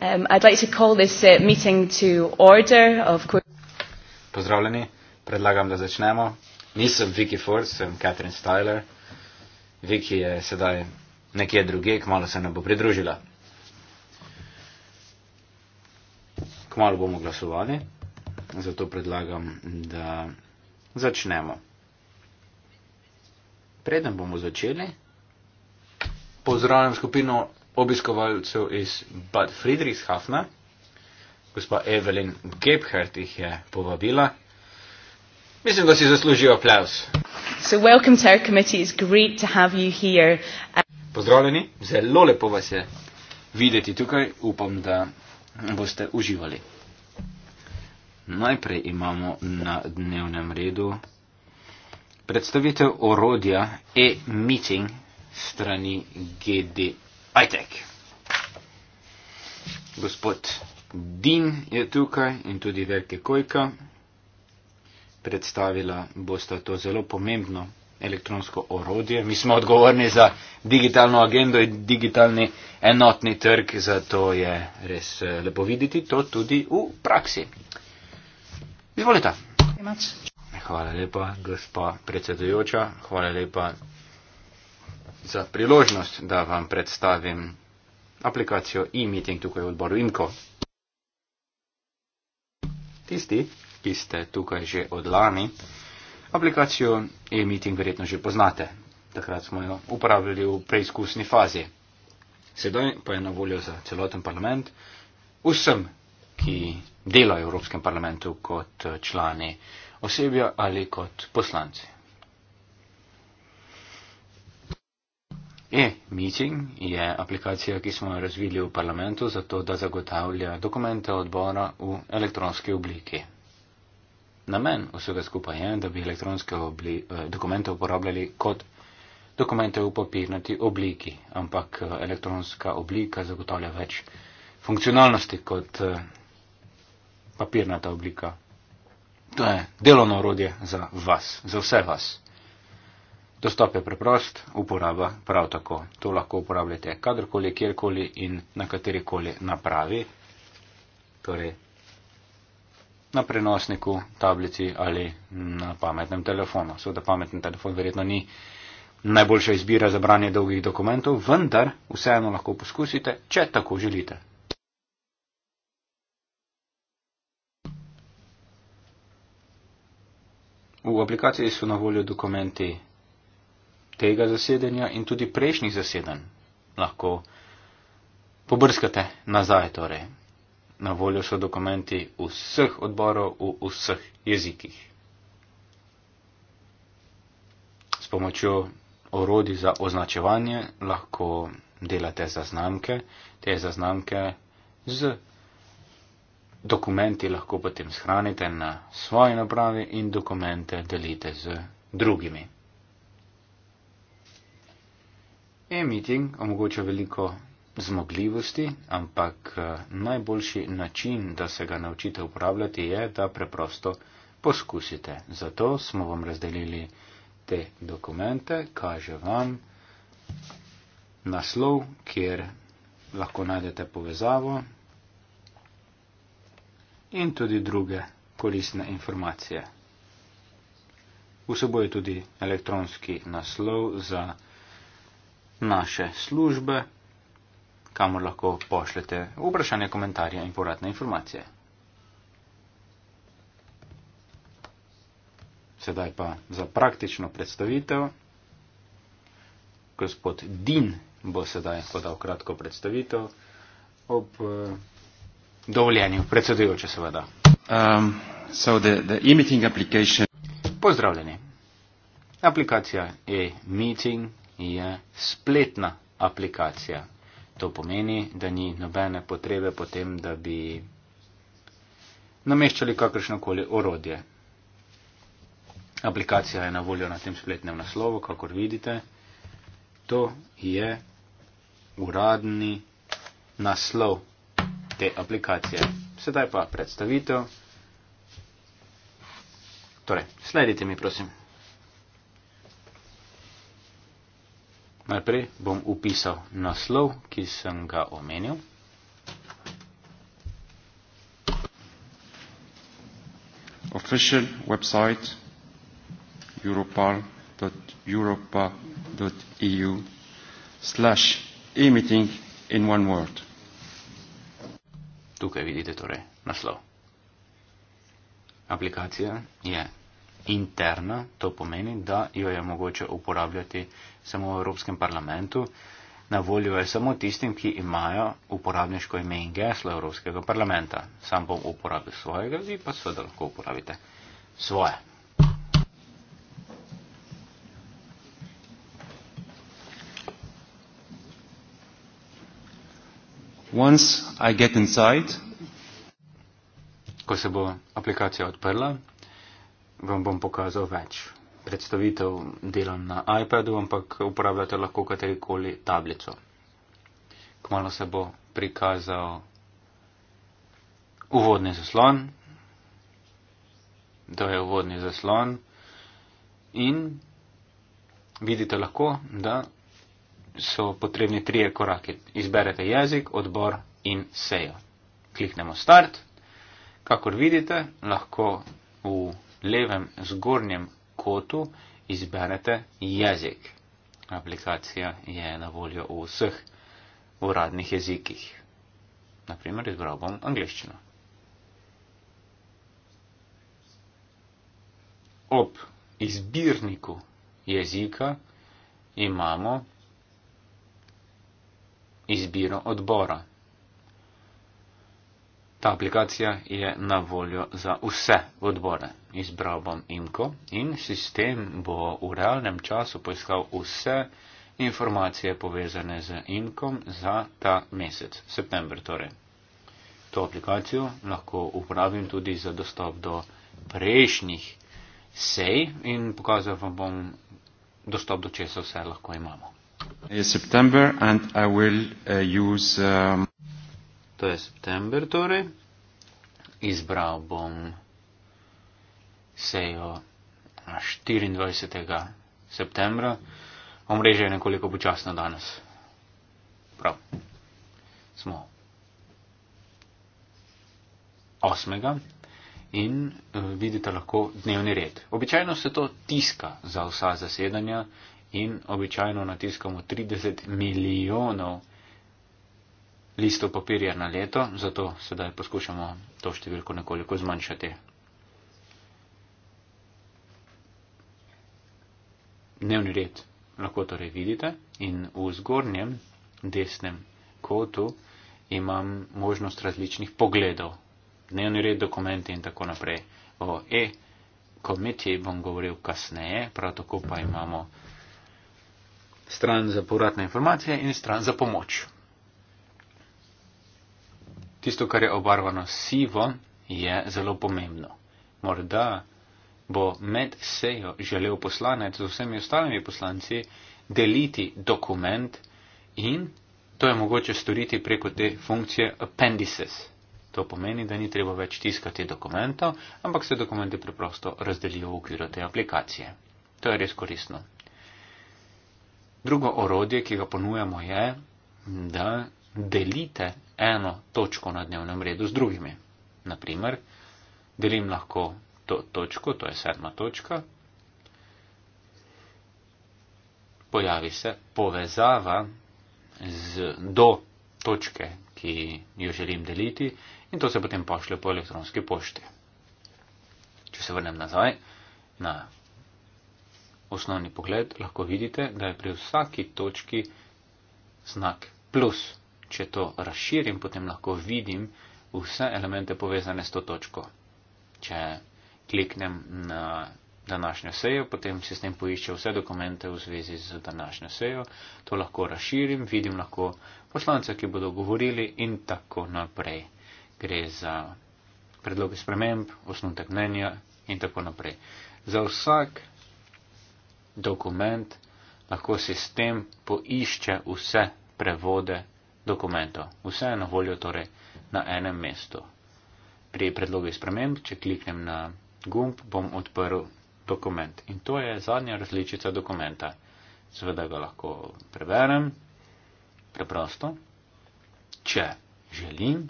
Um, I'd like to call this uh, meeting to order. Of course. Pozdravljeni. Predlagam, da začnemo. Nisem Vicky Ford, sem Catherine Styler. Vicky je sedaj nekje druge, kmalo se nam bo pridružila. Kmalo bomo glasovali, zato predlagam, da začnemo. Preden bomo začeli, pozdravljam skupino obiskovalcev iz Bad Friedrichshafna. Gospa Evelyn Gebhardt jih je povabila. Mislim, da si zaslužijo aplaus. Pozdravljeni, zelo lepo vas je videti tukaj. Upam, da boste uživali. Najprej imamo na dnevnem redu predstavitev orodja e-meeting strani GD Ajtek. Gospod Din je tukaj in tudi Verke Kojka. Predstavila bosta to zelo pomembno elektronsko orodje. Mi smo odgovorni za digitalno agendo in digitalni enotni trg, zato je res eh, lepo videti to tudi v praksi. Izvolite. Hvala lepa, gospa predsedujoča. Hvala lepa za priložnost, da vam predstavim aplikacijo e-meeting tukaj v odboru Inko. Tisti, ki ste tukaj že od lani, aplikacijo e-meeting verjetno že poznate. Takrat smo jo uporabljali v preizkusni fazi. Sedaj pa je na voljo za celoten parlament vsem, ki delajo v Evropskem parlamentu kot člani osebja ali kot poslanci. E-meeting je aplikacija, ki smo jo razvili v parlamentu, zato da zagotavlja dokumente odbora v elektronski obliki. Namen vsega skupaj je, da bi elektronske obli, eh, dokumente uporabljali kot dokumente v papirnati obliki, ampak eh, elektronska oblika zagotavlja več funkcionalnosti kot eh, papirnata oblika. To je delovno orodje za vas, za vse vas. Dostop je preprost, uporaba prav tako. To lahko uporabljate kadarkoli, kjerkoli in na katerikoli napravi, torej na prenosniku, tablici ali na pametnem telefonu. Seveda pametni telefon verjetno ni najboljša izbira za branje dolgih dokumentov, vendar vseeno lahko poskusite, če tako želite. V aplikaciji so na voljo dokumenti tega zasedanja in tudi prejšnjih zasedanj. Lahko pobrskate nazaj torej. Na voljo so dokumenti vseh odborov v vseh jezikih. S pomočjo orodi za označevanje lahko delate zaznamke, te zaznamke z dokumenti lahko potem shranite na svoji napravi in dokumente delite z drugimi. E-meeting omogoča veliko zmogljivosti, ampak eh, najboljši način, da se ga naučite uporabljati, je, da preprosto poskusite. Zato smo vam razdelili te dokumente, kaže vam naslov, kjer lahko najdete povezavo in tudi druge koristne informacije. Vsebuje tudi elektronski naslov za naše službe, kamor lahko pošljete vprašanje, komentarje in povratne informacije. Sedaj pa za praktično predstavitev. Gospod Din bo sedaj podal kratko predstavitev ob uh, dovoljenju predsedujoče seveda. Um, so the, the emitting application. Pozdravljeni. Aplikacija e-meeting je spletna aplikacija. To pomeni, da ni nobene potrebe potem, da bi nameščali kakršnokoli orodje. Aplikacija je na voljo na tem spletnem naslovu, kakor vidite. To je uradni naslov te aplikacije. Sedaj pa predstavitev. Torej, sledite mi, prosim. Najprej bom upisal naslov, ki sem ga omenil. Official website europarl.europa.eu slash emitting in one word. Tukaj vidite torej naslov. Aplikacija je interna, to pomeni, da jo je mogoče uporabljati samo v Evropskem parlamentu. Na voljo je samo tistim, ki imajo uporabniško ime in geslo Evropskega parlamenta. Sam bom uporabil svojega, vi pa seveda lahko uporabite svoje. Once I get inside, ko se bo aplikacija odprla, vam bom pokazal več. Predstavitev delam na iPadu, ampak uporabljate lahko katerikoli tablico. Kmalo se bo prikazal uvodni zaslon. To je uvodni zaslon. In vidite lahko, da so potrebni trije korake. Izberete jezik, odbor in sejo. Kliknemo start. Kakor vidite, lahko v levem zgornjem kotu izberete jezik. Aplikacija je na voljo v vseh uradnih jezikih. Naprimer, izbral bom angliščino. Ob izbirniku jezika imamo izbiro odbora. Ta aplikacija je na voljo za vse odbore izbral bom imko in sistem bo v realnem času poiskal vse informacije povezane z imkom za ta mesec, september torej. To aplikacijo lahko uporabim tudi za dostop do prejšnjih sej in pokazal vam bom dostop do česa vse lahko imamo. Uh, um, to je september torej. Izbral bom sejo 24. septembra. Omrežje je nekoliko počasno danes. Prav. Smo 8. in eh, vidite lahko dnevni red. Običajno se to tiska za vsa zasedanja in običajno natiskamo 30 milijonov listov papirja na leto, zato sedaj poskušamo to številko nekoliko zmanjšati. dnevni red lahko torej vidite in v zgornjem desnem kotu imam možnost različnih pogledov. Dnevni red, dokumente in tako naprej. O e-komitiji bom govoril kasneje, prav tako pa imamo stran za povratne informacije in stran za pomoč. Tisto, kar je obarvano sivo, je zelo pomembno. Morda bo med sejo želel poslanec z vsemi ostalimi poslanci deliti dokument in to je mogoče storiti preko te funkcije appendices. To pomeni, da ni treba več tiskati dokumentov, ampak se dokumenti preprosto razdelijo v okviru te aplikacije. To je res koristno. Drugo orodje, ki ga ponujamo, je, da delite eno točko na dnevnem redu z drugimi. Naprimer, delim lahko to, točko, to je sedma točka, pojavi se povezava z, do točke, ki jo želim deliti in to se potem pošlje po elektronski pošti. Če se vrnem nazaj na osnovni pogled, lahko vidite, da je pri vsaki točki znak plus. Če to razširim, potem lahko vidim vse elemente povezane s to točko. Če kliknem na današnjo sejo, potem sistem poišče vse dokumente v zvezi z današnjo sejo, to lahko razširim, vidim lahko poslance, ki bodo govorili in tako naprej. Gre za predloge sprememb, osnutek mnenja in tako naprej. Za vsak dokument lahko sistem poišče vse prevode dokumentov. Vse je na voljo torej na enem mestu. Pri predlogu sprememb, če kliknem na gumb bom odprl dokument. In to je zadnja različica dokumenta. Seveda ga lahko preberem, preprosto. Če želim,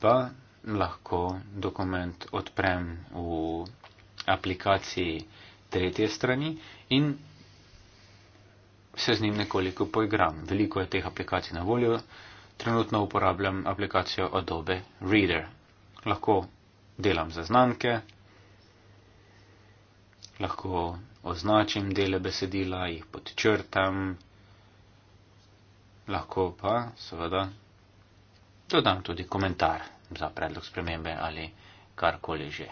pa lahko dokument odprem v aplikaciji tretje strani in se z njim nekoliko poigram. Veliko je teh aplikacij na voljo. Trenutno uporabljam aplikacijo Adobe Reader. Lahko delam zaznamke, lahko označim dele besedila, jih podčrtam, lahko pa seveda dodam tudi komentar za predlog spremembe ali karkoli že.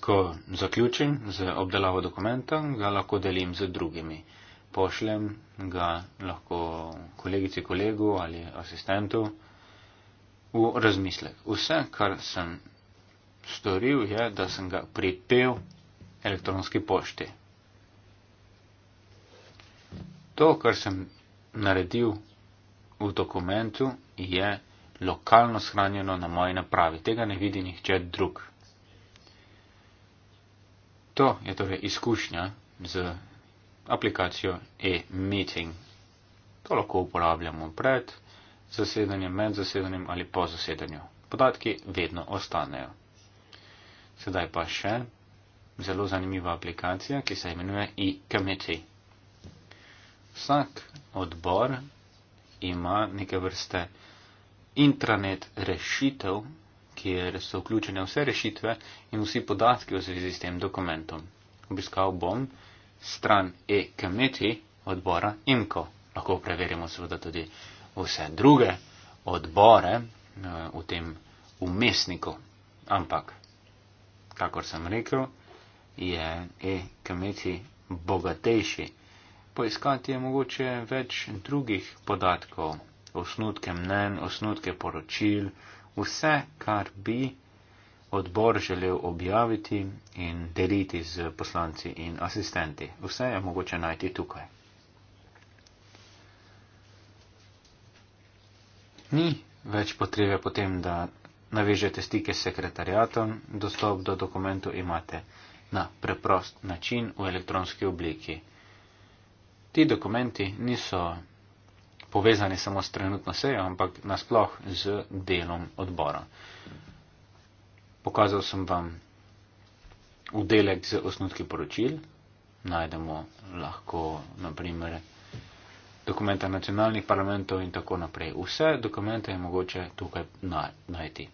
Ko zaključim z obdelavo dokumenta, ga lahko delim z drugimi pošljem ga lahko kolegici, kolegu ali asistentu v razmislek. Vse, kar sem storil, je, da sem ga pripel elektronski pošti. To, kar sem naredil v dokumentu, je lokalno shranjeno na moji napravi. Tega ne vidi nihče drug. To je torej izkušnja z aplikacijo e-meeting. To lahko uporabljamo pred zasedanjem, med zasedanjem ali po zasedanju. Podatki vedno ostanejo. Sedaj pa še zelo zanimiva aplikacija, ki se imenuje e-committee. Vsak odbor ima neke vrste intranet rešitev, kjer so vključene vse rešitve in vsi podatki v zvezi s tem dokumentom. Obiskal bom stran e-committee odbora IMCO. Lahko preverimo seveda tudi vse druge odbore eh, v tem umestniku. Ampak, kakor sem rekel, je e-committee bogatejši. Poiskati je mogoče več drugih podatkov, osnutke mnen, osnutke poročil, vse, kar bi odbor želel objaviti in deliti z poslanci in asistenti. Vse je mogoče najti tukaj. Ni več potrebe potem, da navežete stike s sekretarjatom, dostop do dokumentov imate na preprost način v elektronski obliki. Ti dokumenti niso povezani samo s trenutno sejo, ampak nasploh z delom odbora. Pokazal sem vam udelek z osnutki poročil, najdemo lahko naprimer dokumenta nacionalnih parlamentov in tako naprej. Vse dokumente je mogoče tukaj najti.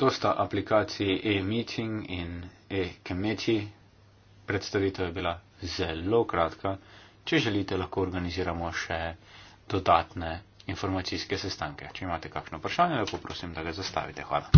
To sta aplikaciji e-meeting in e-kemeti. Predstavitev je bila zelo kratka. Če želite, lahko organiziramo še dodatne informacijske sestanke. Če imate kakšno vprašanje, lepo prosim, da ga zastavite. Hvala.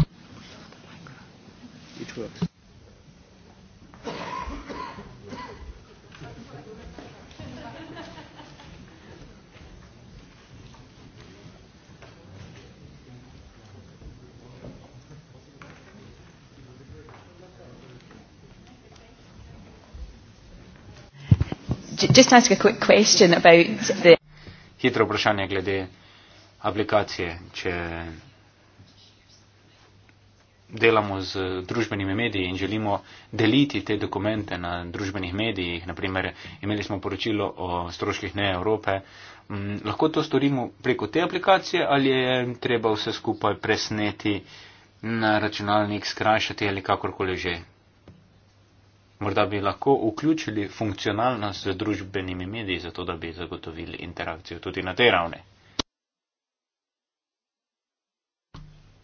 Just ask a quick question about the... Hitro vprašanje glede aplikacije, če delamo z družbenimi mediji in želimo deliti te dokumente na družbenih medijih, naprimer imeli smo poročilo o stroških ne Evrope, mm, lahko to storimo preko te aplikacije ali je treba vse skupaj presneti na računalnik, skrajšati ali kakorkoli že. Morda bi lahko vključili funkcionalnost z družbenimi mediji, zato da bi zagotovili interakcijo tudi na tej ravni.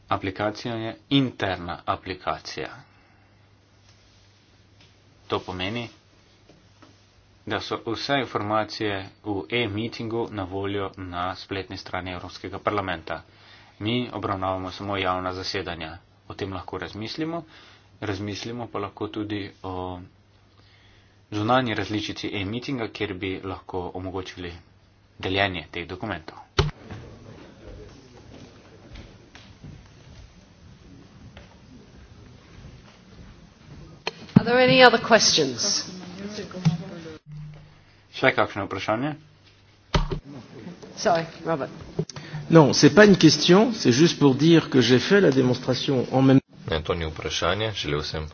Aplikacija je interna aplikacija. To pomeni, da so vse informacije v e-meetingu na voljo na spletni strani Evropskega parlamenta. Mi obravnavamo samo javna zasedanja. O tem lahko razmislimo. Razmislimo pa lahko tudi o zunanji različici e-meetinga, kjer bi lahko omogočili deljenje teh dokumentov. there any other questions? Še kakšno vprašanje? Sorry, Robert. Non, c'est pas une question, c'est juste pour dire que j'ai fait la démonstration en même temps. Ne, to ni vprašanje, želel sem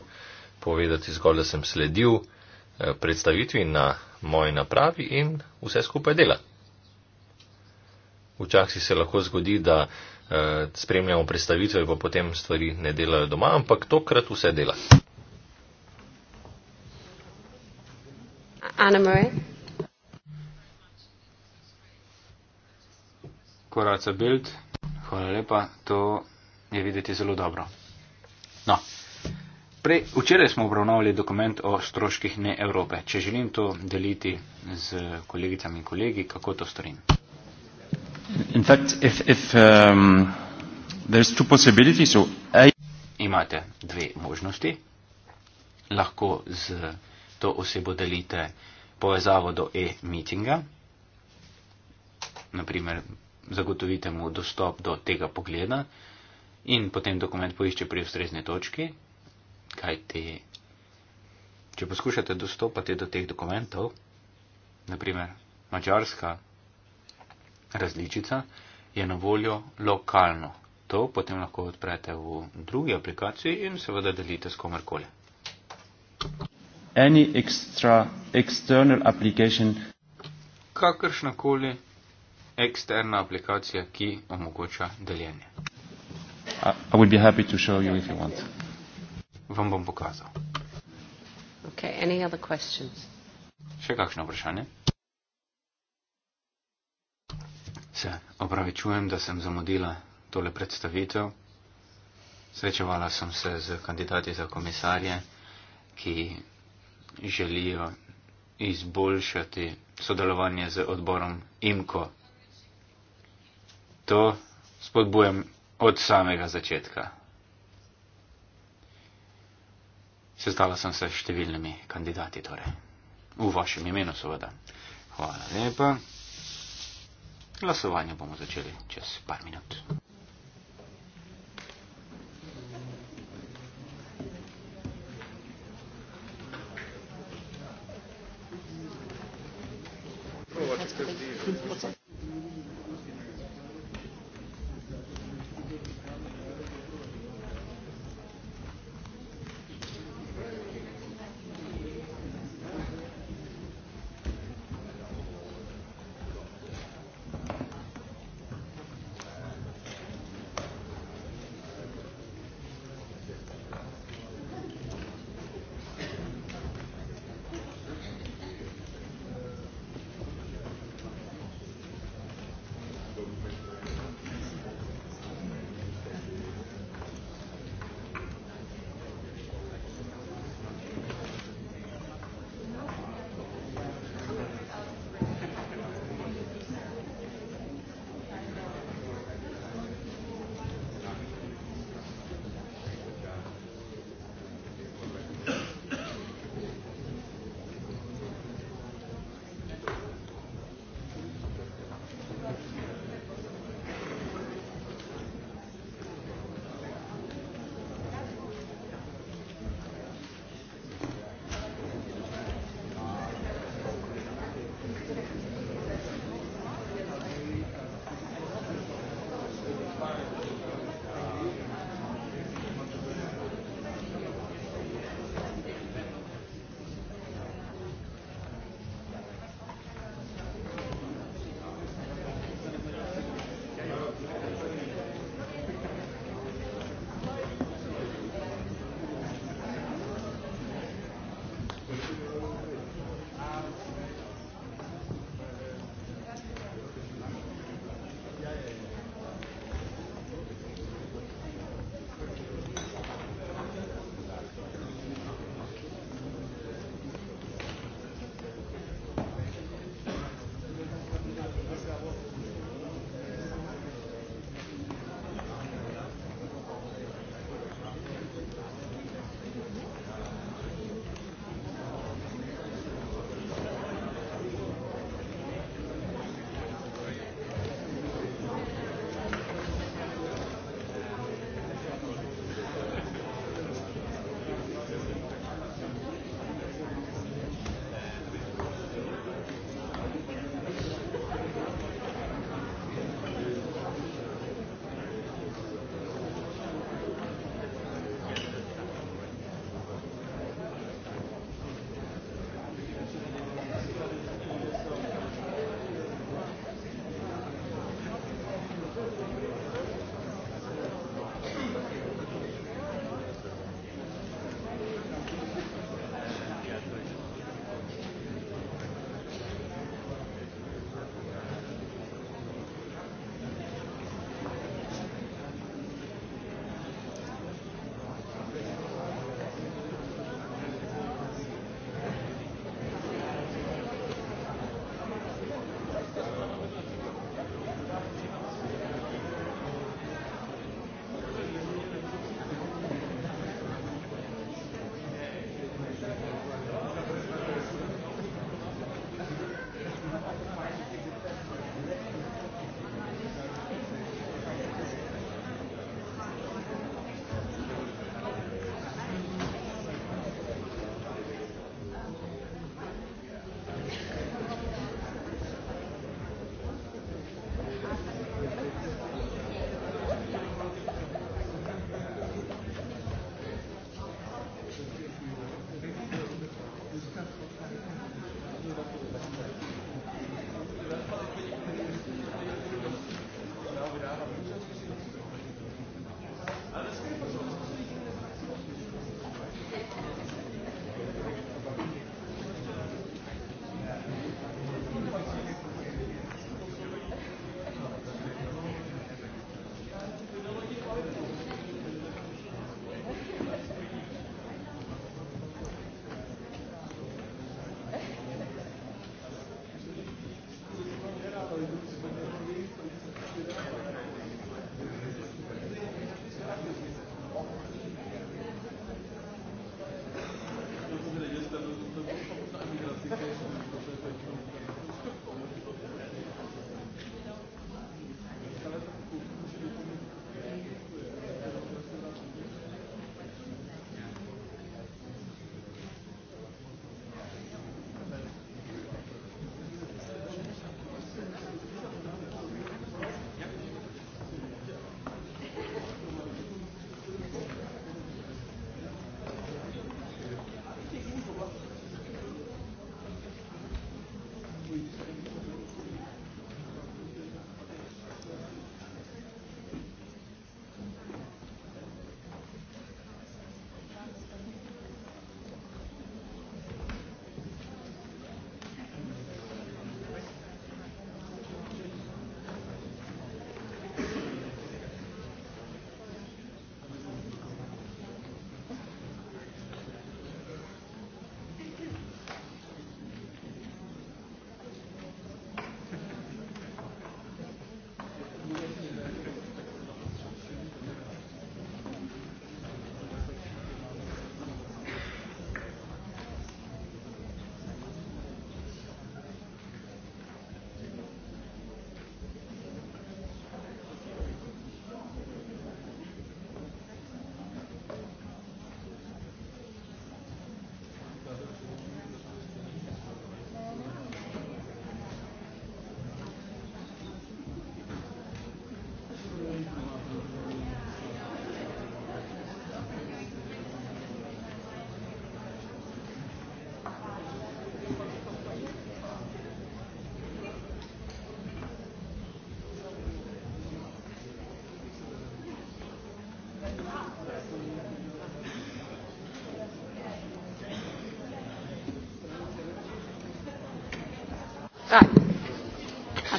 povedati zgolj, da sem sledil eh, predstavitvi na moji napravi in vse skupaj dela. Včasih se lahko zgodi, da eh, spremljamo predstavitve, pa potem stvari ne delajo doma, ampak tokrat vse dela. Anna Marie. Koraca Bild, hvala lepa, to je videti zelo dobro. No, pre, včeraj smo obravnavali dokument o stroških ne Evrope. Če želim to deliti z kolegicami in kolegi, kako to storim? In fact, if, if, um, so, I... Imate dve možnosti. Lahko z to osebo delite povezavo do e-meetinga, naprimer zagotovite mu dostop do tega pogleda in potem dokument poišče pri ustrezni točki, kajti če poskušate dostopati do teh dokumentov, naprimer mačarska različica je na voljo lokalno. To potem lahko odprete v drugi aplikaciji in seveda delite s komerkoli any extra external application. Kakršnakoli eksterna aplikacija, ki omogoča deljenje. I would be happy to show you if you want. Vam bom pokazal. Okay, any other questions? Še kakšno vprašanje? Se opravičujem, da sem zamudila tole predstavitev. Srečevala sem se z kandidati za komisarje, ki želijo izboljšati sodelovanje z odborom IMKO. To spodbujam od samega začetka. Sestala sem se s številnimi kandidati, torej. V vašem imenu, seveda. Hvala lepa. Glasovanje bomo začeli čez par minut.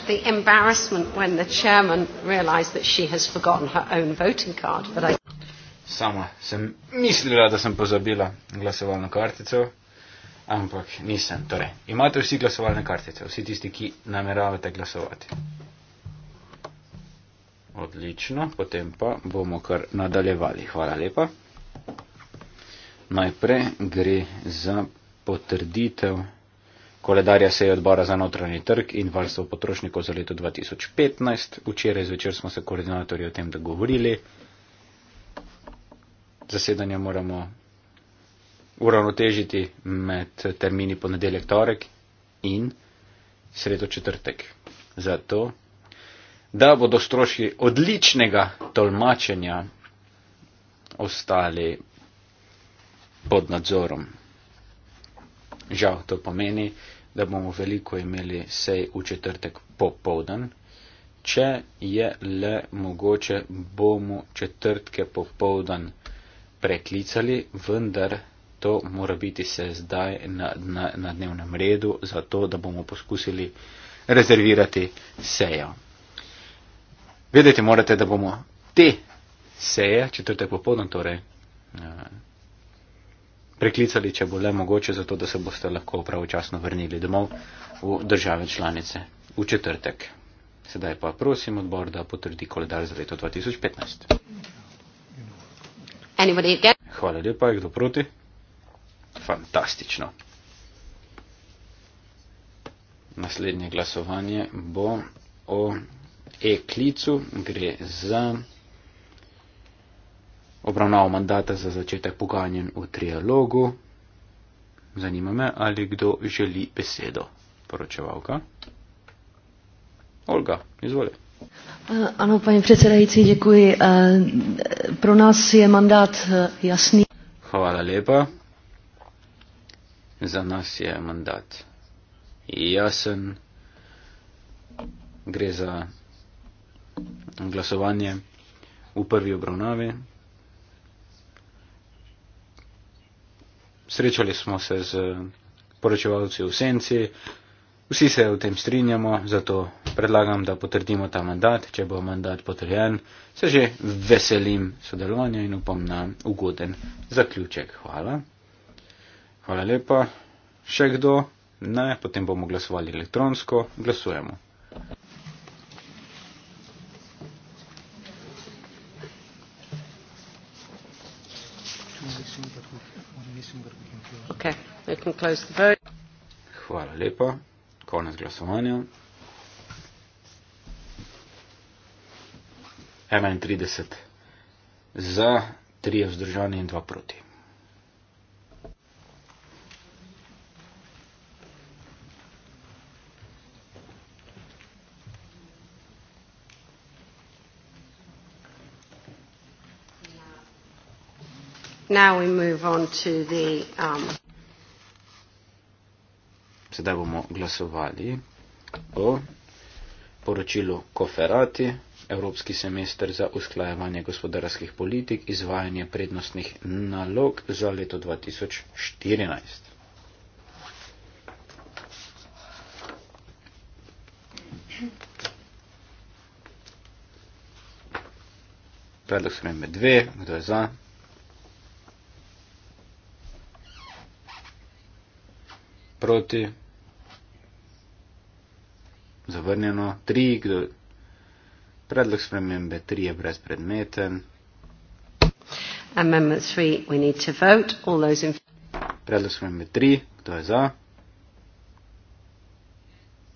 the embarrassment when the chairman realised that she has forgotten her own voting card. But I... Sama sem mislila, da sem pozabila glasovalno kartico, ampak nisem. Torej, imate vsi glasovalne kartice, vsi tisti, ki nameravate glasovati. Odlično, potem pa bomo kar nadaljevali. Hvala lepa. Najprej gre za potrditev koledarja seje odbora za notranji trg in varstvo potrošnikov za leto 2015. Včeraj zvečer smo se koordinatorji o tem dogovorili. Zasedanje moramo uravnotežiti med termini ponedeljek, torek in sredo četrtek. Zato, da bodo stroški odličnega tolmačenja ostali pod nadzorom. Žal, to pomeni, da bomo veliko imeli sej v četrtek popovdan. Če je le mogoče, bomo četrtke popovdan preklicali, vendar to mora biti se zdaj na, na, na dnevnem redu, zato da bomo poskusili rezervirati sejo. Vedeti morate, da bomo te seje, četrtek popovdan, torej eh, preklicali, če bo le mogoče, zato da se boste lahko pravočasno vrnili domov v države članice v četrtek. Sedaj pa prosim odbor, da potrdi koledar za leto 2015. Hvala lepa, je kdo proti? Fantastično. Naslednje glasovanje bo o e-klicu. Gre za obravnavo mandata za začetek pogajanjen v trialogu. Zanima me, ali kdo želi besedo. Poročevalka. Olga, izvoli. Eh, ano, paní predsedajíci, děkuji. Eh, pro nás je mandát eh, jasný. Hvala lepa. Za nas je mandat jasen. Gre za glasovanje v prvi obravnavi srečali smo se z poročevalci v senci. Vsi se v tem strinjamo, zato predlagam, da potrdimo ta mandat. Če bo mandat potrjen, se že veselim sodelovanja in upam na ugoden zaključek. Hvala. Hvala lepa. Še kdo? Ne, potem bomo glasovali elektronsko. Glasujemo. Okay. Hvala lepa. Konec glasovanja. 31 za, 3 vzdržani in 2 proti. Now we move on to the, um... Sedaj bomo glasovali o poročilu Koferati, Evropski semester za usklajevanje gospodarskih politik, izvajanje prednostnih nalog za leto 2014. Predlog spremembe 2, kdo je za? proti, zavrnjeno, tri, kdo, predlog spremembe, tri je brezpredmeten. Amendment three, we need to vote. All those in Predlog spremembe tri, kdo je za?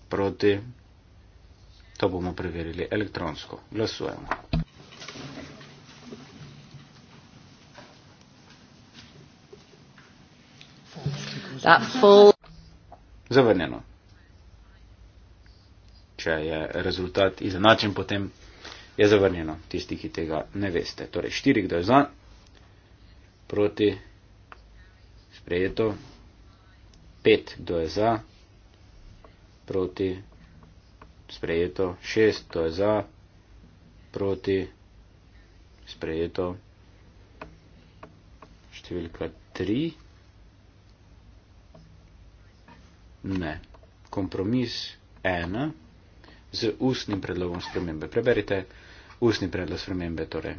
Proti. To bomo preverili elektronsko. Glasujemo. That full zavrnjeno. Če je rezultat izenačen, potem je zavrnjeno tisti, ki tega ne veste. Torej, štiri, kdo je za, proti, sprejeto, pet, kdo je za, proti, sprejeto, šest, kdo je za, proti, sprejeto, številka tri. Ne. Kompromis ena z ustnim predlogom spremembe. Preberite ustni predlog spremembe, torej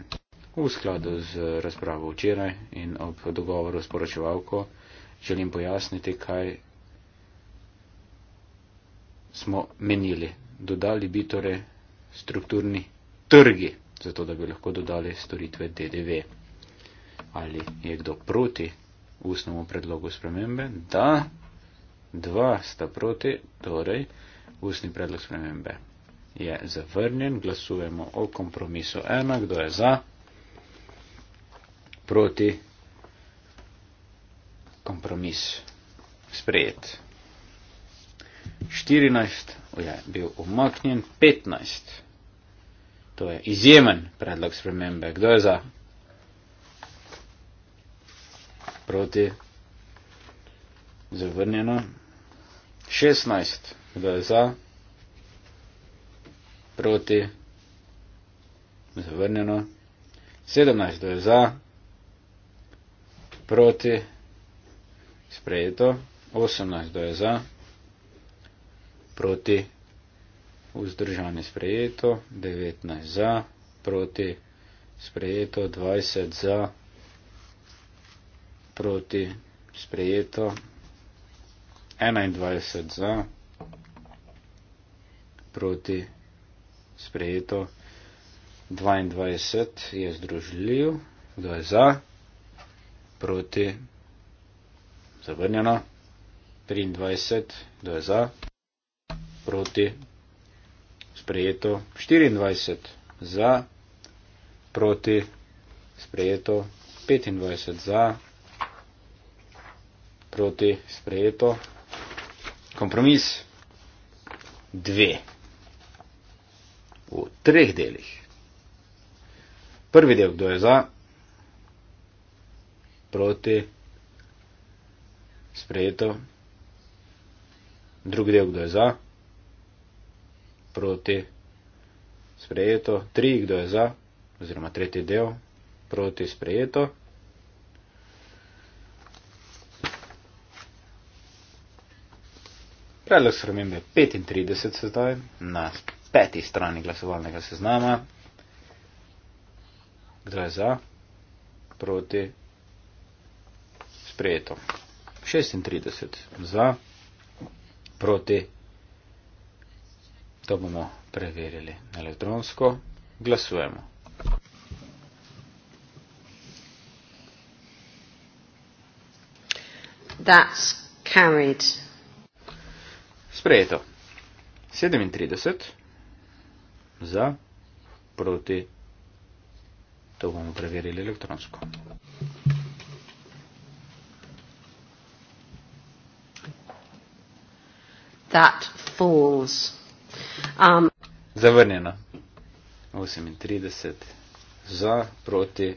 v skladu z razpravo včeraj in ob dogovoru s poročevalko želim pojasniti, kaj smo menili. Dodali bi torej strukturni trgi, zato da bi lahko dodali storitve DDV. Ali je kdo proti ustnemu predlogu spremembe? Da dva sta proti, torej ustni predlog spremembe je zavrnjen, glasujemo o kompromisu ena, kdo je za, proti, kompromis sprejet. 14 je bil umaknjen, 15. To je izjemen predlog spremembe. Kdo je za? Proti. Zavrnjeno. 16, kdo je za, proti, zavrnjeno. 17, kdo je za, proti, sprejeto. 18, kdo je za, proti, vzdržanje sprejeto. 19, za, proti, sprejeto. 20, za, proti, sprejeto. 21 za, proti sprejeto 22 je združljiv, kdo je za, proti zavrnjeno 23, kdo je za, proti sprejeto 24 za, proti sprejeto 25 za, proti sprejeto kompromis dve v treh delih. Prvi del, kdo je za, proti, sprejeto. Drugi del, kdo je za, proti, sprejeto. Tri, kdo je za, oziroma tretji del, proti, sprejeto. Predlog spremembe 35 se zdaj na peti strani glasovalnega seznama. Kdo je za? Proti? Sprejeto. 36 za? Proti? To bomo preverili elektronsko. Glasujemo. That's carried. Sprejeto. 37 za, proti, to bomo preverili elektronsko. That falls. Um. Zavrnjeno. 38 za, proti,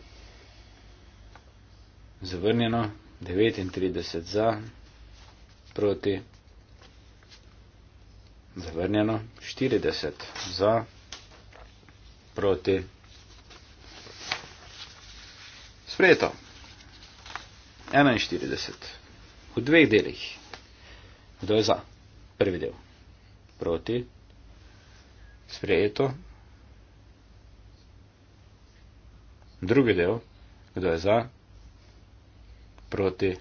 zavrnjeno. 39 za, proti zavrnjeno, 40 za, proti, sprejeto, 41, v dveh delih, kdo je za, prvi del, proti, sprejeto, drugi del, kdo je za, proti,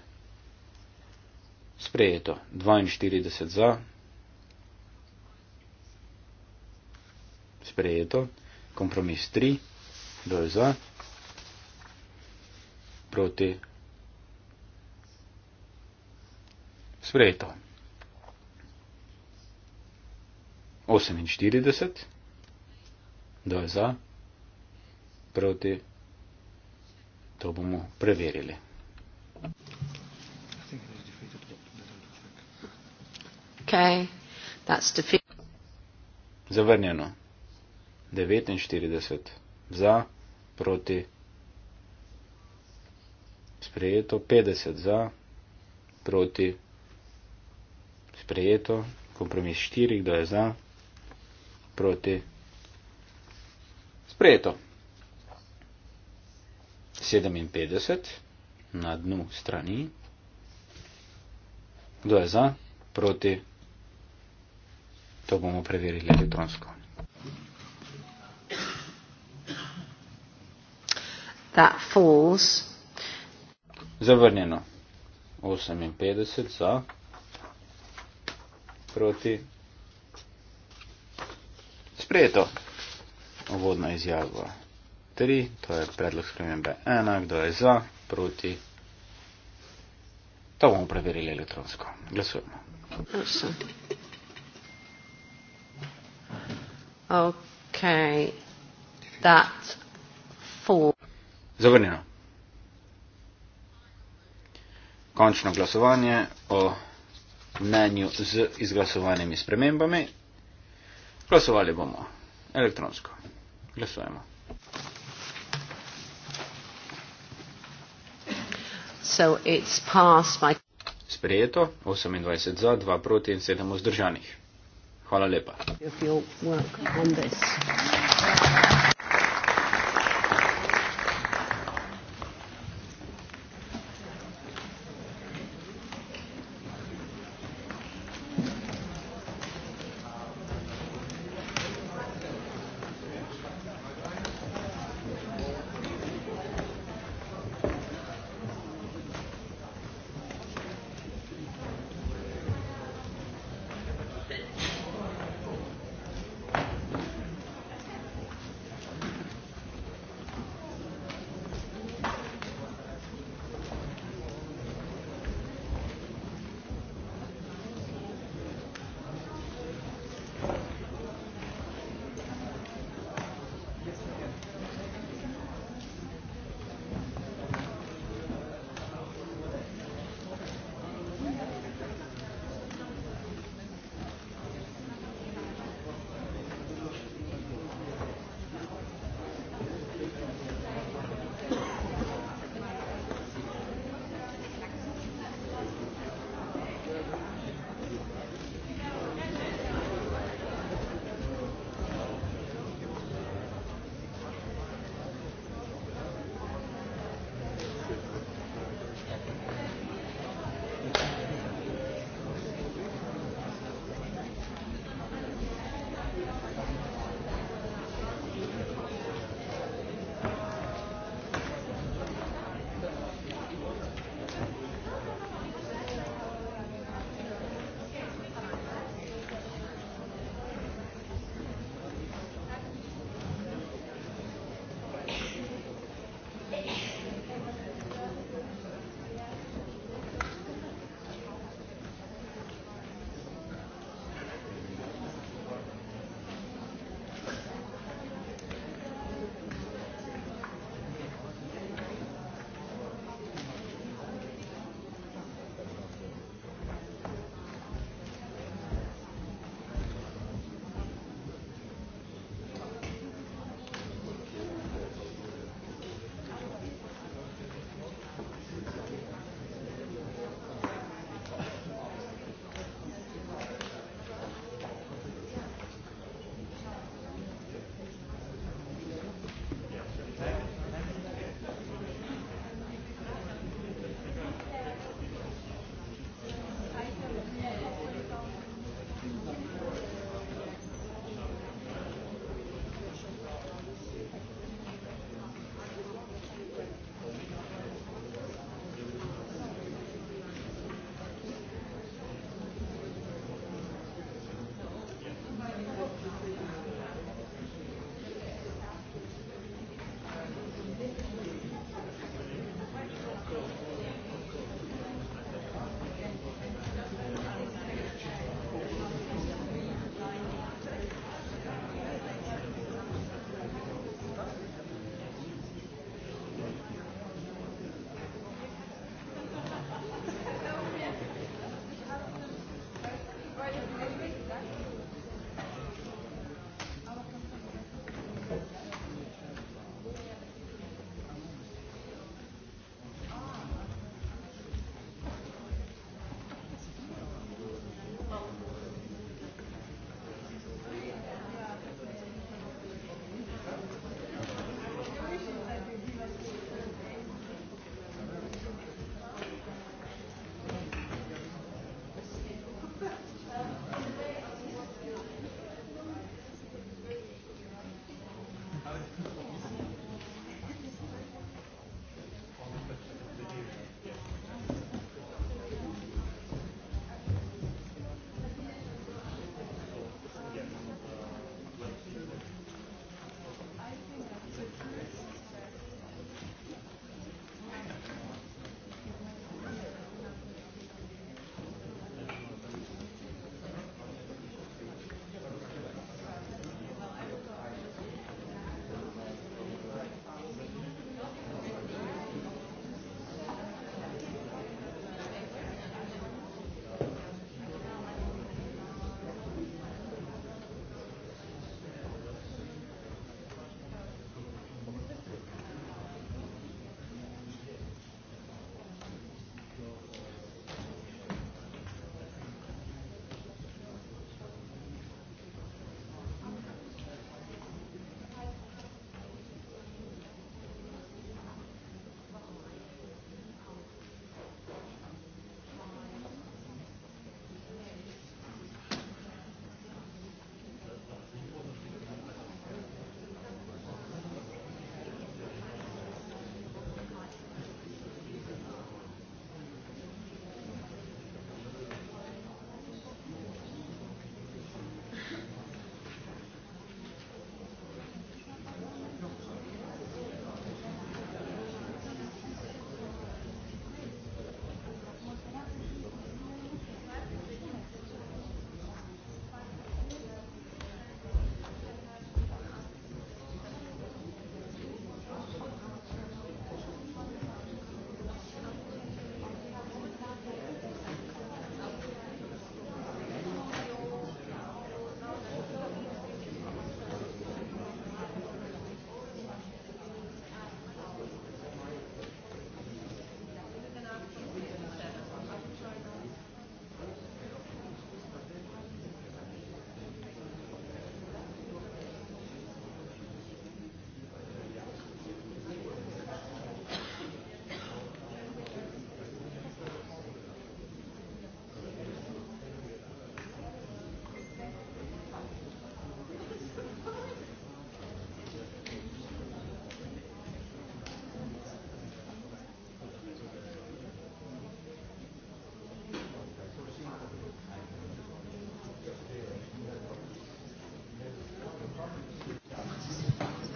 sprejeto, 42 za, sprejeto. Kompromis 3. Kdo je za? Proti. Sprejeto. 48. Kdo je za? Proti. To bomo preverili. Okay. That's Zavrnjeno. 49 za, proti sprejeto, 50 za, proti sprejeto, kompromis 4, kdo je za, proti sprejeto. 57 na dnu strani, kdo je za, proti, to bomo preverili elektronsko. that falls. Zavrnjeno. 58 za. Proti. Sprejeto. Uvodna izjava 3. To je predlog spremembe 1. Kdo je za? Proti. To bomo preverili elektronsko. Glasujemo. Awesome. Okay. That zavrnjeno. Končno glasovanje o mnenju z izglasovanimi spremembami. Glasovali bomo elektronsko. Glasujemo. So it's passed by... Sprejeto 28 za, 2 proti in 7 vzdržanih. Hvala lepa. If you'll work on this.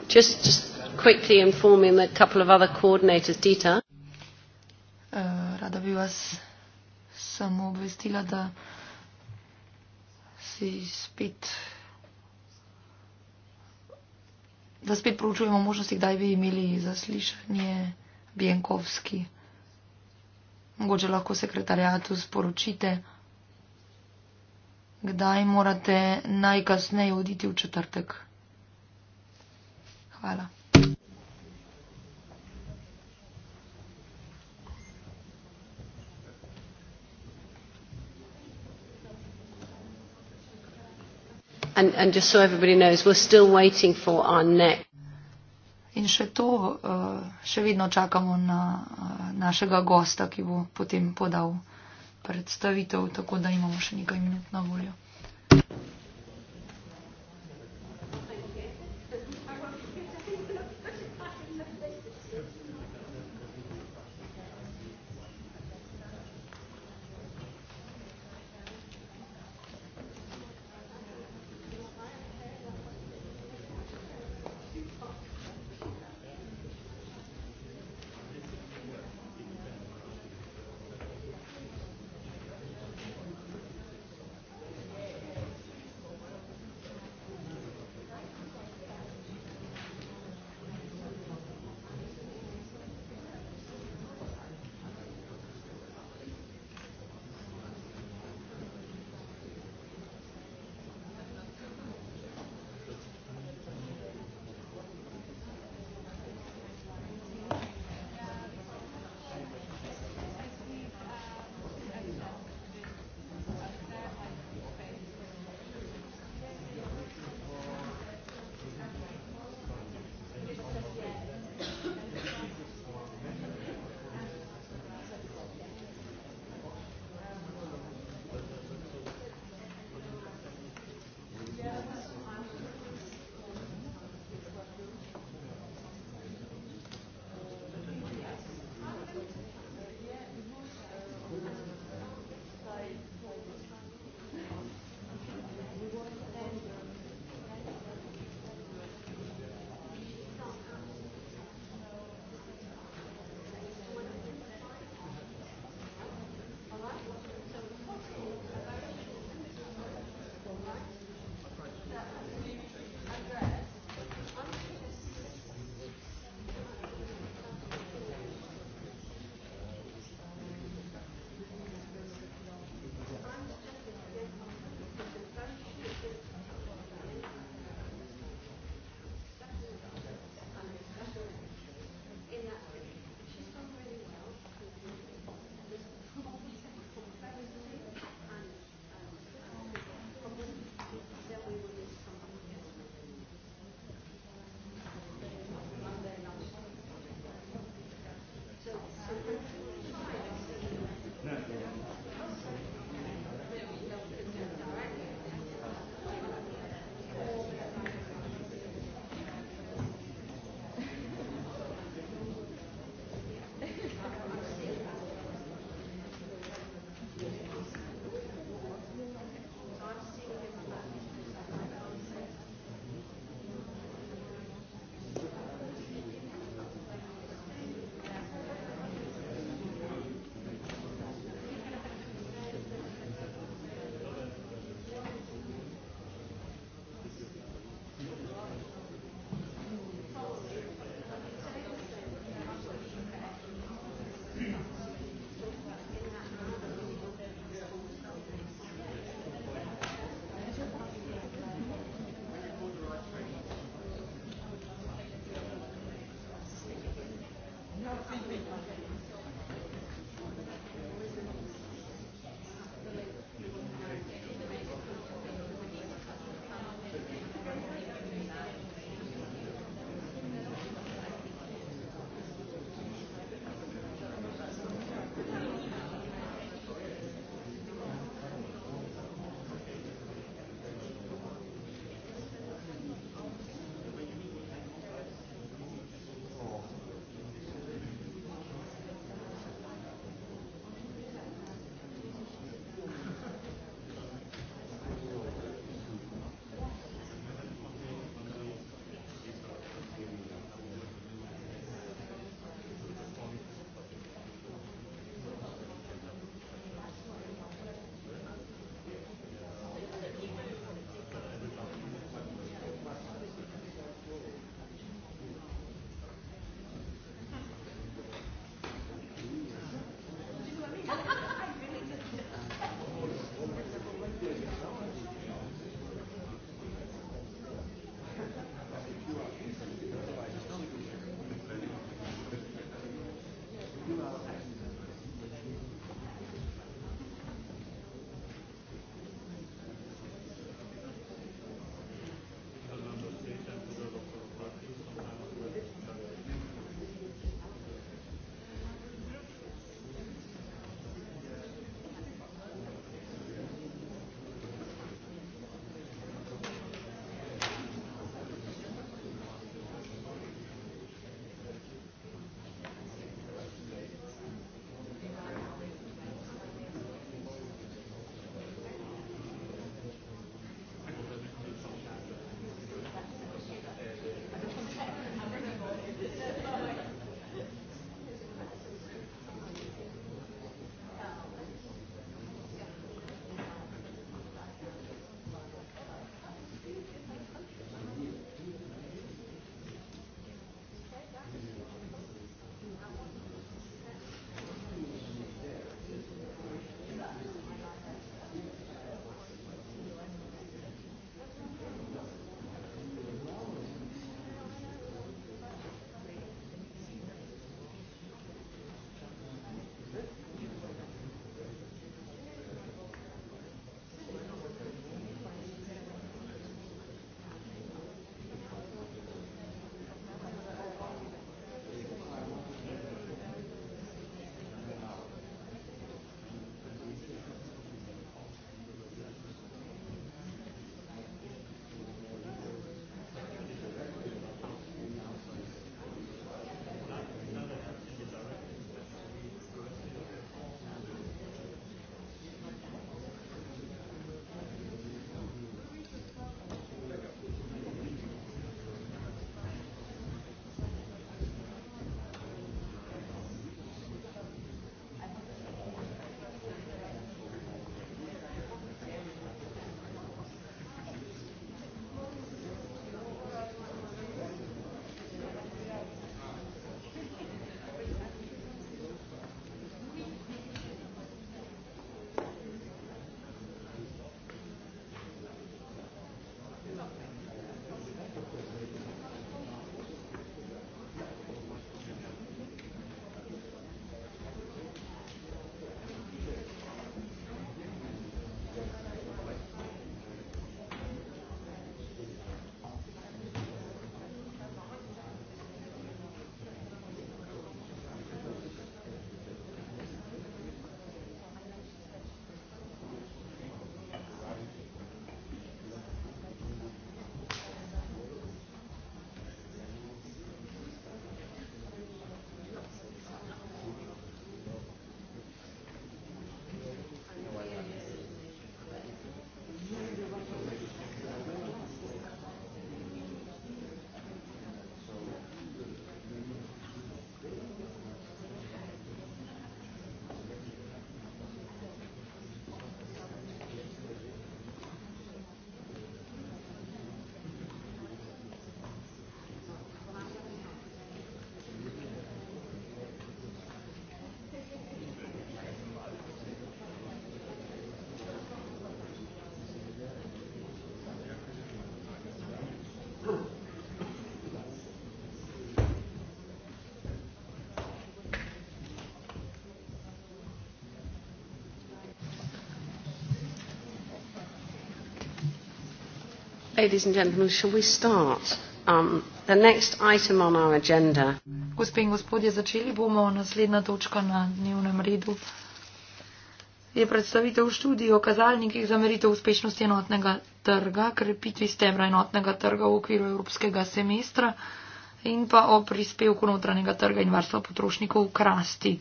just, just quickly informing a couple of other coordinators, Dita. Uh, eh, rada bi vas samo obvestila, da si spet da spet proučujemo možnosti, kdaj bi imeli zaslišanje Bjenkovski. Mogoče lahko sekretarjatu sporočite, kdaj morate najkasneje oditi v četrtek. Hvala. And, and just so everybody knows, we're still waiting for our next. In še to, eh, še vedno čakamo na eh, našega gosta, ki bo potem podal predstavitev, tako da imamo še nekaj minut na voljo. Ladies and gentlemen, shall we start? Um, the next item on our agenda. Gospe in gospodje, začeli bomo naslednja točka na dnevnem redu. Je predstavitev študij o kazalnikih za meritev uspešnosti enotnega trga, krepitvi stebra enotnega trga v okviru evropskega semestra in pa o prispevku notranjega trga in varstva potrošnikov v krasti,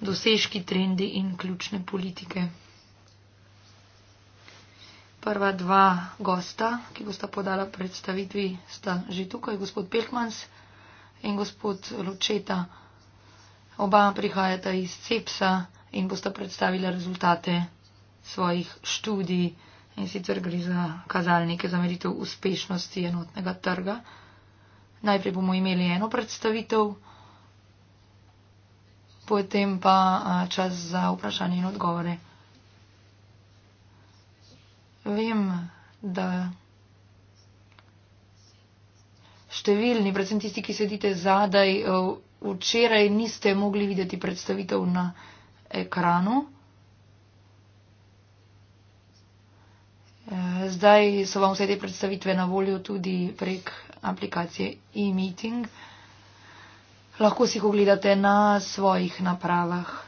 dosežki, trendi in ključne politike. Prva dva gosta, ki bosta podala predstavitvi, sta že tukaj, gospod Pelkmans in gospod Lučeta. Oba prihajata iz CEPSA in bosta predstavila rezultate svojih študij in sicer gre za kazalnike za meritev uspešnosti enotnega trga. Najprej bomo imeli eno predstavitev, potem pa čas za vprašanje in odgovore vem, da številni, predvsem tisti, ki sedite zadaj, eh, včeraj niste mogli videti predstavitev na ekranu. Eh, zdaj so vam vse te predstavitve na voljo tudi prek aplikacije e-meeting. Lahko si jih ogledate na svojih napravah.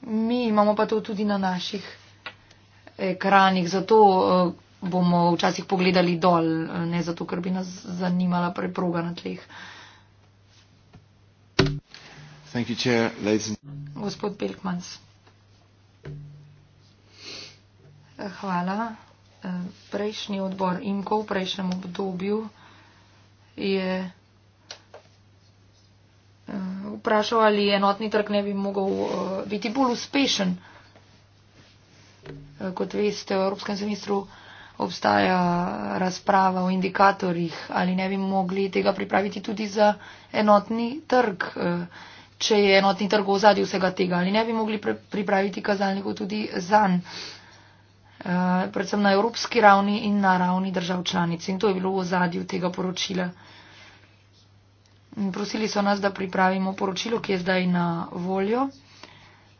Mi imamo pa to tudi na naših ekranih, zato eh, bomo včasih pogledali dol, eh, ne zato, ker bi nas zanimala preproga na tleh. You, Chair, Gospod Belkmans. Eh, hvala. Prejšnji odbor IMKO v prejšnjem obdobju je vprašal, ali enotni trg ne bi mogel uh, biti bolj uspešen. Uh, kot veste, v Evropskem semestru obstaja razprava o indikatorjih, ali ne bi mogli tega pripraviti tudi za enotni trg, uh, če je enotni trg v zadju vsega tega, ali ne bi mogli pripraviti kazalnikov tudi zanj. Uh, predvsem na evropski ravni in na ravni držav članic. In to je bilo v zadju tega poročila. Uh, Prosili so nas, da pripravimo poročilo, ki je zdaj na voljo.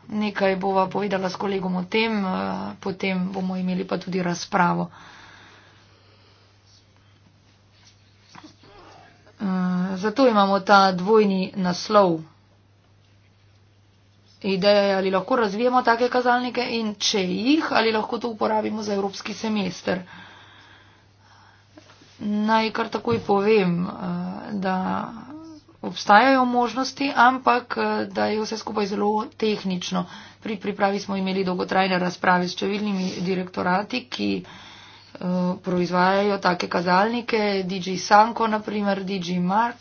Nekaj bova povedala s kolegom o tem, eh, potem bomo imeli pa tudi razpravo. Eh, zato imamo ta dvojni naslov. Ideje, ali lahko razvijemo take kazalnike in če jih, ali lahko to uporabimo za evropski semester. Naj kar takoj povem, eh, da obstajajo možnosti, ampak eh, da je vse skupaj zelo tehnično. Pri pripravi smo imeli dolgotrajne razprave s številnimi direktorati, ki eh, proizvajajo take kazalnike, DJ Sanko, naprimer DJ Mark.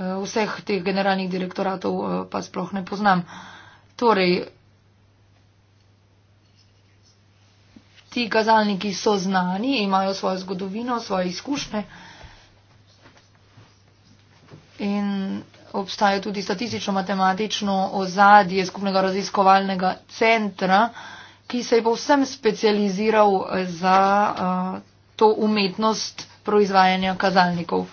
Eh, vseh teh generalnih direktoratov pa sploh ne poznam. Torej, ti kazalniki so znani, imajo svojo zgodovino, svoje izkušnje in obstaja tudi statistično-matematično ozadje skupnega raziskovalnega centra, ki se je povsem specializiral eh, za uh, to umetnost proizvajanja kazalnikov.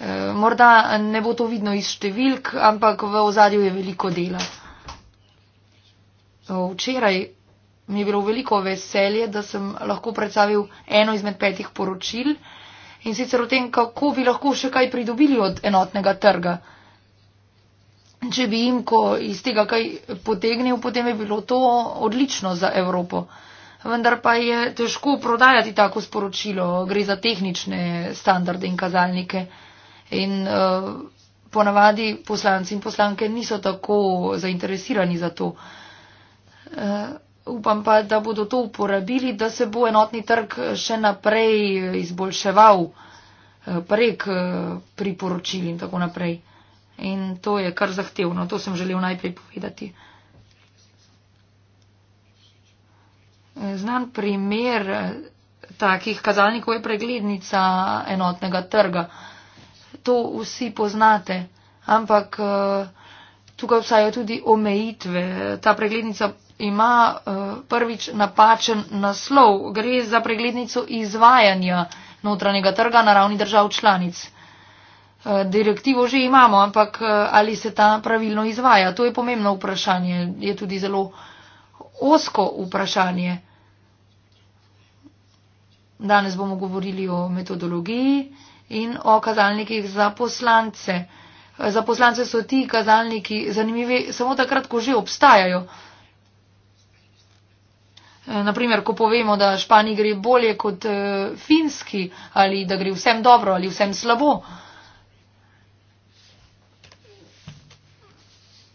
Eh, morda ne bo to vidno iz številk, ampak v ozadju je veliko dela. Včeraj mi je bilo veliko veselje, da sem lahko predstavil eno izmed petih poročil in sicer o tem, kako bi lahko še kaj pridobili od enotnega trga. Če bi jim, ko iz tega kaj potegnil, potem je bilo to odlično za Evropo. Vendar pa je težko prodajati tako sporočilo, gre za tehnične standarde in kazalnike. In uh, ponavadi poslanci in poslanke niso tako zainteresirani za to. Uh, upam pa, da bodo to uporabili, da se bo enotni trg še naprej izboljševal eh, prek eh, priporočil in tako naprej. In to je kar zahtevno, to sem želel najprej povedati. Eh, znan primer takih kazalnikov je preglednica enotnega trga. To vsi poznate, ampak tukaj vsaj je tudi omejitve. Ta preglednica ima eh, prvič napačen naslov. Gre za preglednico izvajanja notranjega trga na ravni držav članic. Eh, direktivo že imamo, ampak eh, ali se ta pravilno izvaja? To je pomembno vprašanje. Je tudi zelo osko vprašanje. Danes bomo govorili o metodologiji in o kazalnikih za poslance. Za poslance so ti kazalniki zanimivi samo takrat, ko že obstajajo. Eh, Naprimer, ko povemo, da Španiji gre bolje kot eh, Finski ali da gre vsem dobro ali vsem slabo.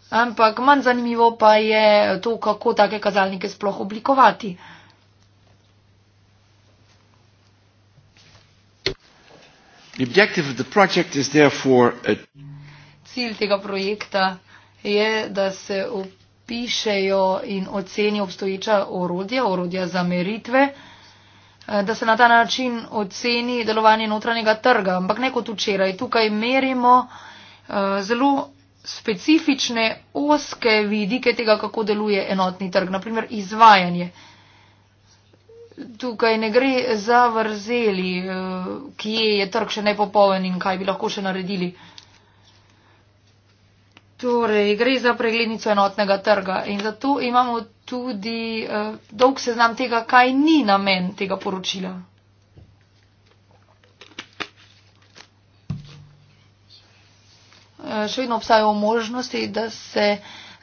Ampak manj zanimivo pa je to, kako take kazalnike sploh oblikovati. Cilj tega projekta je, da se v pišejo in ocenijo obstoječa orodja, orodja za meritve, eh, da se na ta način oceni delovanje notranjega trga. Ampak ne kot včeraj, tukaj merimo eh, zelo specifične, oske vidike tega, kako deluje enotni trg, naprimer izvajanje. Tukaj ne gre za vrzeli, eh, kje je trg še nepopoln in kaj bi lahko še naredili. Torej, gre za preglednico enotnega trga in zato imamo tudi uh, dolg seznam tega, kaj ni namen tega poročila. Uh, še vedno obstajajo možnosti, da se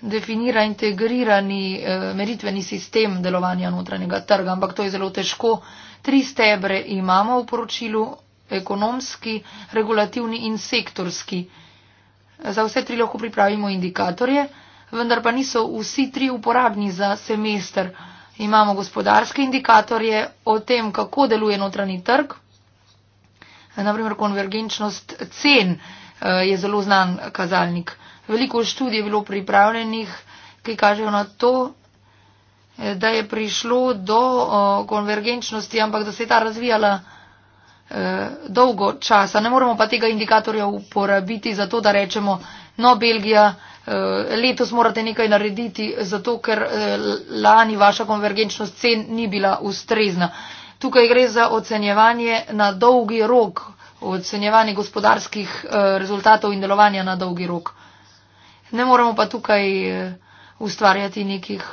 definira integrirani uh, meritveni sistem delovanja notranjega trga, ampak to je zelo težko. Tri stebre imamo v poročilu, ekonomski, regulativni in sektorski. Uh, Za vse tri lahko pripravimo indikatorje, vendar pa niso vsi tri uporabni za semester. Imamo gospodarske indikatorje o tem, kako deluje notranji trg. Naprimer, konvergenčnost cen eh, je zelo znan kazalnik. Veliko študij je bilo pripravljenih, ki kažejo na to, eh, da je prišlo do eh, konvergenčnosti, ampak da se je ta razvijala. Eh, dolgo časa. Ne moremo pa tega indikatorja uporabiti za to, da rečemo, no, Belgija, eh, letos morate nekaj narediti, zato ker eh, lani vaša konvergenčnost cen ni bila ustrezna. Tukaj gre za ocenjevanje na dolgi rok, ocenjevanje gospodarskih rezultatov in delovanja na dolgi rok. Ne moremo pa tukaj ustvarjati nekih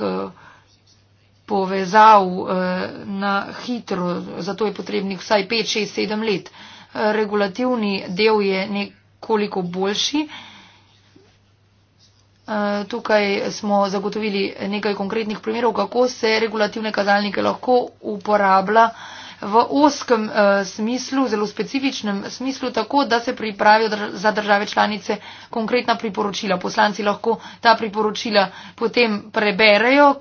povezav eh, na hitro, zato je potrebnih vsaj 5, 6, 7 let. Eh, regulativni del je nekoliko boljši. Eh, tukaj smo zagotovili nekaj konkretnih primerov, kako se regulativne kazalnike lahko uporablja v oskem smislu, zelo specifičnem smislu, tako da se pripravijo za države članice konkretna priporočila. Poslanci lahko ta priporočila potem preberejo,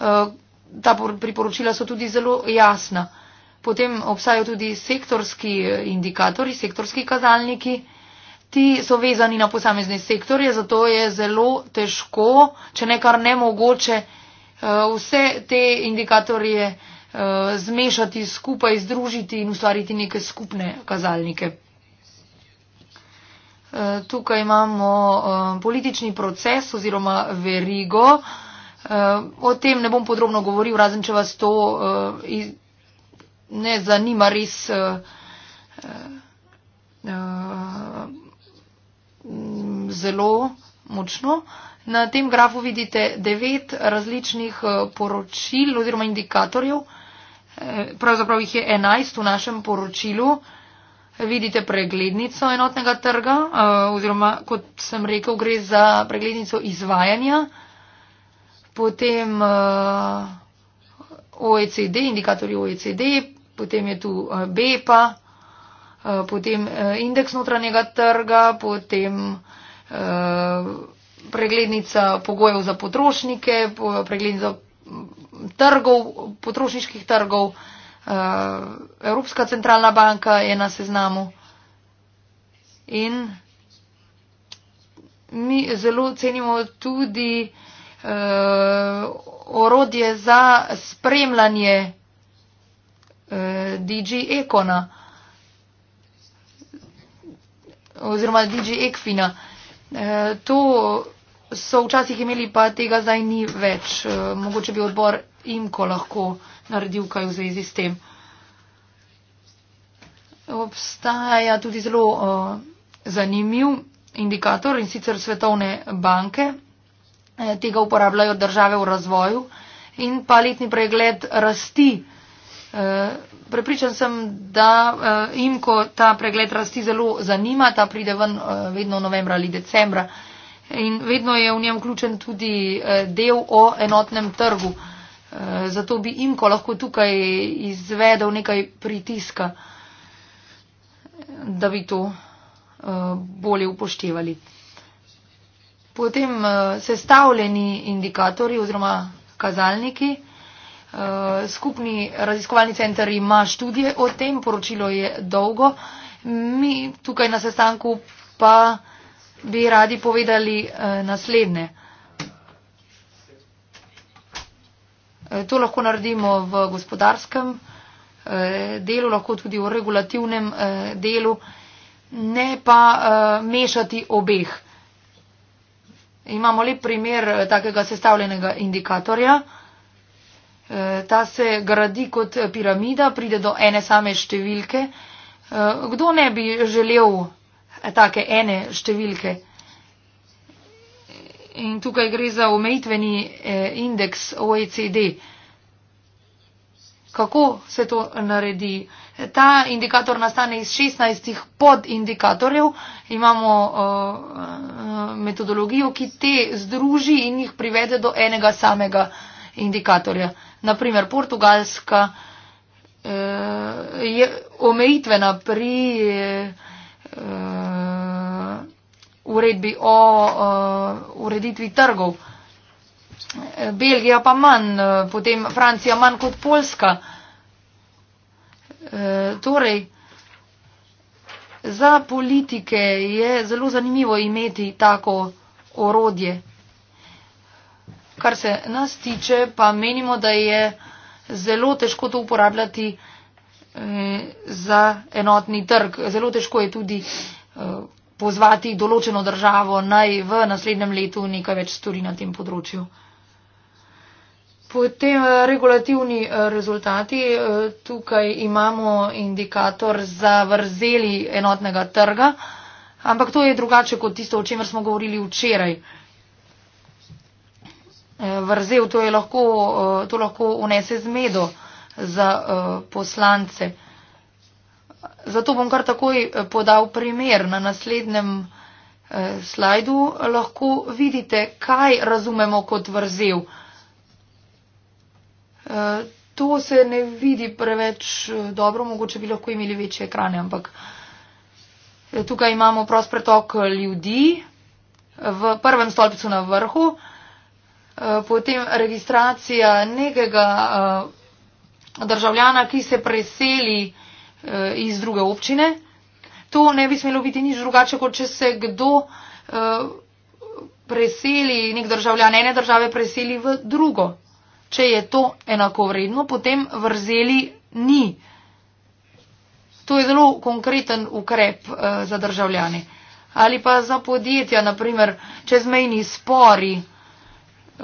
Eh, ta priporočila so tudi zelo jasna. Potem obstajajo tudi sektorski eh, indikatori, sektorski kazalniki. Ti so vezani na posamezne sektorje, zato je zelo težko, če ne kar nemogoče, eh, vse te indikatorje zmešati skupaj, združiti in ustvariti neke skupne kazalnike. Tukaj imamo politični proces oziroma verigo. Eh, o tem ne bom podrobno govoril, razen če vas to eh, ne zanima res. Eh, mm, zelo močno. Na tem grafu vidite devet različnih poročil oziroma indikatorjev. Pravzaprav jih je enajst v našem poročilu. Vidite preglednico enotnega trga oziroma, kot sem rekel, gre za preglednico izvajanja potem uh, eh, OECD, indikatorji OECD, potem je tu uh, BEPA, uh, potem uh, indeks notranjega trga, potem uh, preglednica pogojev za potrošnike, preglednica mm, trgov, potrošniških trgov, uh, Evropska centralna banka je na seznamu in mi zelo cenimo tudi uh, uh, orodje za spremljanje uh, eh, DJ Ekona oziroma DJ Ekfina. Uh, to so včasih imeli, pa tega zdaj ni več. Uh, mogoče bi odbor Imko lahko naredil kaj v zvezi s tem. Obstaja tudi zelo uh, zanimiv indikator in sicer Svetovne banke. Eh, tega uporabljajo države v razvoju in pa letni pregled rasti. Eh, prepričan sem, da jim, eh, ko ta pregled rasti zelo zanima, ta pride ven vedno novembra ali decembra in vedno je v njem vključen tudi del o enotnem trgu. Zato bi jim, ko lahko tukaj izvedel nekaj pritiska, da bi to bolje upoštevali. Potem eh, sestavljeni indikatorji oziroma kazalniki. Eh, skupni raziskovalni center ima študije o tem, poročilo je dolgo. Mi tukaj na sestanku pa bi radi povedali eh, naslednje. To lahko naredimo v gospodarskem delu, lahko tudi v regulativnem delu, ne pa mešati obeh. Imamo lep primer eh, takega sestavljenega indikatorja. Eh, ta se gradi kot piramida, pride do ene same številke. Eh, kdo ne bi želel take ene številke? In tukaj gre za omejitveni indeks OECD. Kako se to naredi? Ta indikator nastane iz 16 podindikatorjev. Imamo uh, uh, metodologijo, ki te združi in jih privede do enega samega indikatorja. Naprimer, portugalska uh, je omejitvena pri uh, uredbi o uh, ureditvi trgov. Belgija pa manj, uh, potem Francija manj kot Poljska. Uh, Eh, torej, za politike je zelo zanimivo imeti tako orodje. Kar se nas tiče, pa menimo, da je zelo težko to uporabljati eh, za enotni trg. Zelo težko je tudi eh, pozvati določeno državo naj v naslednjem letu nekaj več stori na tem področju. Potem eh, regulativni eh, rezultati. Eh, tukaj imamo indikator za vrzeli enotnega trga, ampak to je drugače kot tisto, o čemer smo govorili včeraj. Vrzel to, lahko, to lahko unese zmedo za poslance. Zato bom kar takoj podal primer. Na naslednjem slajdu lahko vidite, kaj razumemo kot vrzel. Eh, to se ne vidi preveč eh, dobro, mogoče bi lahko imeli večje ekrane, ampak eh, tukaj imamo prost pretok ljudi v prvem stolpcu na vrhu, potem registracija nekega državljana, ki se preseli iz druge občine. To ne bi smelo biti nič drugače, kot če se kdo preseli, nek državljan ene države preseli v drugo če je to enakovredno, potem vrzeli ni. To je zelo konkreten ukrep eh, za državljane. Ali pa za podjetja, naprimer, čezmejni spori, eh,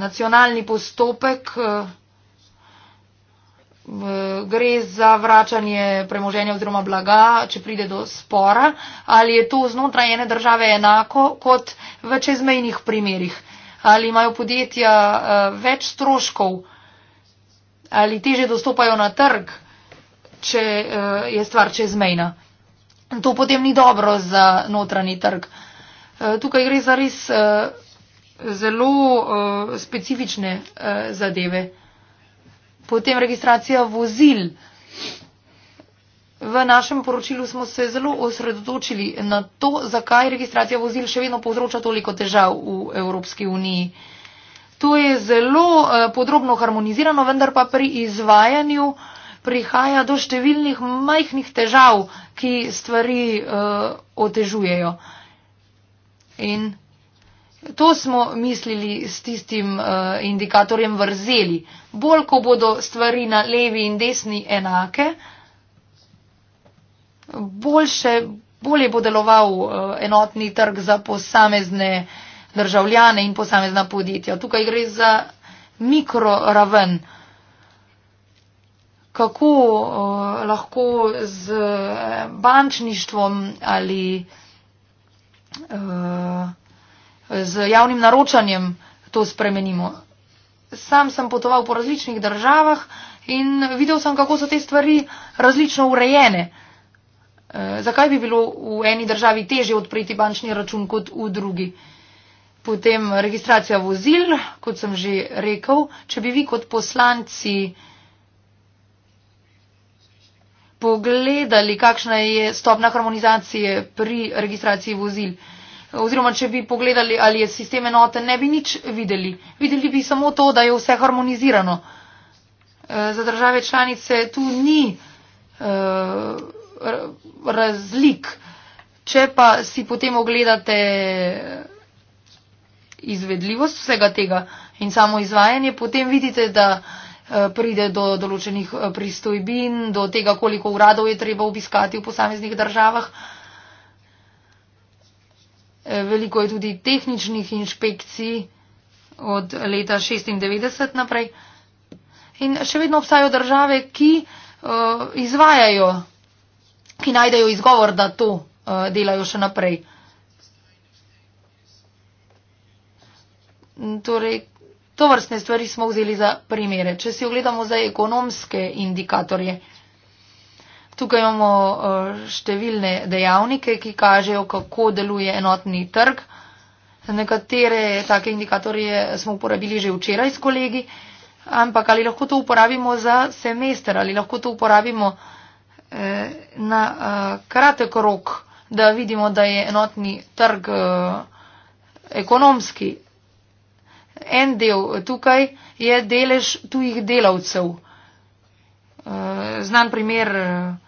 nacionalni postopek, eh, gre za vračanje premoženja oziroma blaga, če pride do spora, ali je to znotraj ene države enako kot v čezmejnih primerjih ali imajo podjetja eh, več stroškov, ali teže dostopajo na trg, če eh, je stvar čezmejna. To potem ni dobro za notranji trg. Eh, tukaj gre za res zelo specifične zadeve. Potem registracija vozil. V našem poročilu smo se zelo osredotočili na to, zakaj registracija vozil še vedno povzroča toliko težav v Evropski uniji. To je zelo eh, podrobno harmonizirano, vendar pa pri izvajanju prihaja do številnih majhnih težav, ki stvari uh, otežujejo. In to smo mislili s tistim uh, indikatorjem vrzeli. Bolj, ko bodo stvari na levi in desni enake, uh, boljše, bolje bo deloval eh, enotni trg za posamezne državljane in posamezna podjetja. Tukaj gre za mikroraven, kako eh, lahko z eh, bančništvom ali z javnim naročanjem to spremenimo. Sam sem potoval po različnih državah in videl sem, kako so te stvari različno urejene. Eh, zakaj bi bilo v eni državi teže odpreti bančni račun kot v drugi. Potem registracija vozil, kot sem že rekel, če bi vi kot poslanci pogledali, kakšna je stopna harmonizacije pri registraciji vozil. Oziroma, če bi pogledali, ali je sistem enoten, ne bi nič videli. Videli bi samo to, da je vse harmonizirano. E, za države članice tu ni. E, razlik. Če pa si potem ogledate izvedljivost vsega tega in samo izvajanje, potem vidite, da eh, pride do določenih eh, pristojbin, do tega, koliko uradov je treba obiskati v posameznih državah. Eh, veliko je tudi tehničnih inšpekcij od leta 96 naprej. In še vedno obstajajo države, ki uh, izvajajo ki najdejo izgovor, da to eh, delajo še naprej. Mm, torej, to vrstne stvari smo vzeli za primere. Če si ogledamo za ekonomske indikatorje, tukaj imamo eh, številne dejavnike, ki kažejo, kako deluje enotni trg. Nekatere take indikatorje smo uporabili že včeraj s kolegi, ampak ali lahko to uporabimo za semester, ali lahko to uporabimo eh, na eh, kratek rok, da vidimo, da je enotni trg eh, ekonomski. En del tukaj je delež tujih delavcev. Eh, znan primer eh,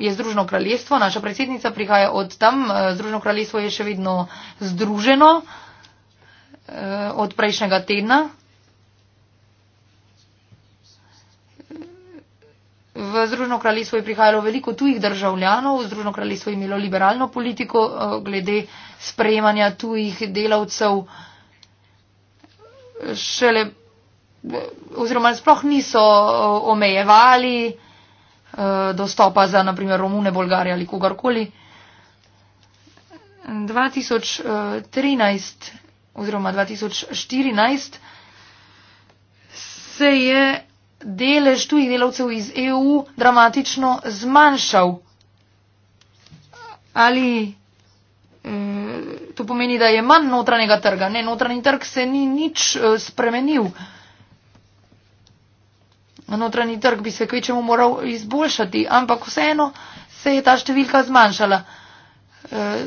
je Združeno kraljestvo, naša predsednica prihaja od tam, eh, Združeno kraljestvo je še vedno združeno eh, od prejšnjega tedna. v Združeno kraljestvo je prihajalo veliko tujih državljanov, v Združeno kraljestvo je imelo liberalno politiko eh, glede sprejemanja tujih delavcev, šele eh, oziroma sploh niso eh, omejevali dostopa za naprimer Romune, Bolgarije ali kogarkoli. 2013 oziroma 2014 se je delež tujih delavcev iz EU dramatično zmanjšal. Ali eh, to pomeni, da je manj notranjega trga? Ne, notranji trg se ni nič eh, spremenil. Notranji trg bi se kvečemu moral izboljšati, ampak vseeno se je ta številka zmanjšala. Eh,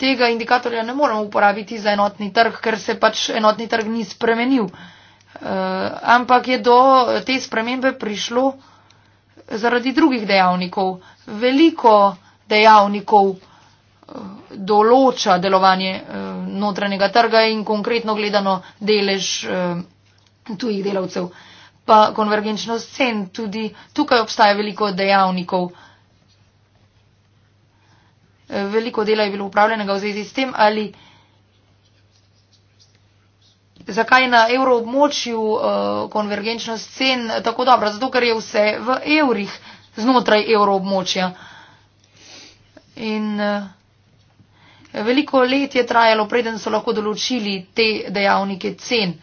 tega indikatorja ne moremo uporabiti za enotni trg, ker se pač enotni trg ni spremenil. Eh, ampak je do te spremembe prišlo zaradi drugih dejavnikov. Veliko dejavnikov eh, določa delovanje eh, notranjega trga in konkretno gledano delež tujih delavcev. Pa konvergenčnost cen, tudi tukaj obstaja veliko dejavnikov. Veliko dela je bilo upravljenega v zvezi s tem, ali zakaj na evroobmočju uh, konvergenčnost cen tako dobra? Zato, ker je vse v evrih znotraj evroobmočja. In uh, veliko let je trajalo, preden so lahko določili te dejavnike cen.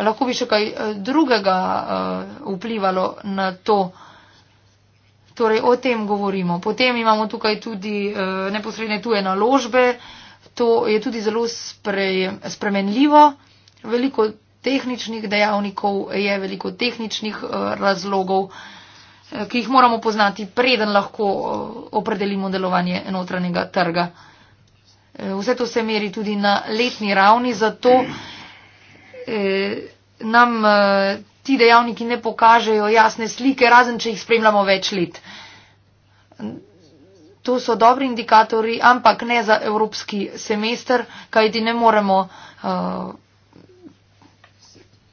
Lahko bi še kaj eh, drugega uh, vplivalo na to. Torej, o tem govorimo. Potem imamo tukaj tudi uh, neposredne tuje naložbe. Uh, to je tudi zelo spremenljivo. Veliko tehničnih dejavnikov je, veliko tehničnih eh, razlogov, eh, ki jih moramo poznati, preden lahko eh, opredelimo delovanje notranjega trga. Vse to se meri tudi na letni ravni, zato nam ti dejavniki ne pokažejo jasne slike, razen če jih spremljamo več let to so dobri indikatori, ampak ne za evropski semester, kajti ne moremo uh,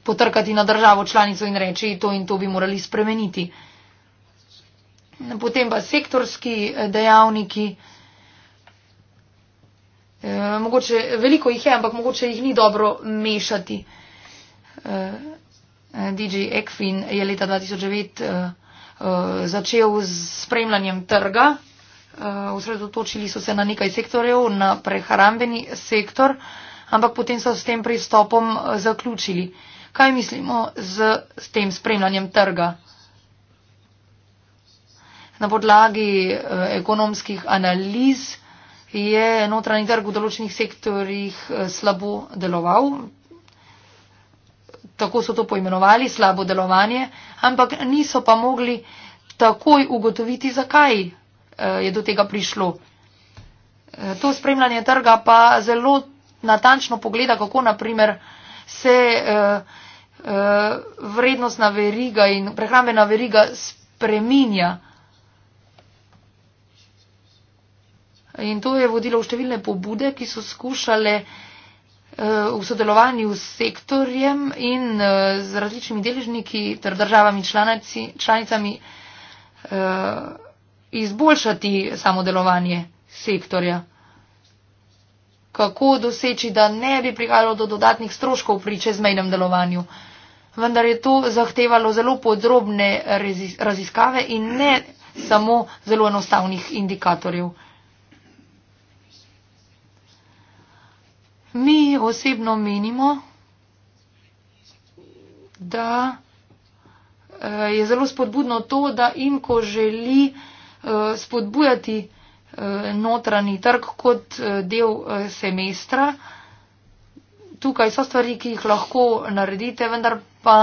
potrkati na državo članico in reči, to in to bi morali spremeniti. Potem pa sektorski eh, dejavniki. Eh, mogoče, veliko jih je, ampak mogoče jih ni dobro mešati. DJ Ekfin je leta 2009 začel s spremljanjem trga Eh, osredotočili so se na nekaj sektorjev, na prehrambeni sektor, ampak potem so s tem pristopom eh, zaključili. Kaj mislimo z, s tem spremljanjem trga? Na podlagi eh, ekonomskih analiz je notranji trg v določenih sektorjih slabo deloval. Tako so to poimenovali, slabo delovanje, ampak niso pa mogli takoj ugotoviti, zakaj Eh, je do tega prišlo. Eh, to spremljanje trga pa zelo natančno pogleda, kako naprimer se eh, vrednostna veriga in prehrambena veriga spreminja. In to je vodilo v številne pobude, ki so skušale v sodelovanju s sektorjem in z različnimi deležniki ter državami članici, članicami izboljšati samo delovanje sektorja? Kako doseči, da ne bi prihajalo do dodatnih stroškov pri čezmejnem delovanju? Vendar je to zahtevalo zelo podrobne raziskave in ne samo zelo enostavnih indikatorjev. Mi osebno menimo, da eh, je zelo spodbudno to, da IMKO želi Eh, spodbujati eh, notranji trg kot eh, del semestra. Tukaj so stvari, ki jih lahko naredite, vendar pa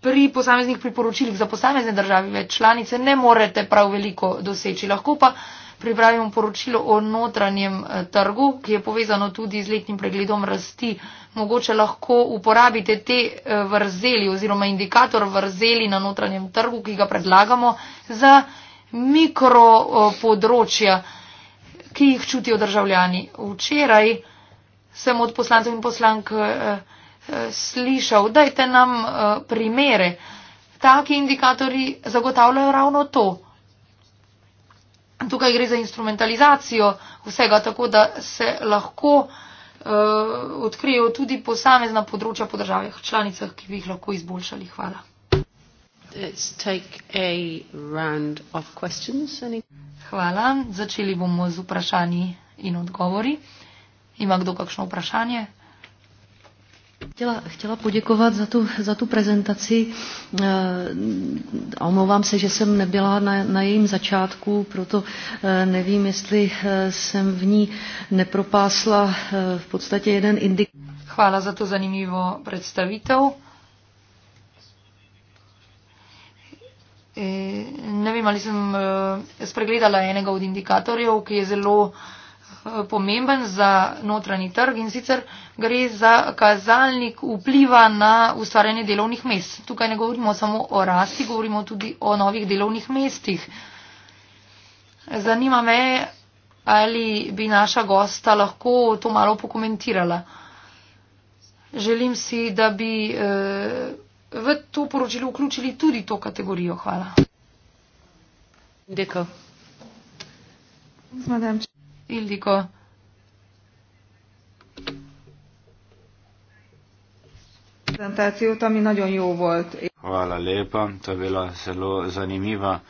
pri posameznih priporočilih za posamezne države članice ne morete prav veliko doseči. Lahko pa pripravimo poročilo o notranjem eh, trgu, ki je povezano tudi z letnim pregledom rasti. Mogoče lahko uporabite te eh, vrzeli oziroma indikator vrzeli na notranjem trgu, ki ga predlagamo za mikropodročja, eh, ki jih čutijo državljani. Včeraj sem od poslancev in poslank slišal, dajte nam primere. Taki indikatorji zagotavljajo ravno to tukaj gre za instrumentalizacijo vsega, tako da se lahko uh, odkrijejo tudi posamezna področja po državah članicah, ki bi jih lahko izboljšali. Hvala. Hvala. Začeli bomo z vprašanji in odgovori. Ima kdo kakšno vprašanje? Chtěla, chtěla poděkovat za tu, za tu prezentaci. E, omlouvám se, že jsem nebyla na, na jejím začátku, proto e, nevím, jestli e, jsem v ní nepropásla e, v podstatě jeden indik. Chvála za to zanimivo představitou. E, ne vem, ali sem e, spregledala enega od indikatorjev, ki je zelo. E, Eh, pomemben za notranji trg in sicer gre za kazalnik vpliva na ustvarjanje delovnih mest. Tukaj ne govorimo samo o rasti, govorimo tudi o novih delovnih mestih. Zanima me, ali bi naša gosta lahko to malo pokomentirala. Želim si, da bi eh, v to poročilo vključili tudi to kategorijo. Hvala. Deko. Madame. Ildiko. Hvala lepa, to je bila zelo zanimiva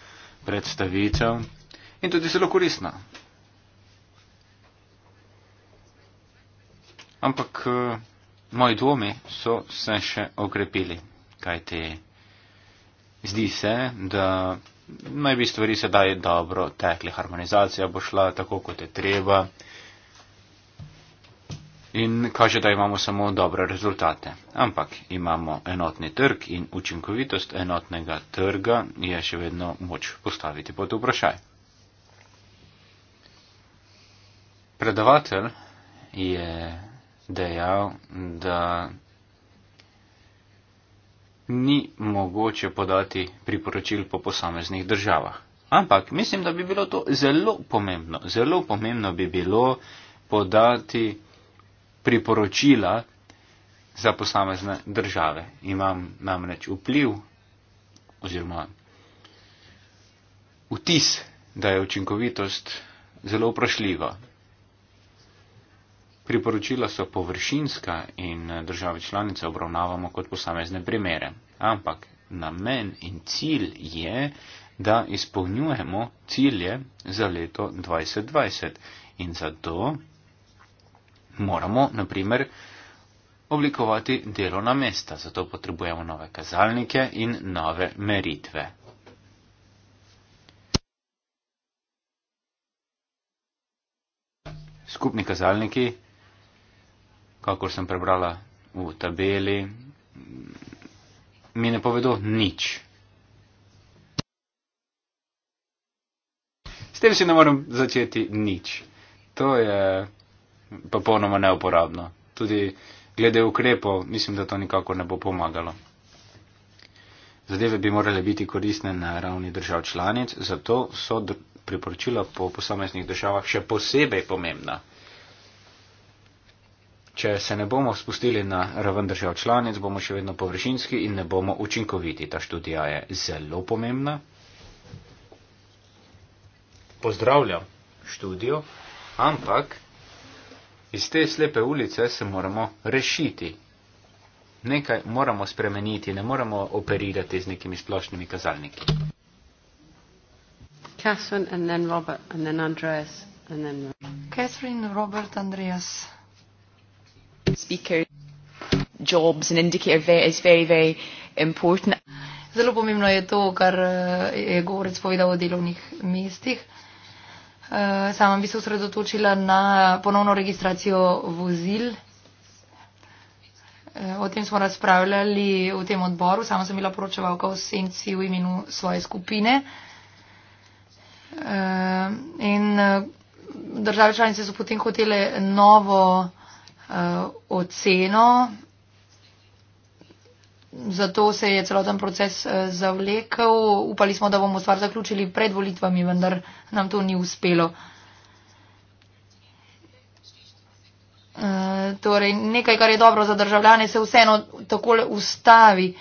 predstavitev in tudi zelo koristna. Ampak eh, moji dvomi so se še okrepili, kajti zdi se, da naj bi stvari sedaj dobro tekle, harmonizacija bo šla tako, kot je treba in kaže, da imamo samo dobre rezultate. Ampak imamo enotni trg in učinkovitost enotnega trga je še vedno moč postaviti pod vprašaj. Predavatelj je dejal, da ni mogoče podati priporočil po posameznih državah. Ampak mislim, da bi bilo to zelo pomembno. Zelo pomembno bi bilo podati priporočila za posamezne države. Imam namreč vpliv oziroma vtis, da je učinkovitost zelo vprašljiva priporočila so površinska in eh, države članice obravnavamo kot posamezne primere. Ampak namen in cilj je, da izpolnjujemo cilje za leto 2020 in zato moramo, na primer, oblikovati delovna mesta, zato potrebujemo nove kazalnike in nove meritve. Skupni kazalniki kako sem prebrala v tabeli, mi ne povedo nič. S tem še ne morem začeti nič. To je popolnoma neuporabno. Tudi glede ukrepov, mislim, da to nikako ne bo pomagalo. Zadeve bi morale biti koristne na ravni držav članic, zato so priporočila po posameznih državah še posebej pomembna. Če se ne bomo spustili na raven držav članic, bomo še vedno površinski in ne bomo učinkoviti. Ta študija je zelo pomembna. Pozdravljam študijo, ampak iz te slepe ulice se moramo rešiti. Nekaj moramo spremeniti, ne moramo operirati z nekimi splošnimi kazalniki. Catherine, Robert, Andreas. Catherine, Robert, Andreas speaker jobs and indicator ve is very very important. Zelo pomembno je to, kar eh, je govorec povedal o delovnih mestih. Eh, sama bi se osredotočila na ponovno registracijo vozil. Eh, o tem smo razpravljali v tem odboru. Sama sem bila poročevalka v senci v imenu svoje skupine. In države članice so potem hotele novo uh, oceno. Zato se je celoten proces uh, zavlekel. Upali smo, da bomo stvar zaključili pred volitvami, vendar nam to ni uspelo. Uh, torej, nekaj, kar je dobro za državljane, se vseeno takole ustavi.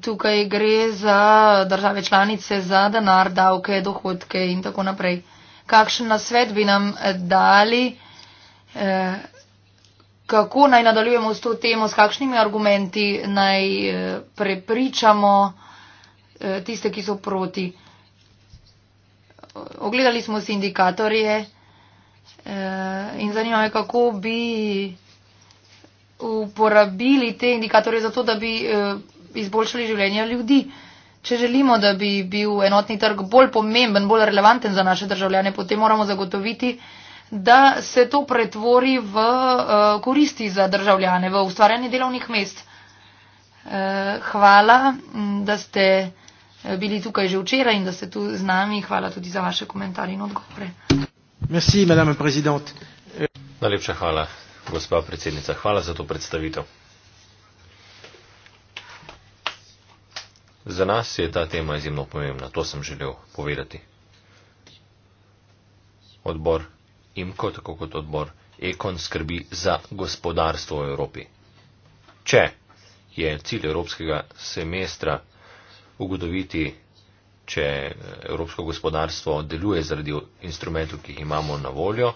Tukaj gre za države članice, za denar, davke, dohodke in tako naprej. Kakšen nasvet bi nam dali? Uh, Eh, kako naj nadaljujemo s to temo, s kakšnimi argumenti naj eh, prepričamo eh, tiste, ki so proti. Ogledali smo si indikatorje in zanimajo, kako bi uporabili te indikatorje za to, da bi izboljšali življenje ljudi. Če želimo, da bi bil enotni trg bolj pomemben, bolj relevanten za naše državljane, potem moramo zagotoviti, da se to pretvori v uh, koristi za državljane, v ustvarjanje delovnih mest. Uh, hvala, da ste eh, bili tukaj že včeraj in da ste tu z nami. Hvala tudi za vaše komentarje in odgovore. Merci, madame president. Najlepša hvala, gospa predsednica. Hvala za to predstavitev. Za nas je ta tema izjemno pomembna, to sem želel povedati. Odbor in kot tako kot odbor Ekon skrbi za gospodarstvo v Evropi. Če je cilj evropskega semestra ugotoviti, če evropsko gospodarstvo deluje zaradi instrumentov, ki jih imamo na voljo,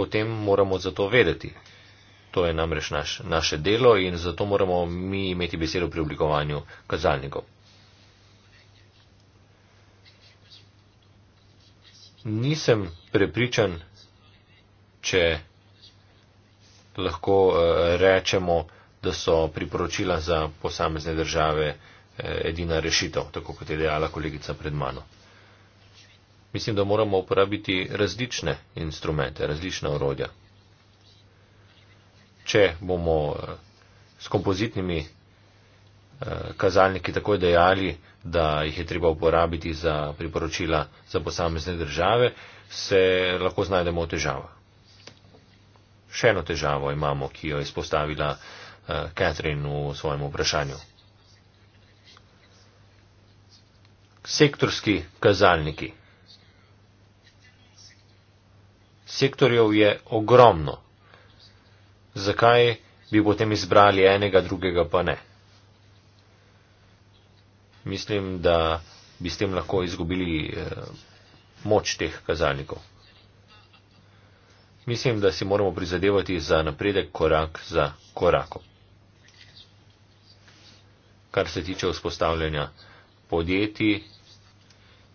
potem moramo za to vedeti. To je namreč naš, naše delo in zato moramo mi imeti besedo pri oblikovanju kazalnikov. nisem prepričan, če lahko eh, rečemo, da so priporočila za posamezne države eh, edina rešitev, tako kot je dejala kolegica pred mano. Mislim, da moramo uporabiti različne instrumente, različna orodja. Če bomo eh, s kompozitnimi Eh, kazalniki takoj dejali, da jih je treba uporabiti za priporočila za posamezne države, se lahko znajdemo v težavah. Še eno težavo imamo, ki jo je izpostavila eh, Catherine v svojem vprašanju. Sektorski kazalniki. Sektorjev je ogromno. Zakaj bi potem izbrali enega, drugega pa ne? mislim, da bi s tem lahko izgubili eh, moč teh kazalnikov. Mislim, da si moramo prizadevati za napredek korak za korakom. Kar se tiče vzpostavljanja podjetij,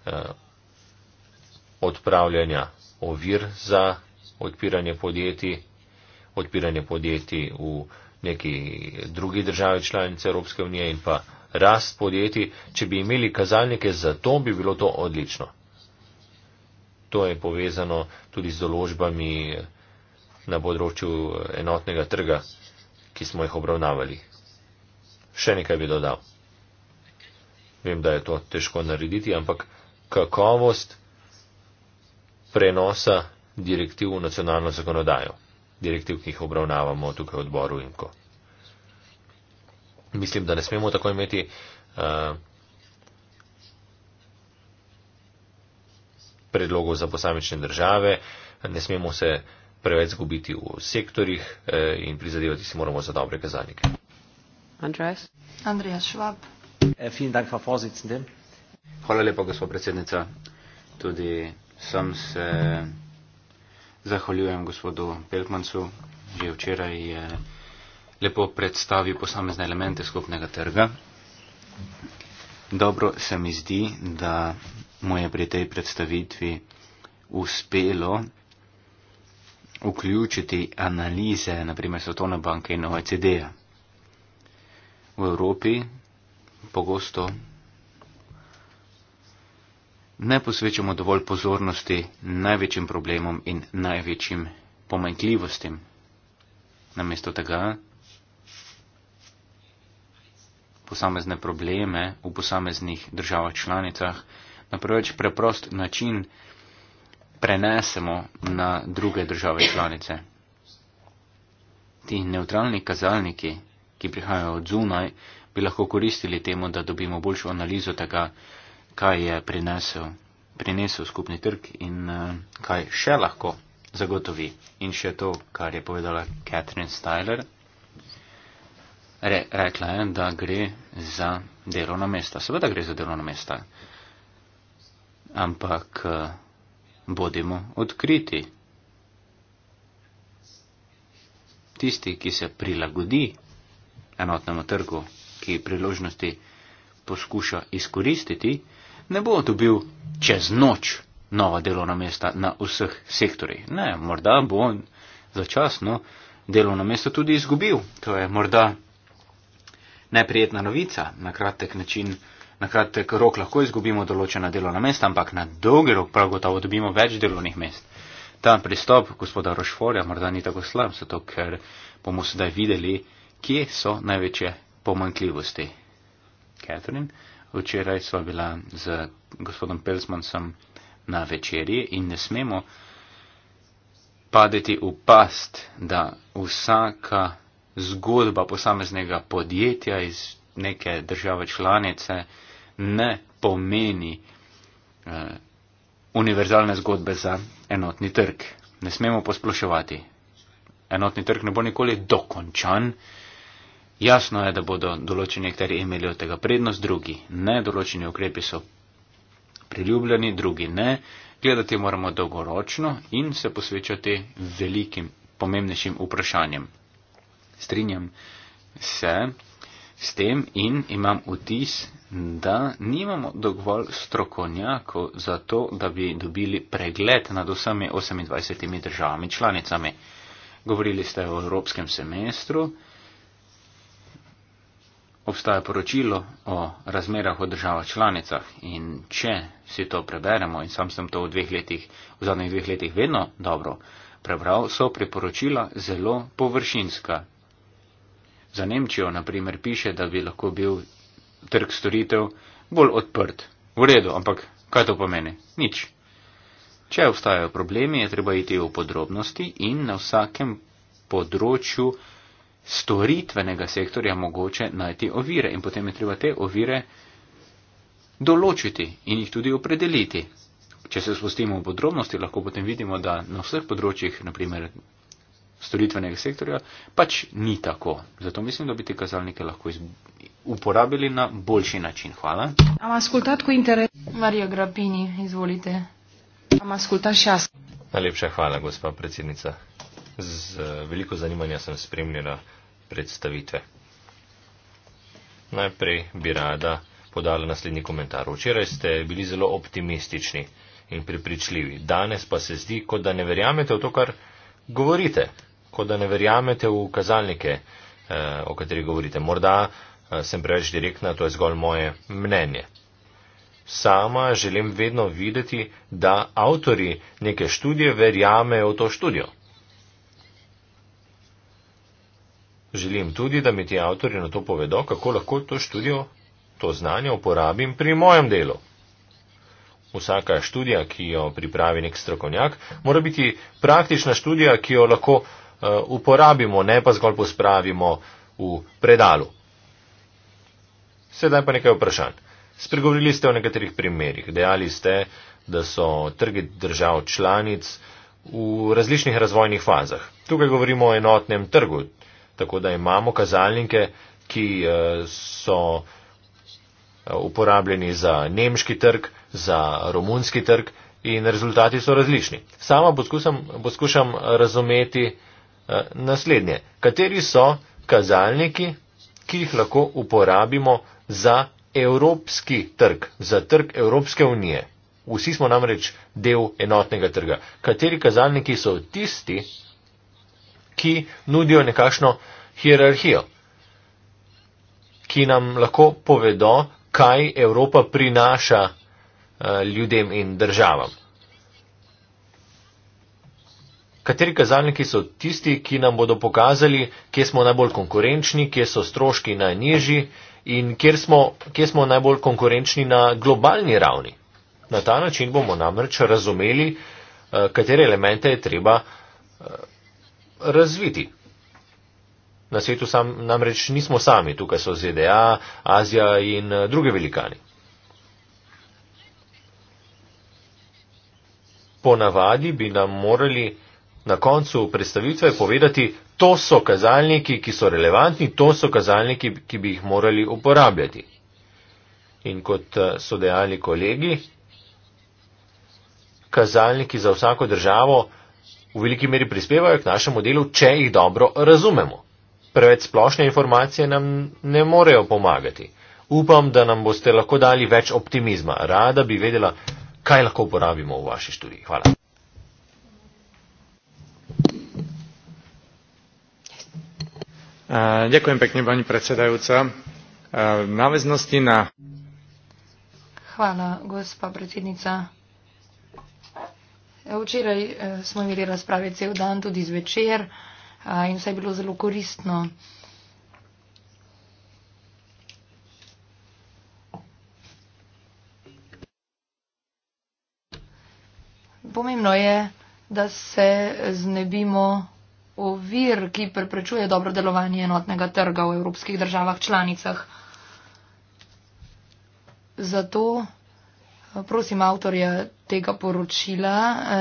eh, odpravljanja ovir za odpiranje podjetij, odpiranje podjetij v neki drugi državi članice Evropske unije in pa rast podjetij, če bi imeli kazalnike, zato bi bilo to odlično. To je povezano tudi z določbami na področju enotnega trga, ki smo jih obravnavali. Še nekaj bi dodal. Vem, da je to težko narediti, ampak kakovost prenosa direktiv v nacionalno zakonodajo. Direktiv, ki jih obravnavamo tukaj v odboru in ko mislim, da ne smemo tako imeti. Uh, predlogov za posamečne države, ne smemo se preveč zgubiti v sektorjih eh, in prizadevati si moramo za dobre kazalnike. Andres. Andreas Schwab. Eh, Hvala lepa, gospod predsednica. Tudi sam se zahvaljujem gospodu Pelkmancu, že včeraj je. Eh, lepo predstavi posamezne elemente skupnega trga. Dobro se mi zdi, da mu je pri tej predstavitvi uspelo vključiti analize, naprimer Svetovne banke in OECD-ja. V Evropi pogosto ne posvečamo dovolj pozornosti največjim problemom in največjim pomanjkljivostim. Namesto tega posamezne probleme v posameznih državah članicah na preveč preprost način prenesemo na druge države članice. Ti neutralni kazalniki, ki prihajajo od zunaj, bi lahko koristili temu, da dobimo boljšo analizo tega, kaj je prinesel, prinesel skupni trg in eh, kaj še lahko zagotovi. In še to, kar je povedala Catherine Styler re, rekla, je, da gre za delovna mesta. Seveda gre za delovna mesta. Ampak eh, bodimo odkriti. Tisti, ki se prilagodi enotnemu trgu, ki priložnosti poskuša izkoristiti, ne bo dobil čez noč nova delovna mesta na vseh sektorjih. Ne, morda bo on začasno delovno mesto tudi izgubil. To je morda neprijetna novica, na kratek način, na kratek rok lahko izgubimo določena delovna mesta, ampak na dolgi rok prav gotovo dobimo več delovnih mest. Ta pristop gospoda Rošforja morda ni tako slab, zato ker bomo sedaj videli, kje so največje pomankljivosti. Catherine, včeraj sva bila z gospodom Pelsmansom na večerji in ne smemo padeti v past, da vsaka zgodba posameznega podjetja iz neke države članice ne pomeni eh, univerzalne zgodbe za enotni trg. Ne smemo posploševati. Enotni trg ne bo nikoli dokončan. Jasno je, da bodo določeni akteri imeli od tega prednost, drugi ne, določeni ukrepi so priljubljeni, drugi ne. Gledati moramo dolgoročno in se posvečati velikim, pomembnejšim vprašanjem strinjam se s tem in imam vtis, da nimamo dovolj strokovnjakov za to, da bi dobili pregled nad vsemi 28 državami članicami. Govorili ste o evropskem semestru, obstaja poročilo o razmerah v državah članicah in če si to preberemo in sam sem to v, dveh letih, v zadnjih dveh letih vedno dobro prebral, so priporočila zelo površinska, Za Nemčijo, na primer, piše, da bi lahko bil trg storitev bolj odprt. V redu, ampak kaj to pomeni? Nič. Če obstajajo problemi, je treba iti v podrobnosti in na vsakem področju storitvenega sektorja mogoče najti ovire in potem je treba te ovire določiti in jih tudi opredeliti. Če se spustimo v podrobnosti, lahko potem vidimo, da na vseh področjih, naprimer storitvenega sektorja, pač ni tako. Zato mislim, da bi te kazalnike lahko uporabili na boljši način. Hvala. Ama skultatko interes. Marija Grapini, izvolite. Ama skultaš jaz. Najlepša hvala, gospa predsednica. Z veliko zanimanja sem spremljala predstavitve. Najprej bi rada podala naslednji komentar. Včeraj ste bili zelo optimistični in prepričljivi. Danes pa se zdi, kot da ne verjamete v to, kar govorite kot da ne verjamete v kazalnike, eh, o katerih govorite. Morda eh, sem preveč direktna, to je zgolj moje mnenje. Sama želim vedno videti, da avtori neke študije verjamejo v to študijo. Želim tudi, da mi ti avtori na to povedo, kako lahko to študijo, to znanje uporabim pri mojem delu. Vsaka študija, ki jo pripravi nek strokovnjak, mora biti praktična študija, ki jo lahko Eh, uporabimo, ne pa zgolj pospravimo v predalu. Sedaj pa nekaj vprašanj. Spregovorili ste o nekaterih primerjih. Dejali ste, da so trgi držav članic v različnih razvojnih fazah. Tukaj govorimo o enotnem trgu, tako da imamo kazalnike, ki eh, so eh, uporabljeni za nemški trg, za romunski trg in rezultati so različni. Sama poskusam, poskušam razumeti, Eh, naslednje. Kateri so kazalniki, ki jih lahko uporabimo za evropski trg, za trg Evropske unije? Vsi smo namreč del enotnega trga. Kateri kazalniki so tisti, ki nudijo nekakšno hierarhijo, ki nam lahko povedo, kaj Evropa prinaša eh, ljudem in državam? kateri kazalniki so tisti, ki nam bodo pokazali, kje smo najbolj konkurenčni, kje so stroški najnižji in kje smo, kje smo najbolj konkurenčni na globalni ravni. Na ta način bomo namreč razumeli, eh, katere elemente je treba eh, razviti. Na svetu sam, namreč nismo sami, tukaj so ZDA, Azija in eh, druge velikani. Ponavadi bi nam morali na koncu predstavitve povedati, to so kazalniki, ki so relevantni, to so kazalniki, ki bi jih morali uporabljati. In kot eh, so dejali kolegi, kazalniki za vsako državo v veliki meri prispevajo k našemu delu, če jih dobro razumemo. Preveč splošne informacije nam ne morejo pomagati. Upam, da nam boste lahko dali več optimizma. Rada bi vedela, kaj lahko uporabimo v vaši študiji. Hvala. Ďakujem pekne, pani predsedajúca. V náväznosti na... Chvála, gospa predsednica. Včeraj e, smo imeli razprave cel dan, tudi zvečer, in vse je bilo zelo koristno. Pomembno je, da se znebimo ovir, ki preprečuje dobro delovanje enotnega trga v evropskih državah članicah. Zato eh, prosim avtorja tega poročila,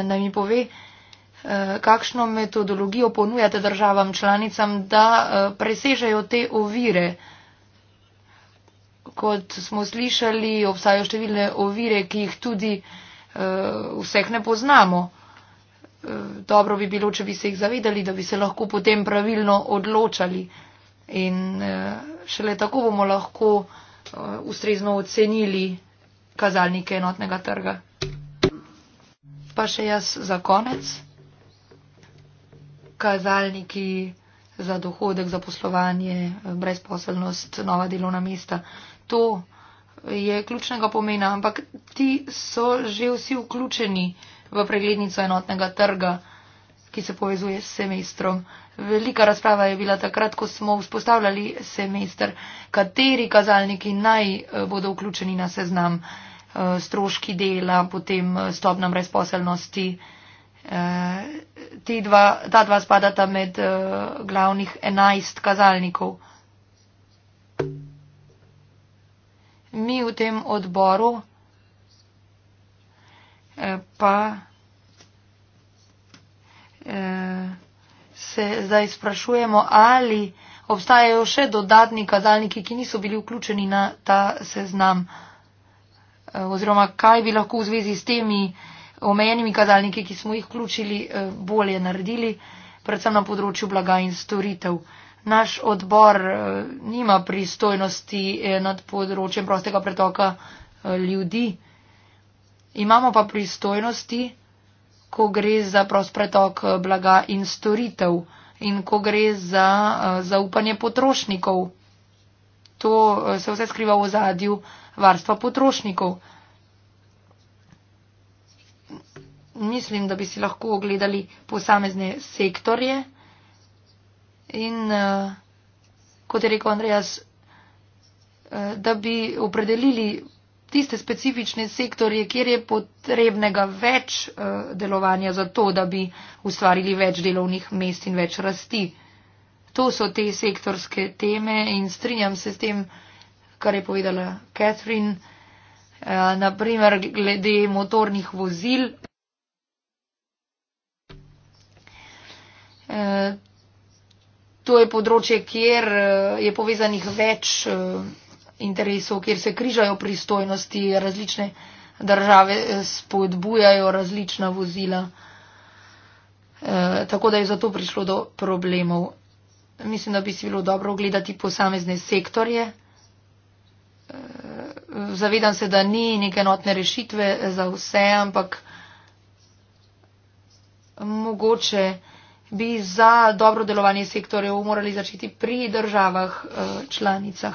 da eh, mi pove, eh, kakšno metodologijo ponujate državam članicam, da presežejo te ovire. Kot smo slišali, obstajajo številne ovire, ki jih tudi vseh ne poznamo dobro bi bilo, če bi se jih zavedali, da bi se lahko potem pravilno odločali. In eh, šele tako bomo lahko eh, ustrezno ocenili kazalnike enotnega trga. Pa še jaz za konec. Kazalniki za dohodek, za poslovanje, eh, brezposelnost, nova delovna mesta. To je ključnega pomena, ampak ti so že vsi vključeni v preglednico enotnega trga, ki se povezuje s semestrom. Velika razprava je bila takrat, ko smo vzpostavljali semester, kateri kazalniki naj eh, bodo vključeni na seznam eh, stroški dela, potem eh, stopna brezposelnosti. Dva, ta dva spadata med glavnih enajst kazalnikov. Mi v tem odboru pa eh, se zdaj sprašujemo, ali obstajajo še dodatni kazalniki, ki niso bili vključeni na ta seznam. Eh, oziroma, kaj bi lahko v zvezi s temi omejenimi kazalniki, ki smo jih vključili, eh, bolje naredili, predvsem na področju blaga in storitev. Naš odbor nima pristojnosti nad področjem prostega pretoka ljudi. Imamo pa pristojnosti, ko gre za prost pretok eh, blaga in storitev in ko gre za eh, zaupanje potrošnikov. To eh, se vse skriva v zadju varstva potrošnikov. Mislim, da bi si lahko ogledali posamezne sektorje in, kot je rekel Andreas, da bi opredelili tiste specifične sektorje, kjer je potrebnega več eh, delovanja za to, da bi ustvarili več delovnih mest in več rasti. To so te sektorske teme in strinjam se s tem, kar je povedala Catherine, eh, naprimer glede motornih vozil. Eh, to je področje, kjer je povezanih več interesov, kjer se križajo pristojnosti, različne države eh, spodbujajo različna vozila. E, tako da je zato prišlo do problemov. Mislim, da bi si bilo dobro ogledati posamezne sektorje. E, zavedam se, da ni neke notne rešitve za vse, ampak mogoče bi za dobro delovanje sektorjev morali začeti pri državah e, članicah.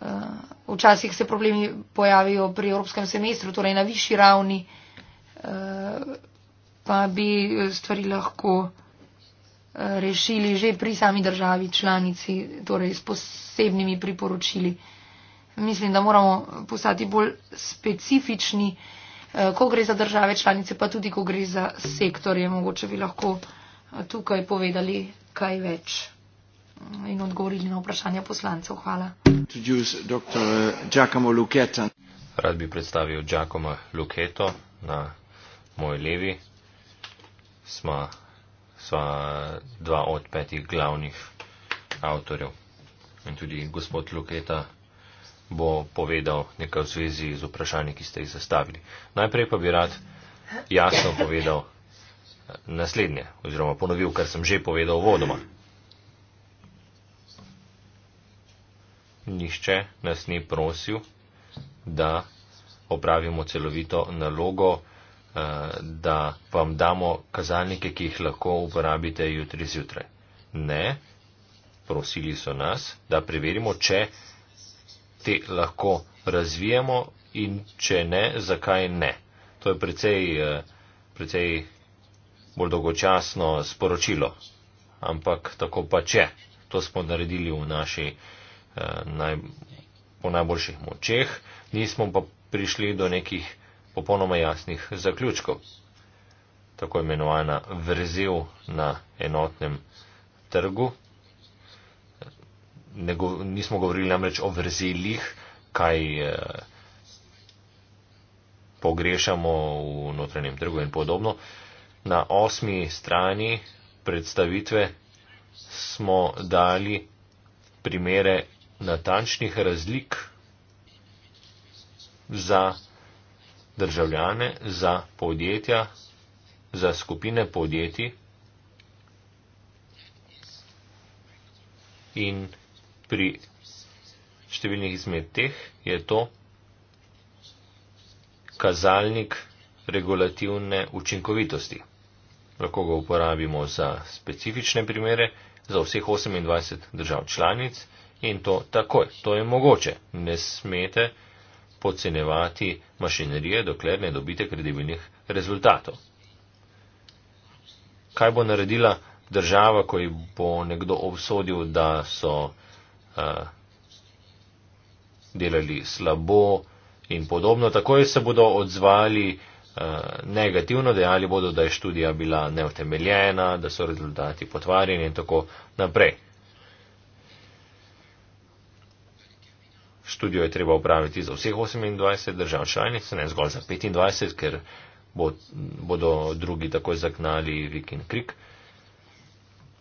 Eh, včasih se problemi pojavijo pri evropskem semestru, torej na višji ravni, eh, pa bi stvari lahko eh, rešili že pri sami državi članici, torej s posebnimi priporočili. Mislim, da moramo postati bolj specifični, ko gre za države članice, pa tudi, ko gre za sektorje. Mogoče bi lahko tukaj povedali kaj več in odgovorili na vprašanja poslancev. Hvala. Eh, rad bi predstavil Giacomo Luketo na moj levi. Sva, sva dva od petih glavnih avtorjev. In tudi gospod Luketa bo povedal nekaj v zvezi z vprašanji, ki ste jih zastavili. Najprej pa bi rad jasno povedal eh, naslednje, oziroma ponovil, kar sem že povedal vodoma. nišče nas ni prosil, da opravimo celovito nalogo, eh, da vam damo kazalnike, ki jih lahko uporabite jutri zjutraj. Ne, prosili so nas, da preverimo, če te lahko razvijamo in če ne, zakaj ne. To je precej, eh, precej bolj dolgočasno sporočilo, ampak tako pa če. To smo naredili v naši Eh, naj, po najboljših močeh, nismo pa prišli do nekih popolnoma jasnih zaključkov. Tako imenovana vrzel na enotnem trgu. Go, nismo govorili namreč o vrzeljih, kaj eh, pogrešamo v notranjem trgu in podobno. Na osmi strani predstavitve smo dali primere natančnih razlik za državljane, za podjetja, za skupine podjetij in pri številnih izmed teh je to kazalnik regulativne učinkovitosti. Lahko ga uporabimo za specifične primere, za vseh 28 držav članic in to takoj, to je mogoče. Ne smete podcenevati mašinerije, dokler ne dobite kredibilnih rezultatov. Kaj bo naredila država, ko ji bo nekdo obsodil, da so uh, delali slabo in podobno? Takoj se bodo odzvali uh, negativno, dejali bodo, da je študija bila neutemeljena, da so rezultati potvarjeni in tako naprej. študijo je treba upraviti za vseh 28 držav članic, ne zgolj za 25, ker bo, bodo drugi takoj zagnali vik in krik.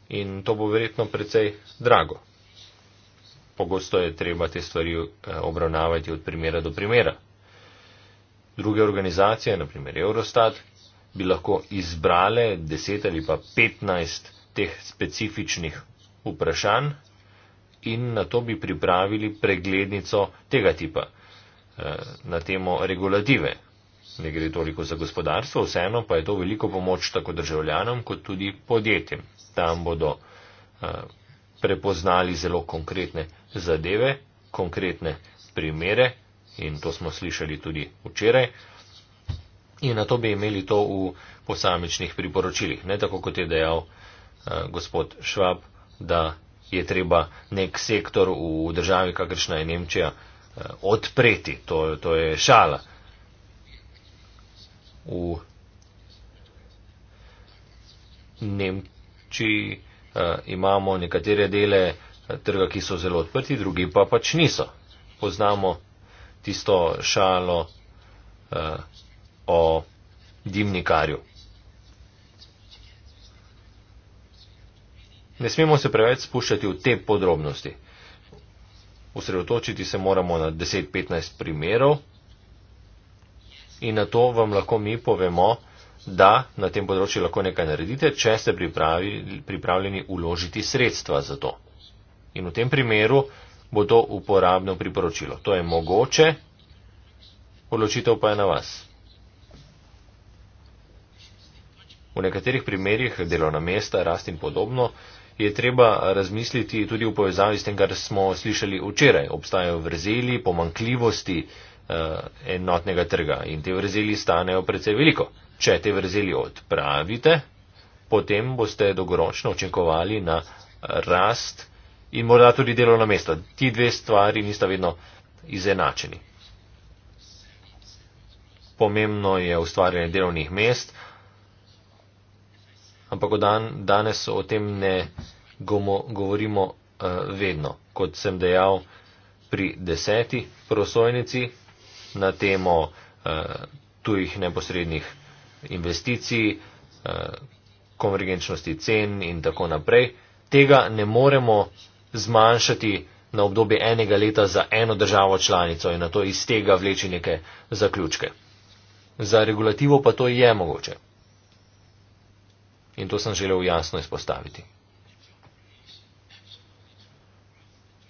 In to bo verjetno precej drago. Pogosto je treba te stvari eh, obravnavati od primera do primera. Druge organizacije, naprimer Eurostat, bi lahko izbrale 10 ali pa 15 teh specifičnih vprašanj in na to bi pripravili preglednico tega tipa eh, na temo regulative. Ne gre toliko za gospodarstvo, vseeno pa je to veliko pomoč tako državljanom kot tudi podjetjem. Tam bodo eh, prepoznali zelo konkretne zadeve, konkretne primere in to smo slišali tudi včeraj. In na to bi imeli to v posamičnih priporočilih. Ne tako kot je dejal eh, gospod Švab, da je treba nek sektor v državi, kakršna je Nemčija, eh, odpreti. To, to je šala. V Nemčiji eh, imamo nekatere dele eh, trga, ki so zelo odprti, drugi pa pač niso. Poznamo tisto šalo o dimnikarju. Ne smemo se preveč spuščati v te podrobnosti. Usredotočiti se moramo na 10-15 primerov in na to vam lahko mi povemo, da na tem področju lahko nekaj naredite, če ste pripravljeni uložiti sredstva za to. In v tem primeru bo to uporabno priporočilo. To je mogoče, odločitev pa je na vas. V nekaterih primerjih delovna mesta, rast in podobno je treba razmisliti tudi v povezavi s tem, kar smo slišali včeraj. Obstajajo vrzeli, pomankljivosti uh, enotnega trga in te vrzeli stanejo precej veliko. Če te vrzeli odpravite, potem boste dolgoročno očekovali na rast in morda tudi delovna mesta. Ti dve stvari nista vedno izenačeni. Pomembno je ustvarjanje delovnih mest, ampak dan, danes o tem ne gomo, govorimo uh, vedno. Kot sem dejal pri deseti prosojnici na temo uh, tujih neposrednih investicij, uh, konvergenčnosti cen in tako naprej, tega ne moremo zmanjšati na obdobje enega leta za eno državo članico in na to iz tega vleči neke zaključke. Za regulativo pa to je mogoče. In to sem želel jasno izpostaviti.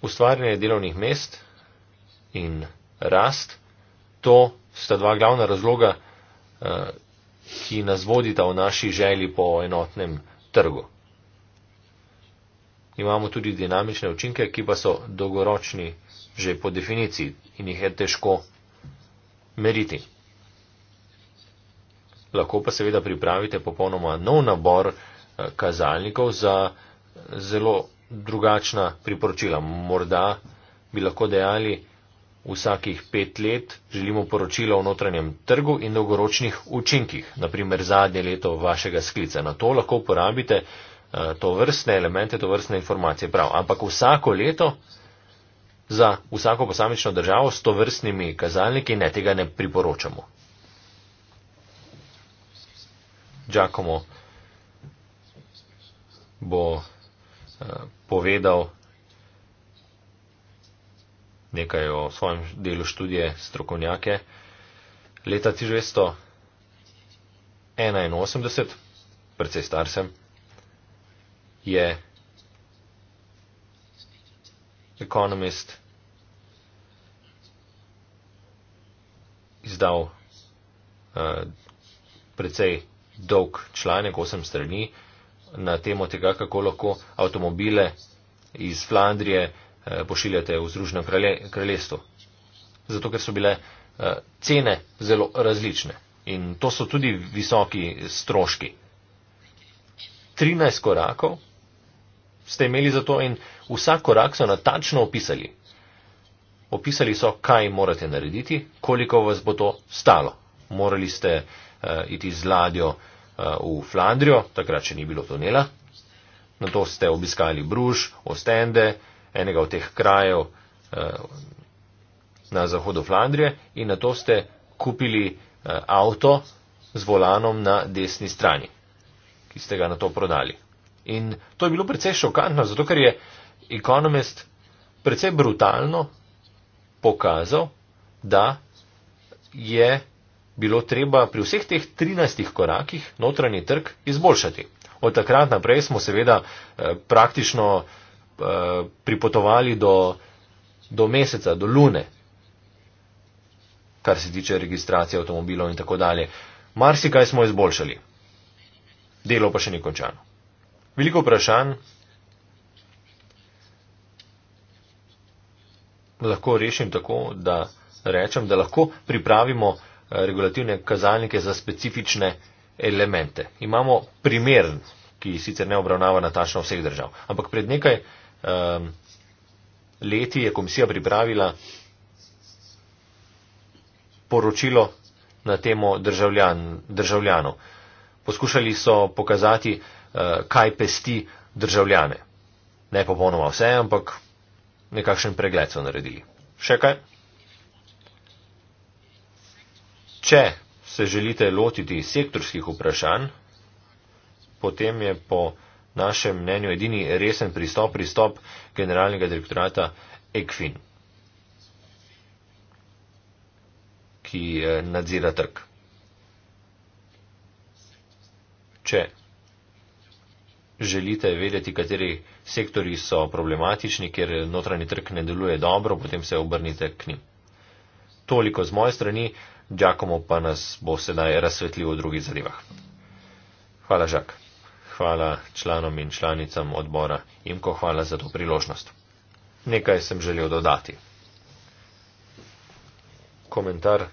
Ustvarjanje delovnih mest in rast, to sta dva glavna razloga, eh, ki nas vodita v naši želji po enotnem trgu. Imamo tudi dinamične učinke, ki pa so dolgoročni že po definiciji in jih je težko meriti lahko pa seveda pripravite popolnoma nov nabor eh, kazalnikov za eh, zelo drugačna priporočila. Morda bi lahko dejali, vsakih pet let želimo poročilo o notranjem trgu in dolgoročnih učinkih, naprimer zadnje leto vašega sklica. Na to lahko uporabite eh, to vrstne elemente, to vrstne informacije. Prav, ampak vsako leto za vsako posamično državo s to vrstnimi kazalniki ne tega ne priporočamo. Giacomo bo eh, povedal nekaj o svojem delu študije strokovnjake. Leta 1981, precej star sem, je Economist izdal uh, precej dolg članek, osem strani, na temo tega, kako lahko avtomobile iz Flandrije eh, pošiljate v Združeno kraljestvo. Zato, ker so bile eh, cene zelo različne in to so tudi visoki stroški. 13 korakov ste imeli za to in vsak korak so natačno opisali. Opisali so, kaj morate narediti, koliko vas bo to stalo. Morali ste uh, uh, iti z ladjo uh, v Flandrijo, takrat še ni bilo tunela. Na to ste obiskali Bruž, Ostende, enega od teh krajev uh, na zahodu Flandrije in na to ste kupili uh, avto z volanom na desni strani, ki ste ga na to prodali. In to je bilo precej šokantno, zato ker je ekonomist precej brutalno pokazal, da je bilo treba pri vseh teh 13 korakih notranji trg izboljšati. Od takrat naprej smo seveda eh, praktično eh, pripotovali do, do meseca, do lune, kar se tiče registracije avtomobilov in tako dalje. Marsikaj smo izboljšali, delo pa še ni končano. Veliko vprašanj lahko rešim tako, da rečem, da lahko pripravimo Eh, regulativne kazalnike za specifične elemente. Imamo primer, ki sicer ne obravnava natačno vseh držav, ampak pred nekaj um, leti je komisija pripravila poročilo na temo državljan, državljanov. Poskušali so pokazati, uh, kaj pesti državljane. Ne popolnoma vse, ampak nekakšen pregled so naredili. Še kaj? Če se želite lotiti sektorskih vprašanj, potem je po našem mnenju edini resen pristop pristop generalnega direktorata ECFIN, ki eh, nadzira trg. Če želite vedeti, kateri sektori so problematični, ker notranji trg ne deluje dobro, potem se obrnite k njim. Toliko z moje strani. Đakomo pa nas bo sedaj razsvetljiv v drugih zadevah. Hvala, Žak. Hvala članom in članicam odbora Imko, hvala za to priložnost. Nekaj sem želel dodati. Komentar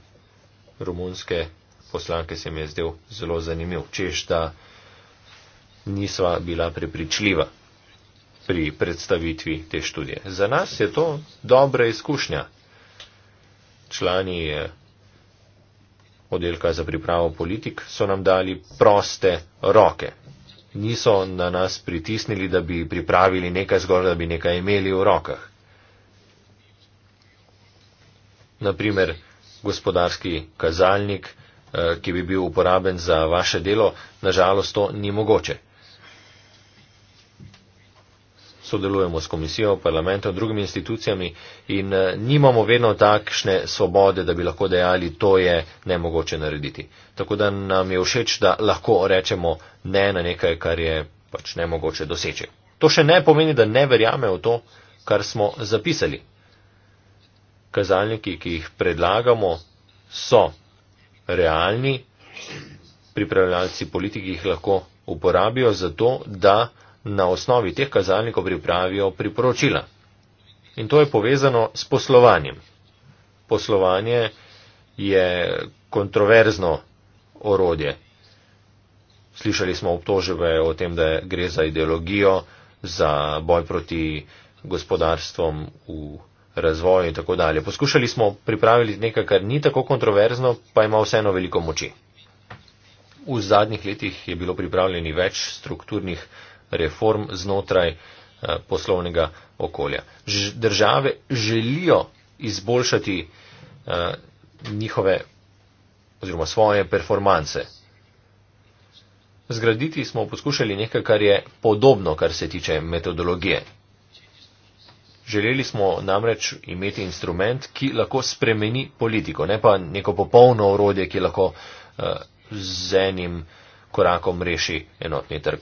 rumunske poslanke se mi je zdel zelo zanimiv, češ da nisva bila prepričljiva pri predstavitvi te študije. Za nas je to dobra izkušnja. Člani oddelka za pripravo politik, so nam dali proste roke. Niso na nas pritisnili, da bi pripravili nekaj zgor, da bi nekaj imeli v rokah. Naprimer, gospodarski kazalnik, eh, ki bi bil uporaben za vaše delo, nažalost to ni mogoče. sodelujemo s komisijo, parlamentom, drugimi institucijami in eh, nimamo vedno takšne svobode, da bi lahko dejali, to je nemogoče narediti. Tako da nam je všeč, da lahko rečemo ne na nekaj, kar je pač nemogoče doseči. To še ne pomeni, da ne verjame v to, kar smo zapisali. Kazalniki, ki jih predlagamo, so realni, pripravljalci politiki jih lahko uporabijo za to, da na osnovi teh kazalnikov pripravijo priporočila. In to je povezano s poslovanjem. Poslovanje je kontroverzno orodje. Slišali smo obtožbe o tem, da gre za ideologijo, za boj proti gospodarstvom v razvoju in tako dalje. Poskušali smo pripraviti nekaj, kar ni tako kontroverzno, pa ima vseeno veliko moči. V zadnjih letih je bilo pripravljeni več strukturnih reform znotraj eh, poslovnega okolja. Države želijo izboljšati eh, njihove oziroma svoje performance. Zgraditi smo poskušali nekaj, kar je podobno, kar se tiče metodologije. Želeli smo namreč imeti instrument, ki lahko spremeni politiko, ne pa neko popolno orodje, ki lahko uh, z enim korakom reši enotni trg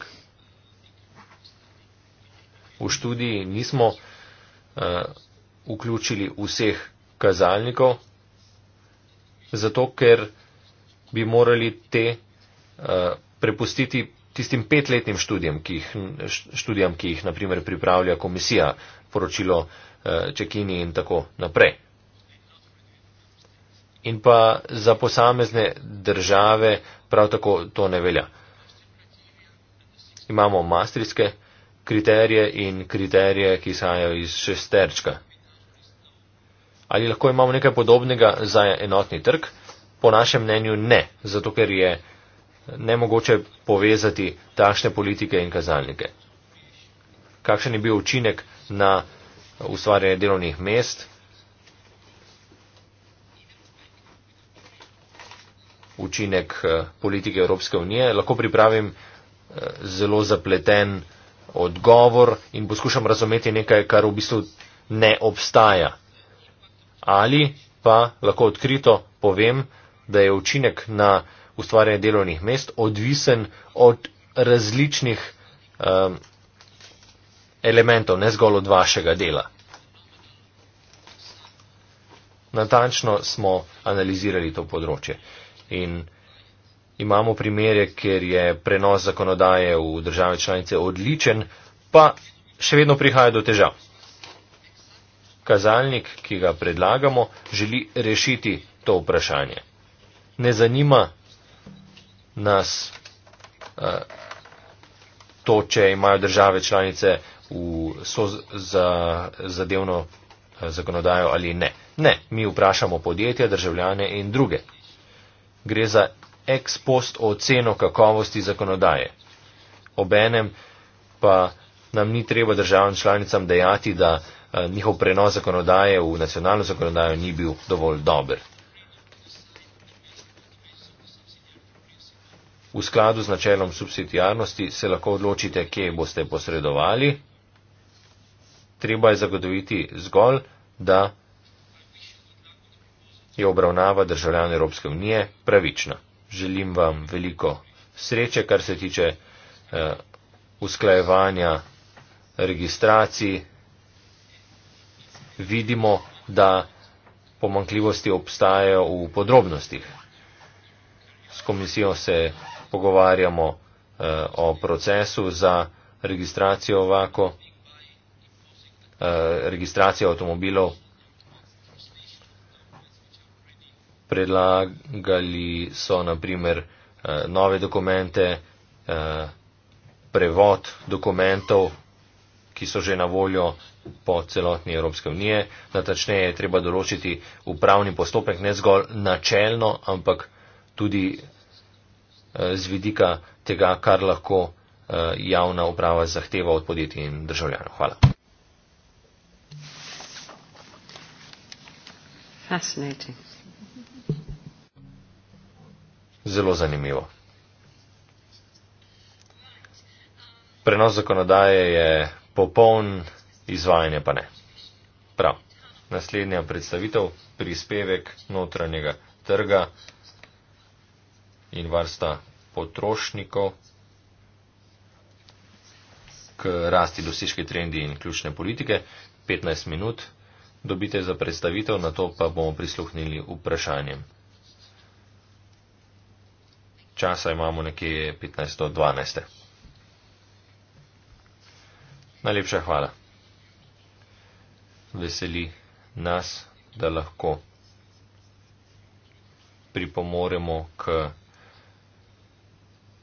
v študiji nismo uh, vključili vseh kazalnikov, zato ker bi morali te uh, prepustiti tistim petletnim študijam, ki jih, študijam, ki jih naprimer pripravlja komisija, poročilo uh, Čekini in tako naprej. In pa za posamezne države prav tako to ne velja. Imamo mastrijske kriterije in kriterije, ki izhajajo iz šesterčka. Ali lahko imamo nekaj podobnega za enotni trg? Po našem mnenju ne, zato ker je nemogoče povezati takšne politike in kazalnike. Kakšen je bil učinek na ustvarjanje delovnih mest? Učinek eh, politike Evropske unije. Lahko pripravim eh, zelo zapleten odgovor in poskušam razumeti nekaj, kar v bistvu ne obstaja. Ali pa lahko odkrito povem, da je učinek na ustvarjanje delovnih mest odvisen od različnih um, elementov, ne zgolj od vašega dela. Natančno smo analizirali to področje in imamo primere, kjer je prenos zakonodaje v države članice odličen, pa še vedno prihaja do težav. Kazalnik, ki ga predlagamo, želi rešiti to vprašanje. Ne zanima nas eh, to, če imajo države članice zadevno eh, zakonodajo ali ne. Ne, mi vprašamo podjetja, državljane in druge. Gre za ex post oceno kakovosti zakonodaje. Obenem pa nam ni treba državam članicam dejati, da eh, njihov prenos zakonodaje v nacionalno zakonodajo ni bil dovolj dober. V skladu z načelom subsidijarnosti se lahko odločite, kje boste posredovali. Treba je zagotoviti zgolj, da je obravnava državljanov Evropske unije pravična želim vam veliko sreče, kar se tiče eh, usklajevanja registracij. Vidimo, da pomankljivosti obstajajo v podrobnostih. S komisijo se pogovarjamo eh, o procesu za registracijo ovako, eh, registracijo avtomobilov. predlagali so naprimer eh, nove dokumente, eh, prevod dokumentov, ki so že na voljo po celotni Evropske unije. Natačneje je treba določiti upravni postopek ne zgolj načelno, ampak tudi eh, z vidika tega, kar lahko javna uprava zahteva od podjetij in državljanov. Hvala. Fascinating zelo zanimivo. Prenos zakonodaje je popoln, izvajanje pa ne. Prav. Naslednja predstavitev, prispevek notranjega trga in varsta potrošnikov k rasti dosežke trendi in ključne politike. 15 minut dobite za predstavitev, na to pa bomo prisluhnili vprašanjem časa imamo nekje 15 do 12. Najlepša hvala. Veseli nas, da lahko pripomoremo k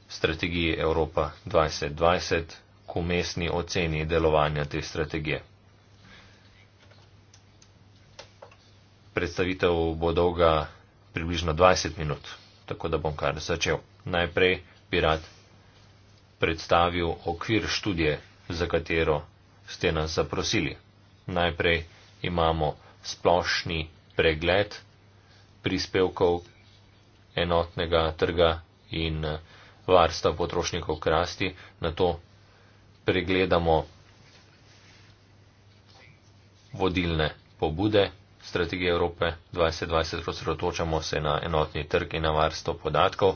strategiji Evropa 2020, k umestni oceni delovanja te strategije. Predstavitev bo dolga približno 20 minut tako da bom kar začel. Najprej bi rad predstavil okvir študije, za katero ste nas zaprosili. Najprej imamo splošni pregled prispevkov enotnega trga in eh, varstva potrošnikov krasti, na to pregledamo vodilne pobude strategije Evrope 2020 osredotočamo se na enotni trg in na varstvo podatkov,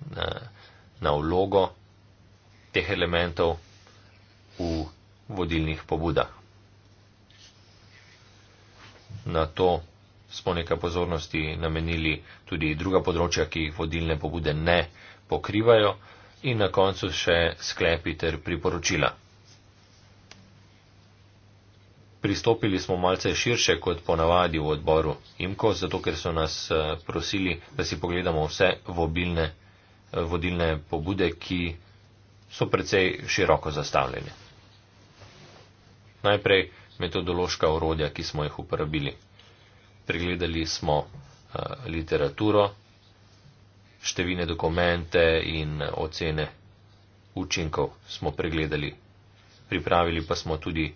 na, na vlogo teh elementov v vodilnih pobudah. Na to smo nekaj pozornosti namenili tudi druga področja, ki jih vodilne pobude ne pokrivajo in na koncu še sklepi ter priporočila. Pristopili smo malce širše kot ponavadi v odboru IMKO, zato ker so nas eh, prosili, da si pogledamo vse vobilne, eh, vodilne pobude, ki so precej široko zastavljene. Najprej metodološka orodja, ki smo jih uporabili. Pregledali smo eh, literaturo, številne dokumente in ocene učinkov smo pregledali. Pripravili pa smo tudi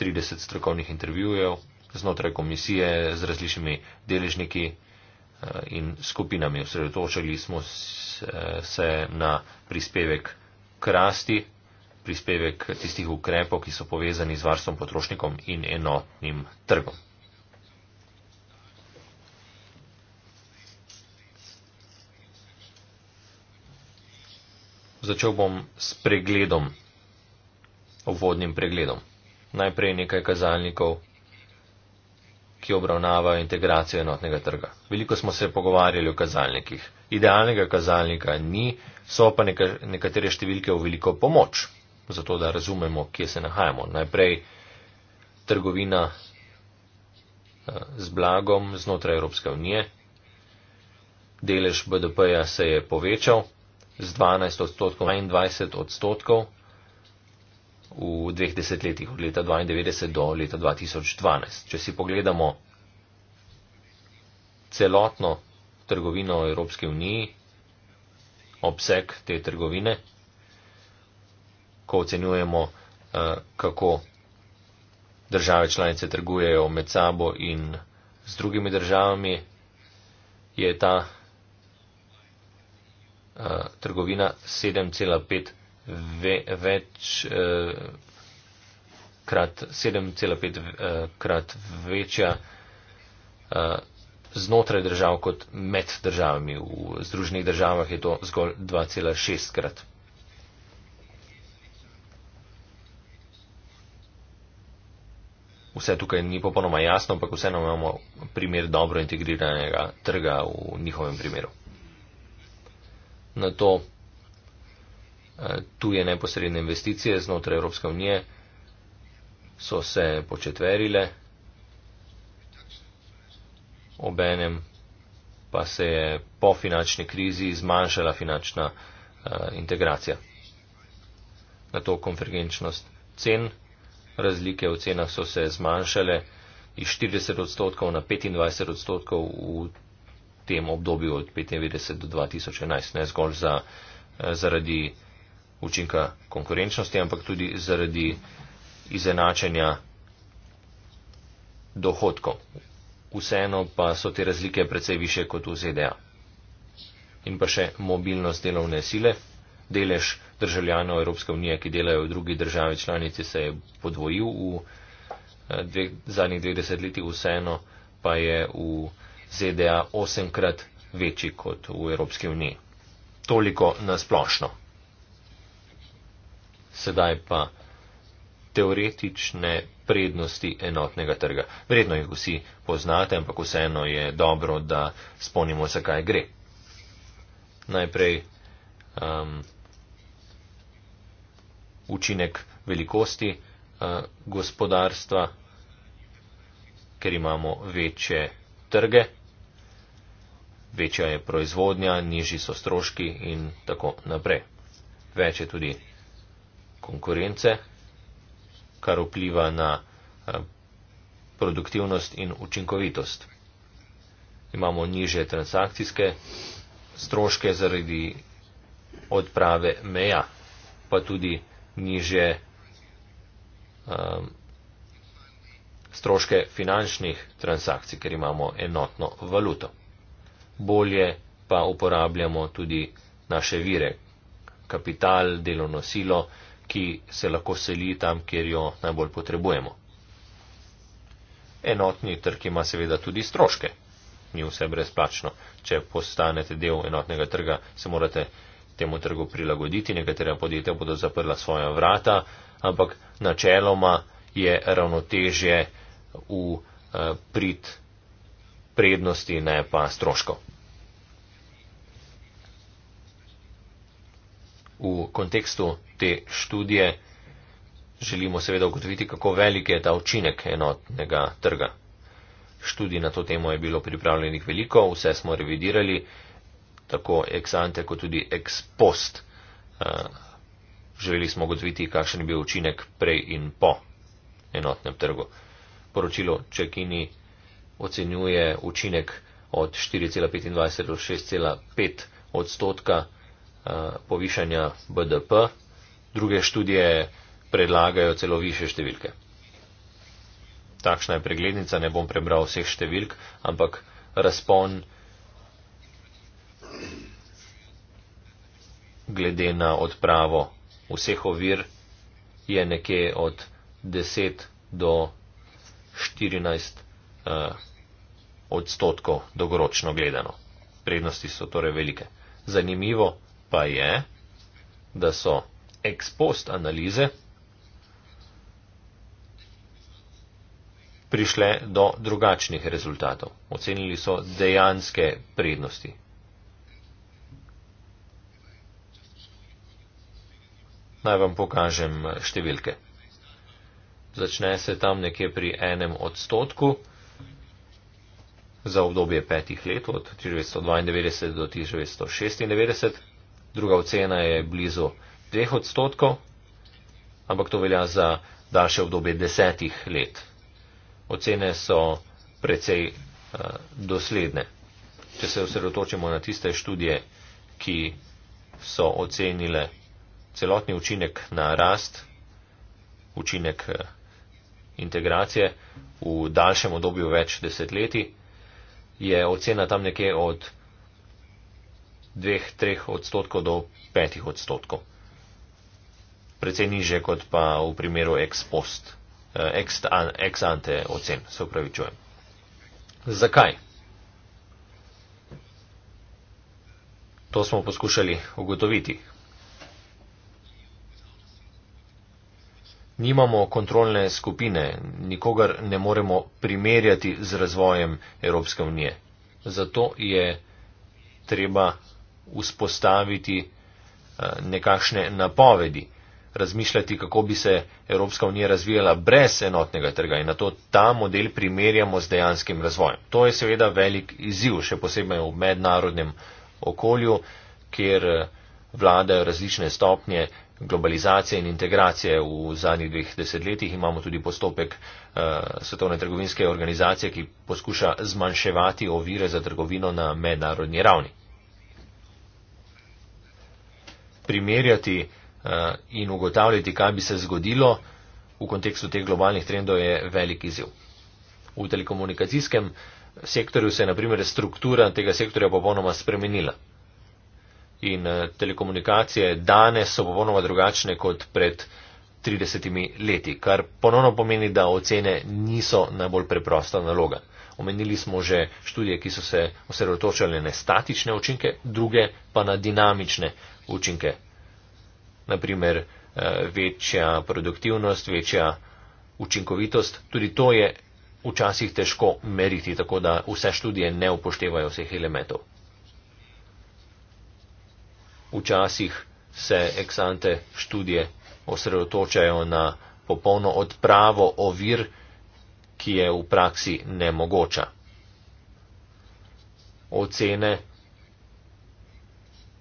30 strokovnih intervjujev znotraj komisije z različnimi deležniki eh, in skupinami. Osredotočili smo eh, se na prispevek krasti, prispevek tistih ukrepov, ki so povezani z varstvom potrošnikom in enotnim trgom. Začel bom s pregledom, obvodnim pregledom najprej nekaj kazalnikov, ki obravnavajo integracijo enotnega trga. Veliko smo se pogovarjali o kazalnikih. Idealnega kazalnika ni, so pa neka, nekatere številke v veliko pomoč, zato da razumemo, kje se nahajamo. Najprej trgovina eh, z blagom znotraj Evropske unije. Delež BDP-ja se je povečal z 12 odstotkov na 21 odstotkov v dveh desetletjih, od leta 92 do leta 2012. Če si pogledamo celotno trgovino v Evropski uniji, obseg te trgovine, ko ocenjujemo, eh, kako države članice trgujejo med sabo in z drugimi državami, je ta eh, trgovina 7,5 ve, več eh, krat 7,5 eh, krat večja eh, znotraj držav kot med državami. V Združenih državah je to zgolj 2,6 krat. Vse tukaj ni popolnoma jasno, ampak vseeno imamo primer dobro integriranega trga v njihovem primeru. Na to Eh, tuje neposredne investicije znotraj Evropske unije so se početverile, obenem pa se je po finančni krizi zmanjšala finančna eh, integracija. Na to konvergenčnost cen, razlike v cenah so se zmanjšale iz 40 odstotkov na 25 odstotkov v tem obdobju od 1995 do 2011, ne zgolj za, eh, zaradi učinka konkurenčnosti, ampak tudi zaradi izenačenja dohodkov. Vseeno pa so te razlike precej više kot v ZDA. In pa še mobilnost delovne sile. Delež državljanov Evropske unije, ki delajo v drugi državi članici, se je podvojil v eh, dve, zadnjih 20 letih, vseeno pa je v ZDA osemkrat večji kot v Evropski uniji. Toliko nasplošno sedaj pa teoretične prednosti enotnega trga. Vredno jih vsi poznate, ampak vseeno je dobro, da spomnimo, zakaj gre. Najprej um, učinek velikosti uh, gospodarstva, ker imamo večje trge, večja je proizvodnja, nižji so stroški in tako naprej. Več je tudi konkurence, kar vpliva na eh, produktivnost in učinkovitost. Imamo niže transakcijske stroške zaradi odprave meja, pa tudi niže um, eh, stroške finančnih transakcij, ker imamo enotno valuto. Bolje pa uporabljamo tudi naše vire, kapital, delovno silo, ki se lahko seli tam, kjer jo najbolj potrebujemo. Enotni trg ima seveda tudi stroške. Ni vse brezplačno. Če postanete del enotnega trga, se morate temu trgu prilagoditi. Nekatera podjetja bodo zaprla svoja vrata, ampak načeloma je ravnotežje v eh, prid prednosti, ne pa stroškov. v kontekstu te študije želimo seveda ugotoviti, kako velik je ta učinek enotnega trga. Študij na to temo je bilo pripravljenih veliko, vse smo revidirali, tako ex ante kot tudi ex post. Eh, želeli smo ugotoviti, kakšen je bil učinek prej in po enotnem trgu. Poročilo Čekini ocenjuje učinek od 4,25 do 6,5 odstotka Eh, povišanja BDP, druge študije predlagajo celo više številke. Takšna je preglednica, ne bom prebral vseh številk, ampak razpon glede na odpravo vseh ovir je nekje od 10 do 14 eh, odstotkov dolgoročno gledano. Prednosti so torej velike. Zanimivo, pa je, da so ex post analize prišle do drugačnih rezultatov. Ocenili so dejanske prednosti. Naj vam pokažem številke. Začne se tam nekje pri enem odstotku za obdobje petih let od 1992 do 1996 druga ocena je blizu 2 odstotkov, ampak to velja za daljše obdobje desetih let. Ocene so precej uh, dosledne. Če se osredotočimo na tiste študije, ki so ocenile celotni učinek na rast, učinek uh, integracije v daljšem obdobju več desetletij, je ocena tam nekje od dveh, treh odstotkov do petih odstotkov. Precej niže kot pa v primeru ex post, eh, ex, ex ante ocen, se upravičujem. Zakaj? To smo poskušali ugotoviti. Nimamo kontrolne skupine, nikogar ne moremo primerjati z razvojem Evropske unije. Zato je treba vzpostaviti eh, nekakšne napovedi, razmišljati, kako bi se Evropska unija razvijala brez enotnega trga in na to ta model primerjamo z dejanskim razvojem. To je seveda velik izziv, še posebej v mednarodnem okolju, kjer eh, vladajo različne stopnje globalizacije in integracije. V zadnjih dveh desetletjih imamo tudi postopek eh, Svetovne trgovinske organizacije, ki poskuša zmanjševati ovire za trgovino na mednarodni ravni. primerjati eh, in ugotavljati, kaj bi se zgodilo v kontekstu teh globalnih trendov, je velik izziv. V telekomunikacijskem sektorju se je naprimer struktura tega sektorja popolnoma spremenila. In eh, telekomunikacije danes so popolnoma drugačne kot pred 30 leti, kar ponovno pomeni, da ocene niso najbolj preprosta naloga. Omenili smo že študije, ki so se osredotočale na statične učinke, druge pa na dinamične učinke. Naprimer, eh, večja produktivnost, večja učinkovitost, tudi to je včasih težko meriti, tako da vse študije ne upoštevajo vseh elementov. Včasih se eksante študije osredotočajo na popolno odpravo ovir, ki je v praksi nemogoča. Ocene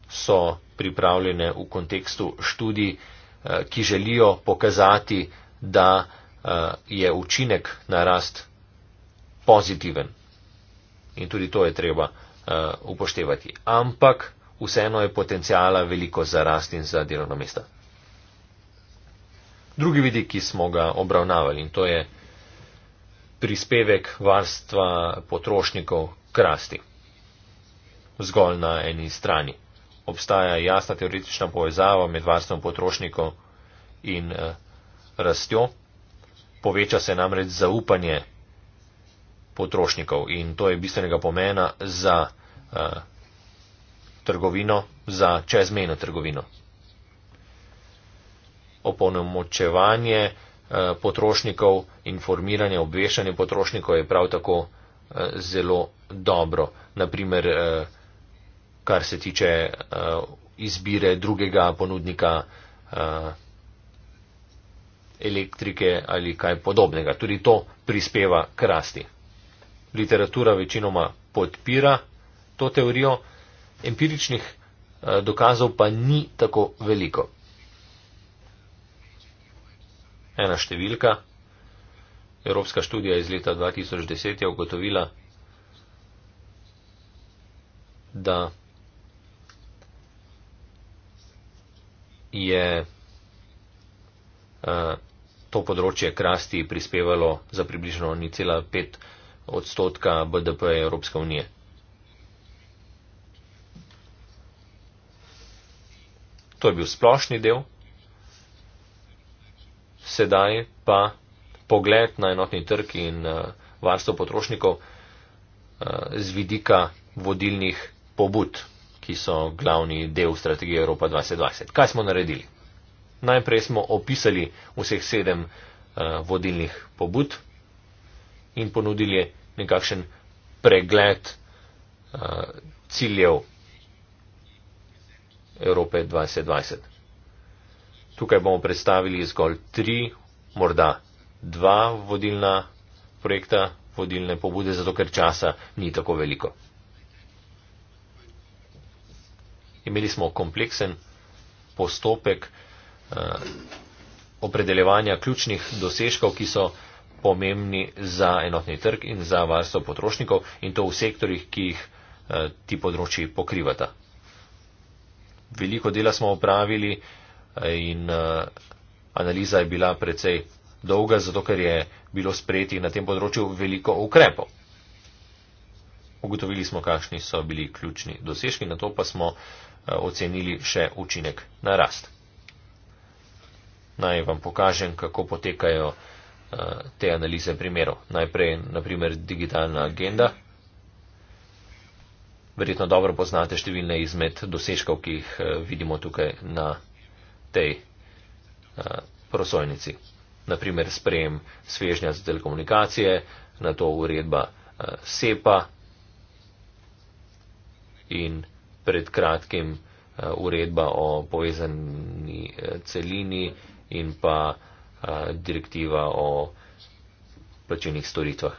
so pripravljene v kontekstu študij, eh, ki želijo pokazati, da eh, je učinek na rast pozitiven. In tudi to je treba eh, upoštevati. Ampak vseeno je potencijala veliko za rast in za delovno mesto. Drugi vidik, ki smo ga obravnavali, in to je prispevek varstva potrošnikov k rasti. Zgolj na eni strani obstaja jasna teoretična povezava med varstvom potrošnikov in eh, rastjo. Poveča se namreč zaupanje potrošnikov in to je bistvenega pomena za eh, trgovino, za čezmejno trgovino. Opolnomočevanje eh, potrošnikov, informiranje, obveščanje potrošnikov je prav tako eh, zelo dobro. Naprimer, eh, kar se tiče uh, izbire drugega ponudnika uh, elektrike ali kaj podobnega. Tudi to prispeva k rasti. Literatura večinoma podpira to teorijo, empiričnih uh, dokazov pa ni tako veliko. Ena številka. Evropska študija iz leta 2010 je ugotovila, da je eh, to področje k rasti prispevalo za približno 0,5 odstotka BDP Evropske unije. To je bil splošni del. Sedaj pa pogled na enotni trg in eh, varstvo potrošnikov eh, z vidika vodilnih pobud ki so glavni del strategije Evropa 2020. Kaj smo naredili? Najprej smo opisali vseh sedem uh, vodilnih pobud in ponudili nekakšen pregled uh, ciljev Evrope 2020. Tukaj bomo predstavili zgolj tri, morda dva vodilna projekta, vodilne pobude, zato ker časa ni tako veliko. Imeli smo kompleksen postopek eh, opredeljevanja ključnih dosežkov, ki so pomembni za enotni trg in za varstvo potrošnikov in to v sektorjih, ki jih eh, ti področji pokrivata. Veliko dela smo opravili eh, in analiza je bila precej dolga, zato ker je bilo sprejetih na tem področju veliko ukrepov. Ugotovili smo, kakšni so bili ključni dosežki, na to pa smo eh, ocenili še učinek na rast. Naj vam pokažem, kako potekajo eh, te analize primerov. Najprej, naprimer, digitalna agenda. Verjetno dobro poznate številne izmed dosežkov, ki jih eh, vidimo tukaj na tej prosojnici. Naprimer, sprejem svežnja za telekomunikacije, na to uredba SEPA in pred kratkim eh, uredba o povezani eh, celini in pa eh, direktiva o plačenih storitvah.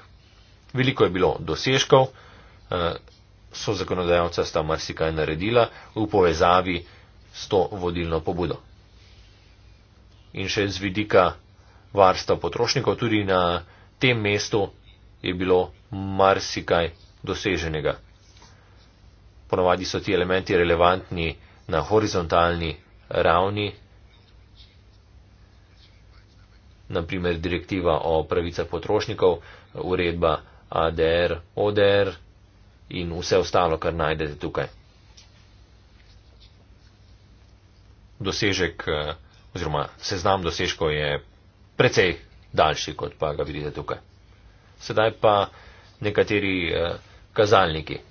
Veliko je bilo dosežkov, so zakonodajalca sta marsikaj naredila v povezavi s to vodilno pobudo. In še z vidika varstva potrošnikov, tudi na tem mestu je bilo marsikaj doseženega ponavadi so ti elementi relevantni na horizontalni ravni, naprimer direktiva o pravicah potrošnikov, uredba ADR, ODR in vse ostalo, kar najdete tukaj. Dosežek eh, oziroma seznam dosežkov je precej daljši, kot pa ga vidite tukaj. Sedaj pa nekateri eh, kazalniki.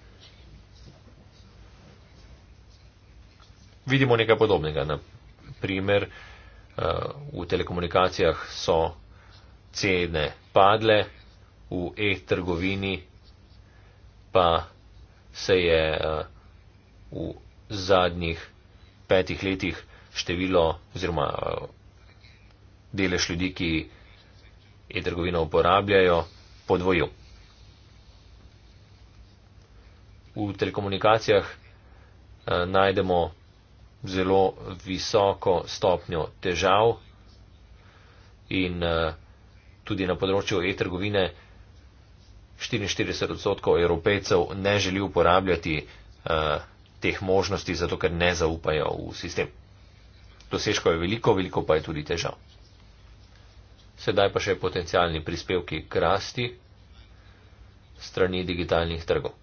vidimo nekaj podobnega. Na primer, eh, v telekomunikacijah so cene padle, v e-trgovini pa se je eh, v zadnjih petih letih število oziroma eh, delež ljudi, ki e-trgovino uporabljajo, podvojil. V telekomunikacijah najdemo zelo visoko stopnjo težav in eh, tudi na področju e-trgovine 44 odstotkov evropejcev ne želi uporabljati eh, teh možnosti, zato ker ne zaupajo v sistem. Dosežkov je veliko, veliko pa je tudi težav. Sedaj pa še potencijalni prispevki k rasti strani digitalnih trgov.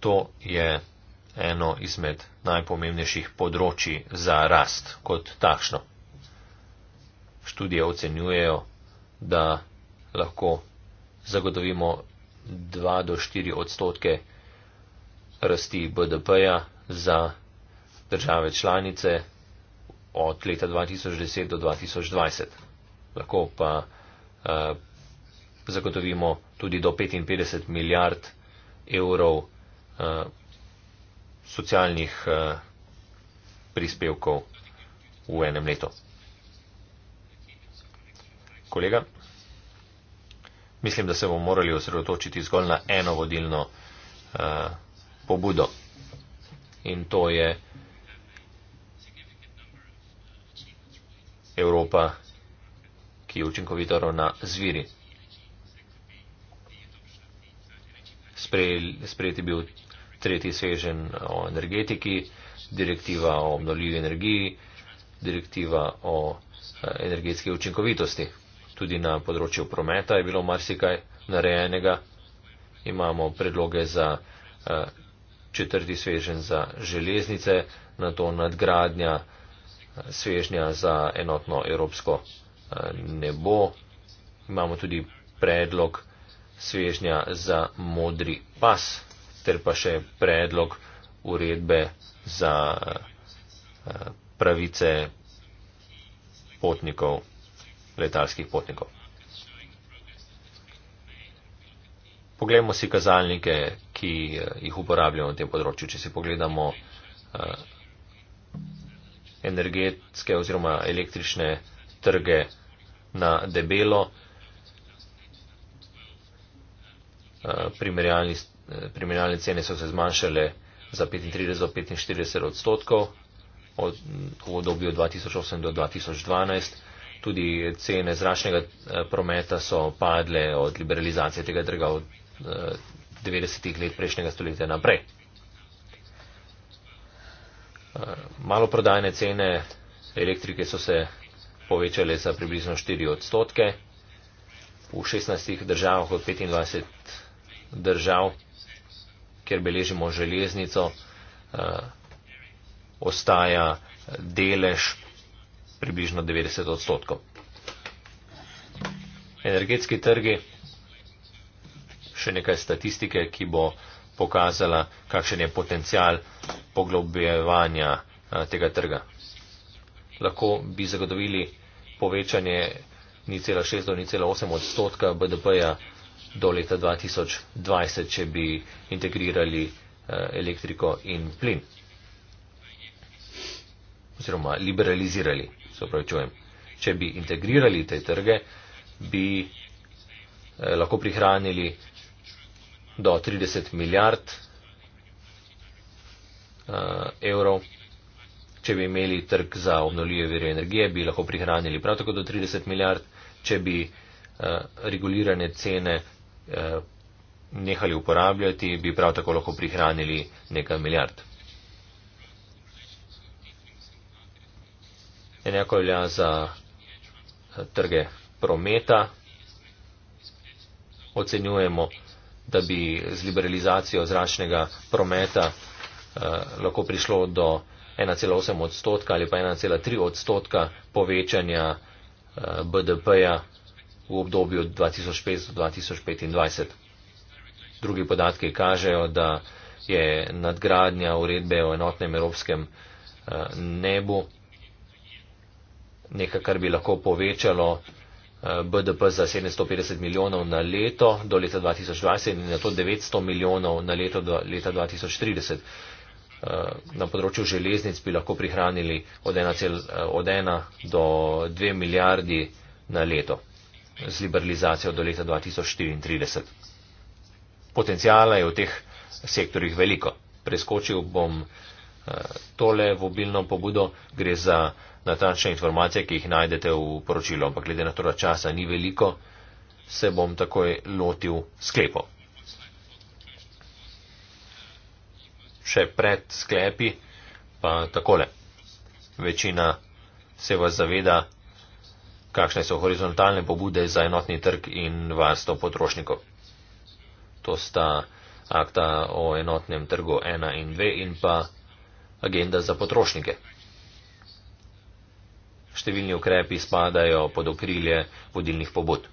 to je eno izmed najpomembnejših področji za rast kot takšno. Študije ocenjujejo, da lahko zagotovimo 2 do 4 odstotke rasti BDP-ja za države članice od leta 2010 do 2020. Lahko pa eh, zagotovimo tudi do 55 milijard evrov uh, socialnih uh, prispevkov v enem letu. Kolega, mislim, da se bomo morali osredotočiti zgolj na eno vodilno uh, pobudo in to je Evropa, ki je učinkovito ravna zviri. Sprejeti bil tretji sežen o energetiki, direktiva o obnovljivi energiji, direktiva o eh, energetski učinkovitosti. Tudi na področju prometa je bilo marsikaj narejenega. Imamo predloge za eh, četrti svežen za železnice, na to nadgradnja eh, svežnja za enotno evropsko nebo. Imamo tudi predlog svežnja za modri pas ter pa še predlog uredbe za eh, pravice potnikov, letalskih potnikov. Poglejmo si kazalnike, ki eh, jih uporabljamo na tem področju. Če si pogledamo eh, energetske oziroma električne trge na debelo, primerjalni Priminalne cene so se zmanjšale za 35 do 45 odstotkov od, v obdobju 2008 do 2012. Tudi cene zračnega eh, prometa so padle od liberalizacije tega trga od 90-ih eh, let prejšnjega stoletja naprej. Eh, maloprodajne cene elektrike so se povečale za približno 4 odstotke. V 16 državah od 25 držav kjer beležimo železnico, eh, ostaja delež približno 90 odstotkov. Energetski trgi, še nekaj statistike, ki bo pokazala, kakšen je potencial poglobljevanja eh, tega trga. Lahko bi zagotovili povečanje 0,6 do 0,8 odstotka BDP-ja do leta 2020, če bi integrirali eh, elektriko in plin. Oziroma liberalizirali, se upravičujem. Če bi integrirali te trge, bi eh, lahko prihranili do 30 milijard eh, evrov. Če bi imeli trg za obnovljive vire energije, bi lahko prihranili prav tako do 30 milijard. Če bi uh, regulirane cene Eh, nehali uporabljati, bi prav tako lahko prihranili nekaj milijard. Enako velja za eh, trge prometa. Ocenjujemo, da bi z liberalizacijo zračnega prometa eh, lahko prišlo do 1,8 odstotka ali pa 1,3 odstotka povečanja eh, BDP-ja v obdobju 2005 do 2025. Drugi podatki kažejo, da je nadgradnja uredbe o enotnem evropskem eh, nebu nekaj, kar bi lahko povečalo eh, BDP za 750 milijonov na leto do leta 2020 in na to 900 milijonov na leto do leta 2030. Eh, na področju železnic bi lahko prihranili od 1, cel, od 1 do 2 milijardi na leto z liberalizacijo do leta 2034. Potencijala je v teh sektorjih veliko. Preskočil bom eh, tole vobilno pobudo, gre za natančne informacije, ki jih najdete v poročilu, ampak glede na to, da časa ni veliko, se bom takoj lotil sklepov. Še pred sklepi pa takole. Večina se vas zaveda kakšne so horizontalne pobude za enotni trg in varstvo potrošnikov. To sta akta o enotnem trgu 1 in 2 in pa agenda za potrošnike. Številni ukrepi spadajo pod okrilje vodilnih pobud.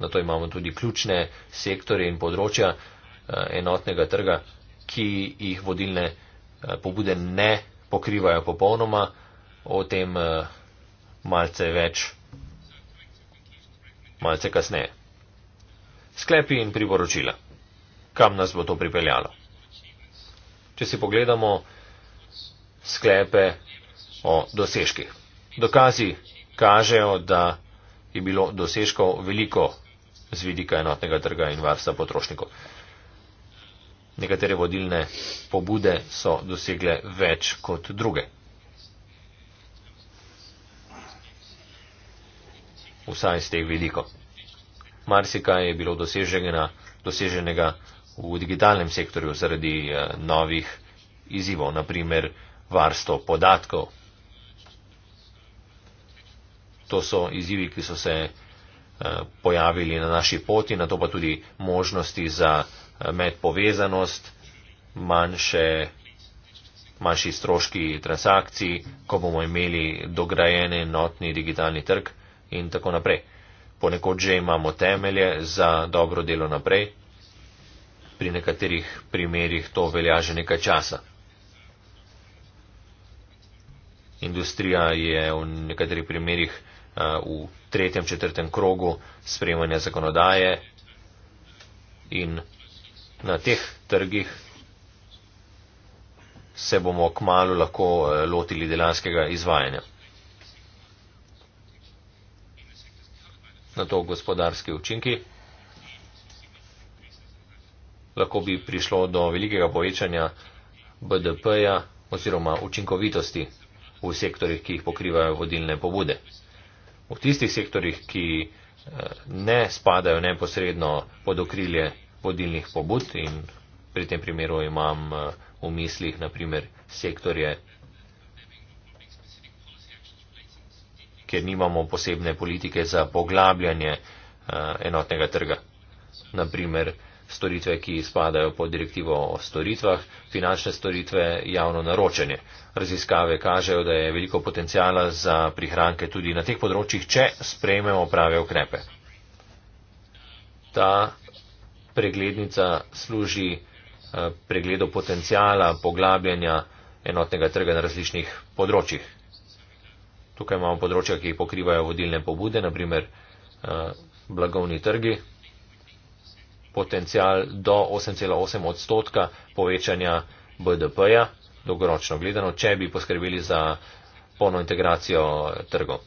Na to imamo tudi ključne sektore in področja eh, enotnega trga, ki jih vodilne eh, pobude ne pokrivajo popolnoma. O tem eh, malce več malce kasneje. Sklepi in priporočila. Kam nas bo to pripeljalo? Če si pogledamo sklepe o dosežkih. Dokazi kažejo, da je bilo dosežkov veliko z vidika enotnega trga in varstva potrošnikov. Nekatere vodilne pobude so dosegle več kot druge. vsaj z teh vidikov. Marsikaj je bilo doseženega, doseženega v digitalnem sektorju zaradi eh, novih izzivov, naprimer varstvo podatkov. To so izzivi, ki so se eh, pojavili na naši poti, na to pa tudi možnosti za eh, medpovezanost, manjše, manjši stroški transakcij, ko bomo imeli dograjene notni digitalni trg in tako naprej. Ponekod že imamo temelje za dobro delo naprej, pri nekaterih primerjih to velja že nekaj časa. Industrija je v nekaterih primerjih v tretjem, četrtem krogu sprejemanja zakonodaje in na teh trgih se bomo k malu lahko lotili delanskega izvajanja. na to gospodarski učinki. Lahko bi prišlo do velikega povečanja BDP-ja oziroma učinkovitosti v sektorjih, ki jih pokrivajo vodilne pobude. V tistih sektorjih, ki eh, ne spadajo neposredno pod okrilje vodilnih pobud in pri tem primeru imam eh, v mislih naprimer sektorje kjer nimamo posebne politike za poglabljanje eh, enotnega trga. Naprimer, storitve, ki spadajo pod direktivo o storitvah, finančne storitve, javno naročanje. Raziskave kažejo, da je veliko potencijala za prihranke tudi na teh področjih, če sprejmemo prave ukrepe. Ta preglednica služi eh, pregledu potencijala poglabljanja enotnega trga na različnih področjih. Tukaj imamo področja, ki pokrivajo vodilne pobude, naprimer eh, blagovni trgi, potencial do 8,8 odstotka povečanja BDP-ja, dolgoročno gledano, če bi poskrbeli za polno integracijo eh, trgov.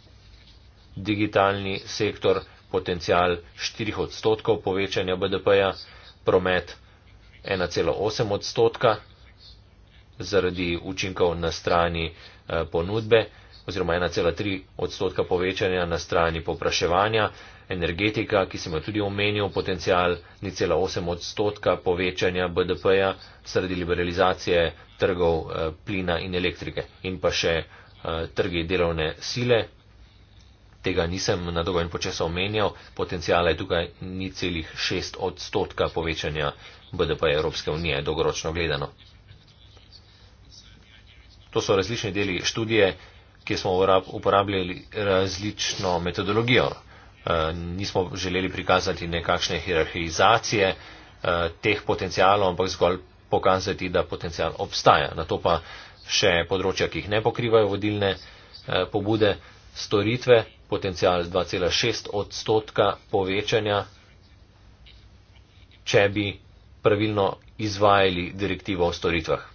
Digitalni sektor, potencial 4 odstotkov povečanja BDP-ja, promet 1,8 odstotka zaradi učinkov na strani eh, ponudbe oziroma 1,3 odstotka povečanja na strani popraševanja, energetika, ki sem jo tudi omenil, potencial 0,8 odstotka povečanja BDP-ja sredi liberalizacije trgov eh, plina in elektrike in pa še eh, trgi delovne sile. Tega nisem na dolgo in počasno omenjal, potencijala je tukaj 0,6 odstotka povečanja BDP Evropske unije, dolgoročno gledano. To so različni deli študije, kjer smo uporabljali različno metodologijo. Eh, nismo želeli prikazati nekakšne hierarhizacije eh, teh potencijalov, ampak zgolj pokazati, da potencijal obstaja. Na to pa še področja, ki jih ne pokrivajo vodilne eh, pobude, storitve, potencijal 2,6 odstotka povečanja, če bi pravilno izvajali direktivo o storitvah.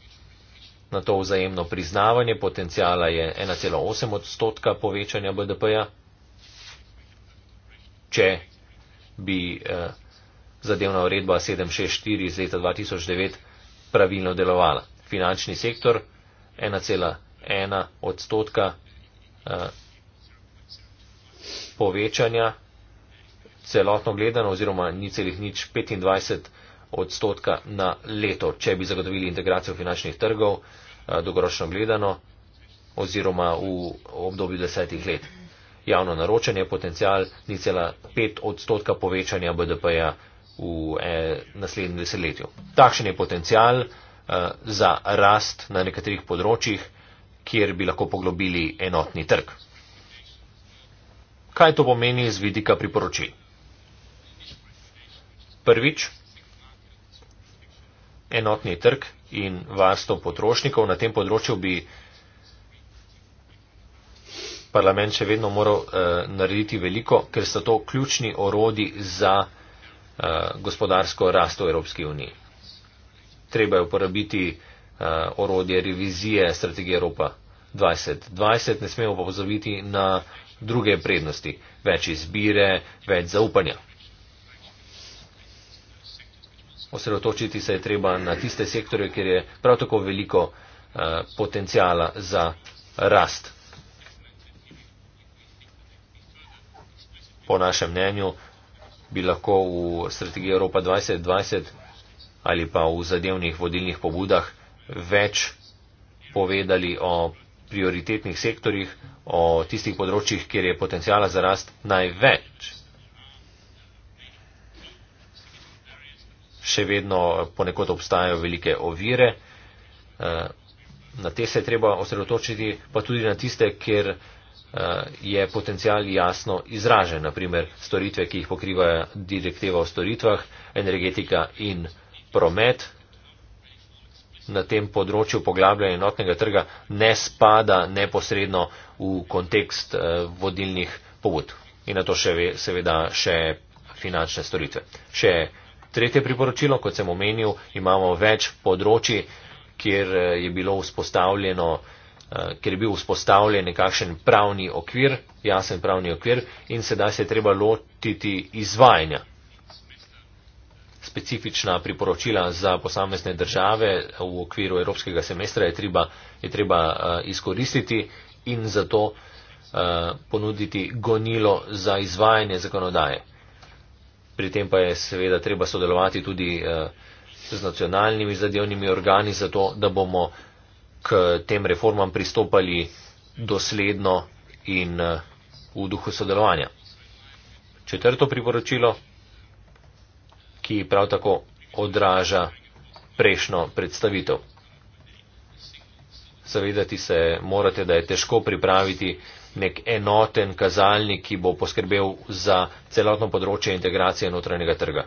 Na to vzajemno priznavanje potencijala je 1,8 odstotka povečanja BDP-ja. Če bi eh, zadevna uredba 764 iz leta 2009 pravilno delovala. Finančni sektor 1,1 odstotka eh, povečanja celotno gledano oziroma 0,025 odstotka odstotka na leto, če bi zagotovili integracijo finančnih trgov, eh, dolgoročno gledano, oziroma v obdobju desetih let. Javno naročanje potencial ni cela pet odstotka povečanja BDP-ja v eh, naslednjem desetletju. Takšen je potencial eh, za rast na nekaterih področjih, kjer bi lahko poglobili enotni trg. Kaj to pomeni z vidika priporočil? Prvič, enotni trg in varstvo potrošnikov. Na tem področju bi parlament še vedno moral eh, narediti veliko, ker so to ključni orodi za eh, gospodarsko rast v Evropski uniji. Treba je uporabiti eh, orodje revizije strategije Evropa 2020, ne smemo pa pozabiti na druge prednosti, več izbire, več zaupanja osredotočiti se je treba na tiste sektore, kjer je prav tako veliko eh, potencijala za rast. Po našem mnenju bi lahko v strategiji Evropa 2020 ali pa v zadevnih vodilnih pobudah več povedali o prioritetnih sektorjih, o tistih področjih, kjer je potencijala za rast največ. še vedno ponekod obstajajo velike ovire. Eh, na te se je treba osredotočiti, pa tudi na tiste, kjer eh, je potencial jasno izražen, naprimer storitve, ki jih pokriva direktiva o storitvah, energetika in promet. Na tem področju poglabljanja enotnega trga ne spada neposredno v kontekst eh, vodilnih pobud in na to še seveda še finančne storitve. Še Tretje priporočilo, kot sem omenil, imamo več področji, kjer eh, je, eh, kjer je bil vzpostavljen nekakšen pravni okvir, jasen pravni okvir in sedaj se je treba lotiti izvajanja. Specifična priporočila za posamezne države v okviru evropskega semestra je treba, je treba eh, izkoristiti in zato ponuditi gonilo za izvajanje zakonodaje pri tem pa je seveda treba sodelovati tudi eh, z nacionalnimi zadevnimi organi, zato da bomo k tem reformam pristopali dosledno in eh, v duhu sodelovanja. Četrto priporočilo, ki prav tako odraža prejšnjo predstavitev. Zavedati se morate, da je težko pripraviti nek enoten kazalnik, ki bo poskrbel za celotno področje integracije notranjega trga.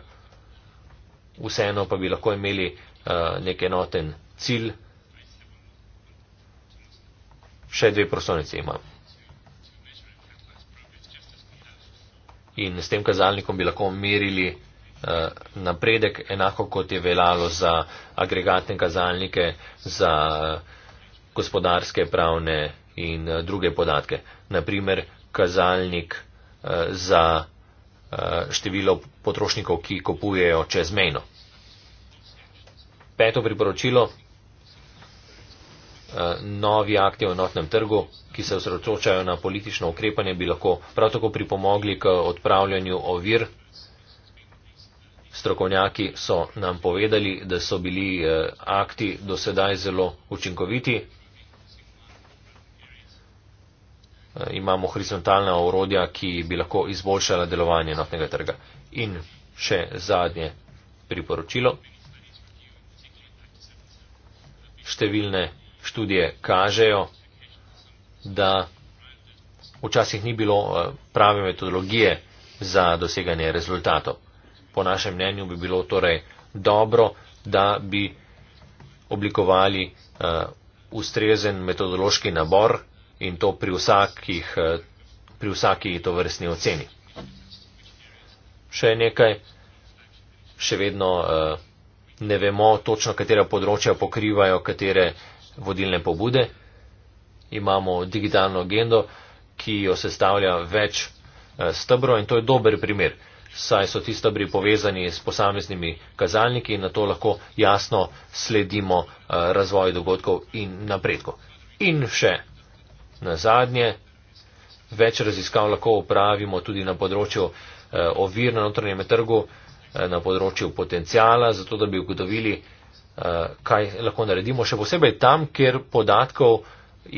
Vseeno pa bi lahko imeli uh, nek enoten cilj. Še dve prosonice imam. In s tem kazalnikom bi lahko merili uh, napredek, enako kot je veljalo za agregatne kazalnike, za eh, gospodarske, pravne, in eh, druge podatke. Naprimer, kazalnik eh, za eh, število potrošnikov, ki kupujejo čezmejno. Peto priporočilo. Novi akti o enotnem trgu, ki se osredotočajo na politično ukrepanje, bi lahko prav tako pripomogli k odpravljanju ovir. Strokovnjaki so nam povedali, da so bili akti do sedaj zelo učinkoviti, Eh, imamo horizontalna orodja, ki bi lahko izboljšala delovanje enotnega trga. In še zadnje priporočilo. Številne študije kažejo, da včasih ni bilo eh, prave metodologije za doseganje rezultatov. Po našem mnenju bi bilo torej dobro, da bi oblikovali uh, ustrezen metodološki nabor in to pri, vsakih, eh, pri vsaki tovrstni oceni. Še nekaj, še vedno eh, ne vemo točno, katera področja pokrivajo, katere vodilne pobude. Imamo digitalno agendo, ki jo sestavlja več eh, stebrov in to je dober primer, saj so ti stebri povezani s posameznimi kazalniki in na to lahko jasno sledimo razvoju dogodkov in napredkov. In še Na zadnje, več raziskav lahko upravimo tudi na področju eh, ovir na notranjem trgu, eh, na področju potencijala, zato da bi ugotovili, eh, kaj lahko naredimo, še posebej tam, kjer podatkov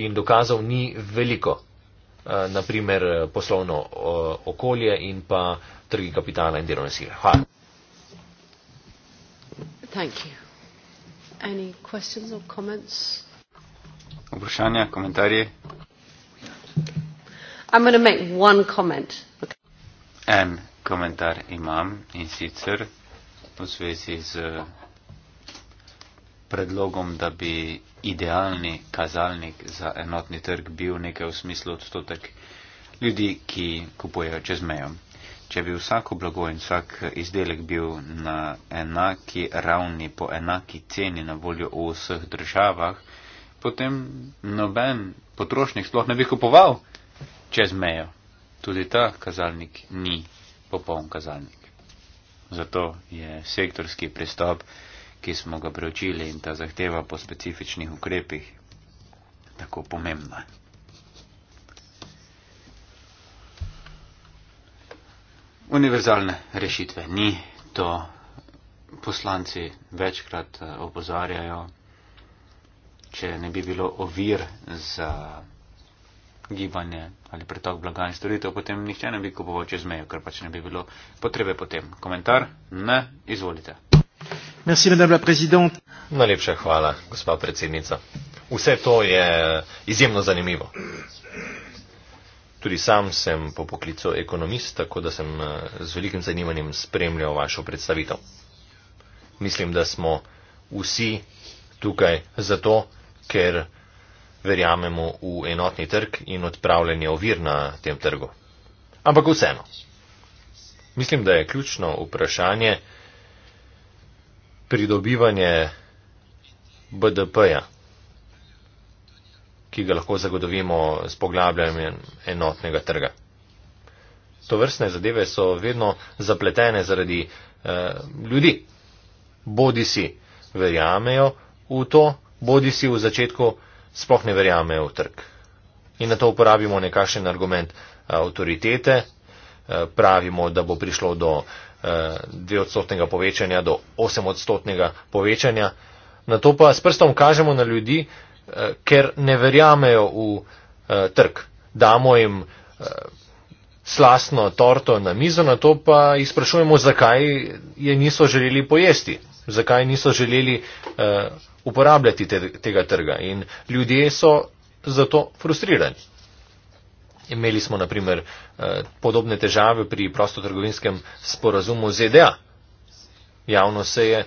in dokazov ni veliko, naprimer poslovno okolje in pa trgi kapitala in delovne sile. Hvala. Vprašanja, komentarje? I'm going to make one comment. Okay. En komentar imam in sicer v zvezi z predlogom, da bi idealni kazalnik za enotni trg bil nekaj v smislu odstotek ljudi, ki kupujejo čez mejo. Če bi vsako blago in vsak izdelek bil na enaki ravni, po enaki ceni na voljo v vseh državah, potem noben potrošnik sploh ne bi kupoval čez mejo. Tudi ta kazalnik ni popoln kazalnik. Zato je sektorski pristop, ki smo ga preučili in ta zahteva po specifičnih ukrepih, tako pomembna. Univerzalne rešitve ni, to poslanci večkrat eh, opozarjajo, če ne bi bilo ovir za gibanje ali pritok blaga in storitev, potem nihče ne bi kupoval čez mejo, ker pač ne bi bilo potrebe potem. Komentar? Ne, izvolite. Merci, Najlepša hvala, gospa predsednica. Vse to je eh, izjemno zanimivo. Tudi sam sem po poklicu ekonomist, tako da sem eh, z velikim zanimanjem spremljal vašo predstavitev. Mislim, da smo vsi tukaj zato, ker verjamemo v enotni trg in odpravljanje ovir na tem trgu. Ampak vseeno. Mislim, da je ključno vprašanje pridobivanje BDP-ja, ki ga lahko zagotovimo s poglabljanjem enotnega trga. To vrstne zadeve so vedno zapletene zaradi eh, ljudi. Bodi si verjamejo v to, bodi si v začetku sploh ne verjame v trg. In na to uporabimo nekakšen argument eh, avtoritete, eh, pravimo, da bo prišlo do 2-odstotnega eh, povečanja, do 8-odstotnega povečanja, na to pa s prstom kažemo na ljudi, ker ne verjamejo v trg. Damo jim slasno torto na mizo, na to pa jih sprašujemo, zakaj je niso želeli pojesti, zakaj niso želeli uporabljati tega trga in ljudje so zato frustrirani. Imeli smo, naprimer, eh, podobne težave pri prostotrgovinskem sporazumu ZDA. Javno se je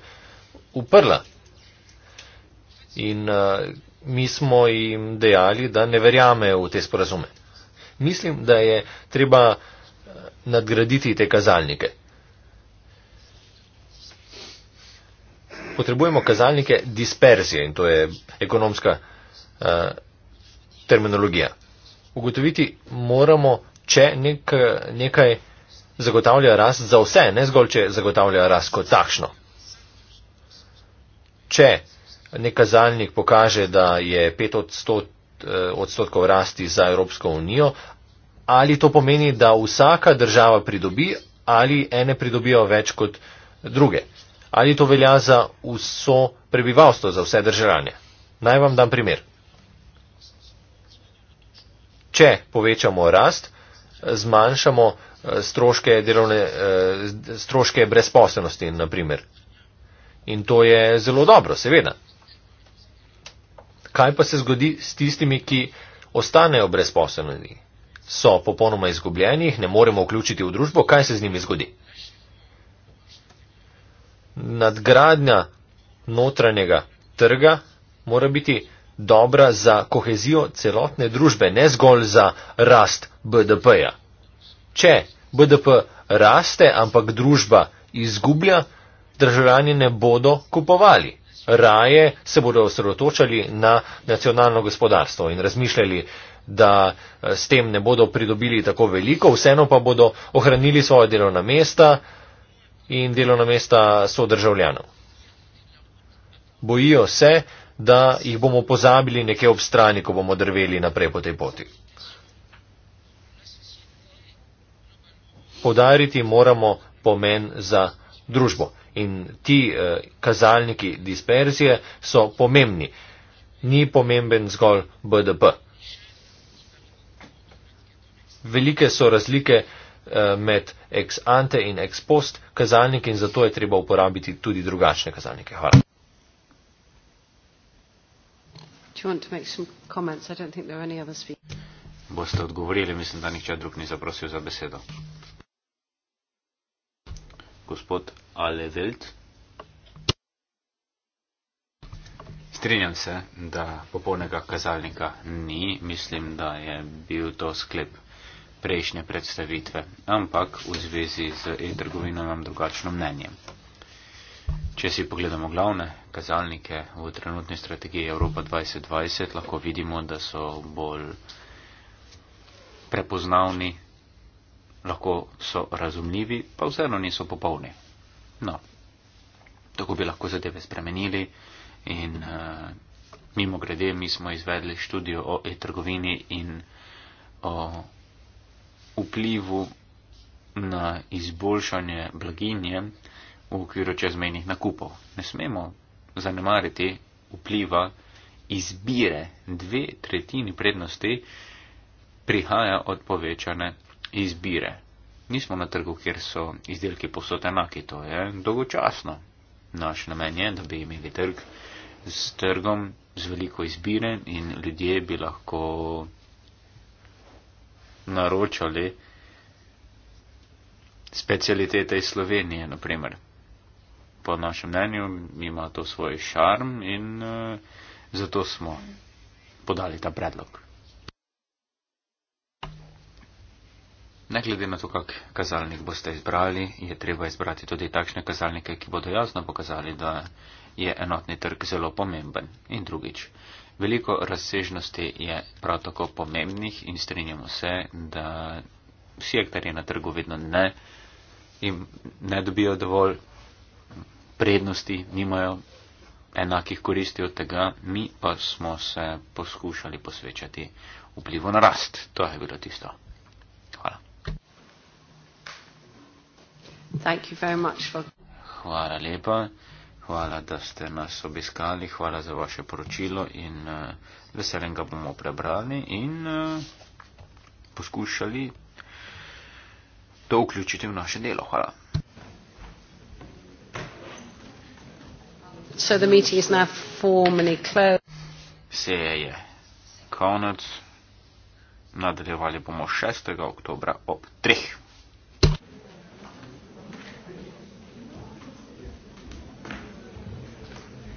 uprla. In eh, mi smo jim dejali, da ne verjame v te sporazume. Mislim, da je treba eh, nadgraditi te kazalnike. potrebujemo kazalnike disperzije in to je ekonomska uh, terminologija. Ugotoviti moramo, če nek, nekaj zagotavlja rast za vse, ne zgolj, če zagotavlja rast kot takšno. Če nek kazalnik pokaže, da je 5 odstot, eh, odstotkov rasti za Evropsko unijo, ali to pomeni, da vsaka država pridobi ali ene pridobijo več kot druge ali to velja za vso prebivalstvo, za vse državljane. Naj vam dam primer. Če povečamo rast, zmanjšamo eh, stroške, delovne, eh, stroške brezposobnosti, naprimer. In to je zelo dobro, seveda. Kaj pa se zgodi s tistimi, ki ostanejo brezposobni? So popolnoma izgubljeni, jih ne moremo vključiti v družbo, kaj se z njimi zgodi? nadgradnja notranjega trga mora biti dobra za kohezijo celotne družbe, ne zgolj za rast BDP-ja. Če BDP raste, ampak družba izgublja, državljani ne bodo kupovali. Raje se bodo osredotočali na nacionalno gospodarstvo in razmišljali, da eh, s tem ne bodo pridobili tako veliko, vseeno pa bodo ohranili svoje delovna mesta, in delovna mesta so državljanov. Bojijo se, da jih bomo pozabili nekje ob strani, ko bomo drveli naprej po tej poti. Podariti moramo pomen za družbo in ti eh, kazalniki disperzije so pomembni. Ni pomemben zgolj BDP. Velike so razlike eh, Eh, med ex ante in ex post kazalniki in zato je treba uporabiti tudi drugačne kazalnike. Hvala. Boste odgovorili, mislim, da nihče drug ni zaprosil za besedo. Gospod Alevelt. Strinjam se, da popolnega kazalnika ni. Mislim, da je bil to sklep prejšnje predstavitve, ampak v zvezi z e-trgovino imam drugačno mnenje. Če si pogledamo glavne kazalnike v trenutni strategiji Evropa 2020, lahko vidimo, da so bolj prepoznavni, lahko so razumljivi, pa vseeno niso popolni. No, tako bi lahko zadeve spremenili in uh, eh, mimo grede mi smo izvedli študijo o e-trgovini in o vplivu na izboljšanje blaginje v okviru čezmejnih nakupov. Ne smemo zanemariti vpliva izbire. Dve tretjini prednosti prihaja od povečane izbire. Nismo na trgu, kjer so izdelki posod enaki, to je dolgočasno. Naš namen je, da bi imeli trg s trgom z veliko izbire in ljudje bi lahko naročali specialitete iz Slovenije, naprimer. Po našem mnenju ima to svoj šarm in uh, zato smo podali ta predlog. Ne glede na to, kak kazalnik boste izbrali, je treba izbrati tudi takšne kazalnike, ki bodo jasno pokazali, da je enotni trg zelo pomemben. In drugič, Veliko razsežnosti je prav tako pomembnih in strinjamo se, da vsi aktarji na trgu vedno ne, ne dobijo dovolj prednosti, nimajo enakih koristi od tega, mi pa smo se poskušali posvečati vplivu na rast. To je bilo tisto. Hvala. Hvala lepa. Hvala, da ste nas obiskali, hvala za vaše poročilo in uh, eh, veselim ga bomo prebrali in uh, poskušali to vključiti v naše delo. Hvala. Seje je konec. Nadaljevali bomo 6. oktobra ob 3.